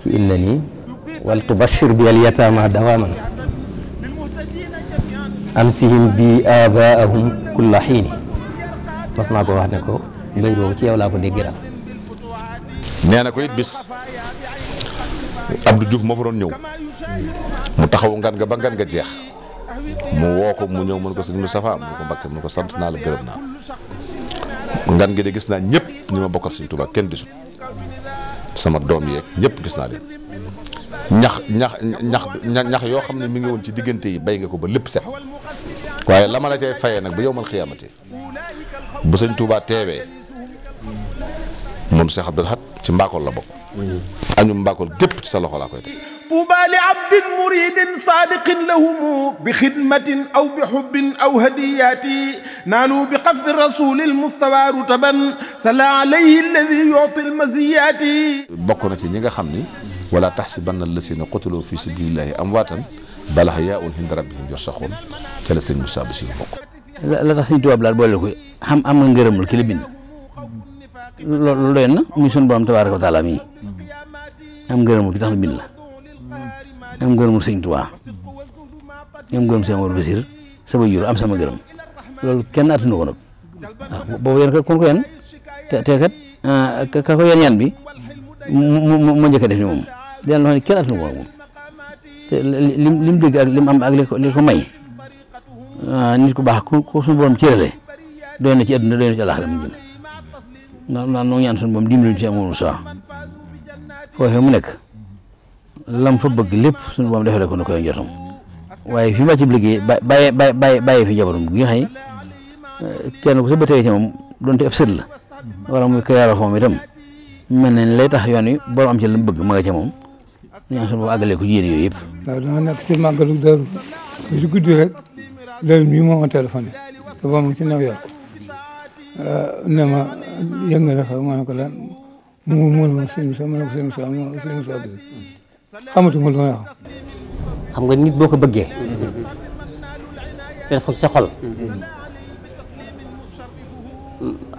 ci inna nii wal tubashir bi al yataama dawaaman ansihim bi abaahum kulla xiini mas naa ko wax ne ko mbir boobu ci yow laa ko dégg daal na ko it bis Abdou Diouf moo fa doon ñëw mu taxaw ngan nga ba ngan nga jeex mu woo ko mu ñëw mën ko sëñ Moustapha mu ko Mbakke mu ko sant naa la gërëm naa ngan gi de gis naa ñëpp ñi ma bokkal sëñ Tuubaa kenn disut sama doom yeeg ñëpp gis naa leen ñax ñax ñax ñax yoo xam ne mi ngi woon ci diggante yi bay nga ko ba lépp set waaye la ma la cay fayee nag ba yow mal xiyaamate bu sëñ Touba teewee moom Cheikh Abdoul Ahad ci mbaakool la bokk añum mbàkkol gépp ci sa loxo laa koy teg tuuba li abdin muridin saadiqin lahum bi xidmatin aw bi xubbin aw hadiyati naanu bi xafi rasulil mustawa rutaban sala alayhi alladi yuti almaziyati bokk na ci ñi nga xam ni wala taxsibanna allasina qutiloo fi sabilillahi amwaatan bal ahyaun inda rabbihim yarsaxuun ca la sëñ Moussa Bassirou bokk la tax sëñ tubaab laal boole ko xam am nga ngërëmul ki la bind lool doyoon na muy sunu borom tabaaraka wa taala mii am ngërëmul ki tax na bind la am ngërëmul sëñ Tuubaa am ngërëm sëñ Mor Basir sama jur am sama ngërëm loolu kenn atunu ko nag waaw ah, boobu yéen kat kon ko yéen te ah, ka ko yéen yan bi mu mu mu njëkk def ni moom dinañ la li li mu dégg ak li mu am ak li ko may ah, nit ku baax ku ko suñu borom cërale doy na ci àdduna doy na ci àllaaxira mu jëm. naan naan noo ñaan suñu moom dimbaluñ ci amul saa foofee mu nekk lam fa bëgg lépp suñu moom defale ko nu koy jotam waaye fi mu wàcc liggéey bàyyi bàyyi fi jabaram gi nga xam eh, kenn ku si ba tey ci moom donte ab la wala muy ko yàlla foom itam mel ne tax yoon wi borom am ci bëgg ma nga ca moom ñaan suñu moom àggale ko yéen yooyu yëpp. waaw dama nekk ci màggalu Daaru ne ma yëngal fa ne ko lan mu mu ma sëñ lu ma wax. xam nga nit boo ko bëggee. te dafa sa xol.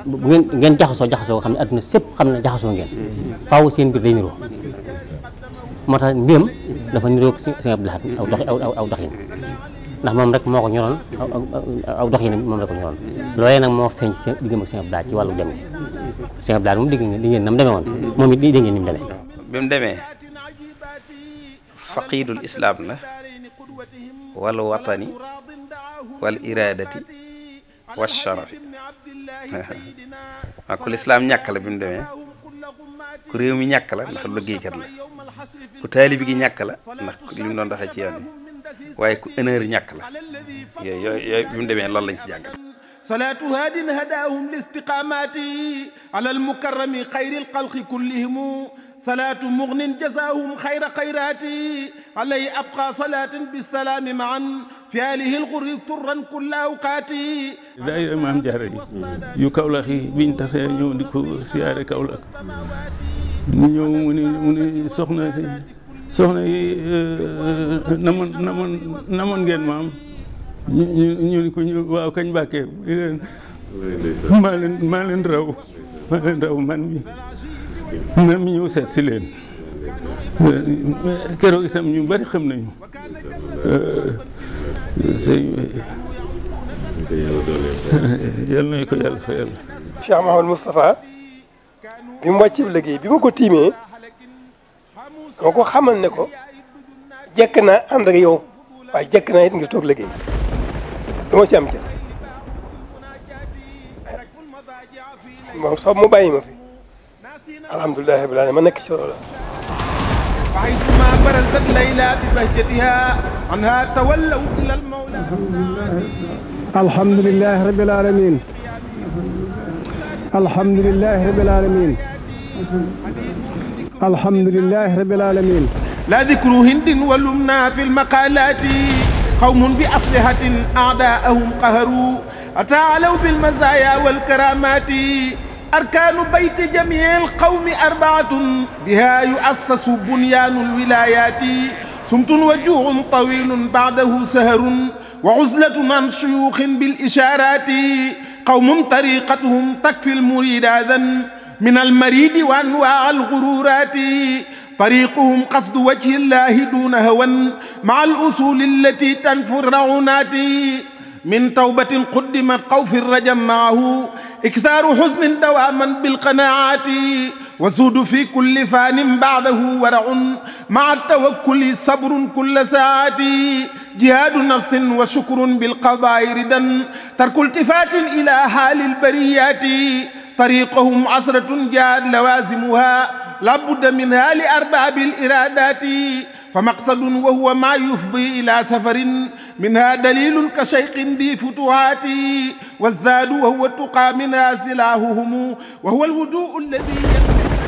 bu ngeen ngeen jaxasoo jaxasoo xam ne adduna sëpp xam ne jaxasoo ngeen. faaw seen biir day niroo. moo tax mbéem dafa niroo ak seen seen aw doxin. ndax mom rek moko ko ñoroon aw dox yi mom rek ko ñoroon loye nak mo feñ ci diggam ak sëñ Abdallah ci walu dem gi Abdallah mu Lahad di ngeen nam demé won momit mm-hmm. di dégg ngeen ni mu demee bi mu faqidul islam la wal watani wal iradati was sharaf waaw islam ñak la bimu demé ku rew mi ñak la ndax kat la ku taalibi gi ñak la ndax li mu doon doxee ci yoon waaye ku honneur ñàkk la yooyu yooyu bi mu demee loolu lañ ci jàngal salaatu haadin hadaahum li istiqaamaati ala almukarrami xayri alxalqi kullihimu salaatu mugnin jasaahum xayra xayraati alay abqa salaatin bisalaami maan fi alihi alxuri turran kulla awqaati daayira maam jaara yu Kawlax biñ tasee ñëw di ko siyaare ñëw ni ni soxna soxna yi euh, namoon namoon namoon ngeen maam ñu ñu ñu ko ñu waaw kañ Mbàkke leen maa leen maa leen raw maa leen raw man mi man mi ñëw seet si leen euh, keroog itam ñu bari xam nañu euh, sëñ yal nañu ko yàlla fa yàlla Cheikh Mahamadou Moustapha bi mu wàccee liggéey bi ma ko tiimee soo xamal ne ko jek na ànd ak yow waaye jek na it ngir toog liggéey lu ci am ci moom so mu bàyyi ma fi alhamdulilah rabbil ma nek ci loolu وحيثما برزت ليلى ببهجتها عنها تولوا الى المولى الحمد لله رب العالمين الحمد لله رب العالمين الحمد لله رب العالمين لا ذكر هند ولمنا في المقالات قوم بأصلحة أعداءهم قهروا أتعالوا بالمزايا والكرامات أركان بيت جميع القوم أربعة بها يؤسس بنيان الولايات سمت وجوع طويل بعده سهر وعزلة عن شيوخ بالإشارات قوم طريقتهم تكفي المريد ذا من المريد وأنواع الغرورات طريقهم قصد وجه الله دون هوى مع الأصول التي تنفر عناتي من توبة قدمت قوف الرجم معه إكثار حزن دواما بالقناعات وزود في كل فان بعده ورع مع التوكل صبر كل ساعات جهاد نفس وشكر بالقضاء ردا ترك التفات إلى حال البريات طريقهم عسرة جاد لوازمها لابد منها لأرباب الإرادات فمقصد وهو ما يفضي إلى سفر منها دليل كشيق ذي فتوات والزاد وهو التقى منها سلاههم وهو الهدوء الذي يمتلك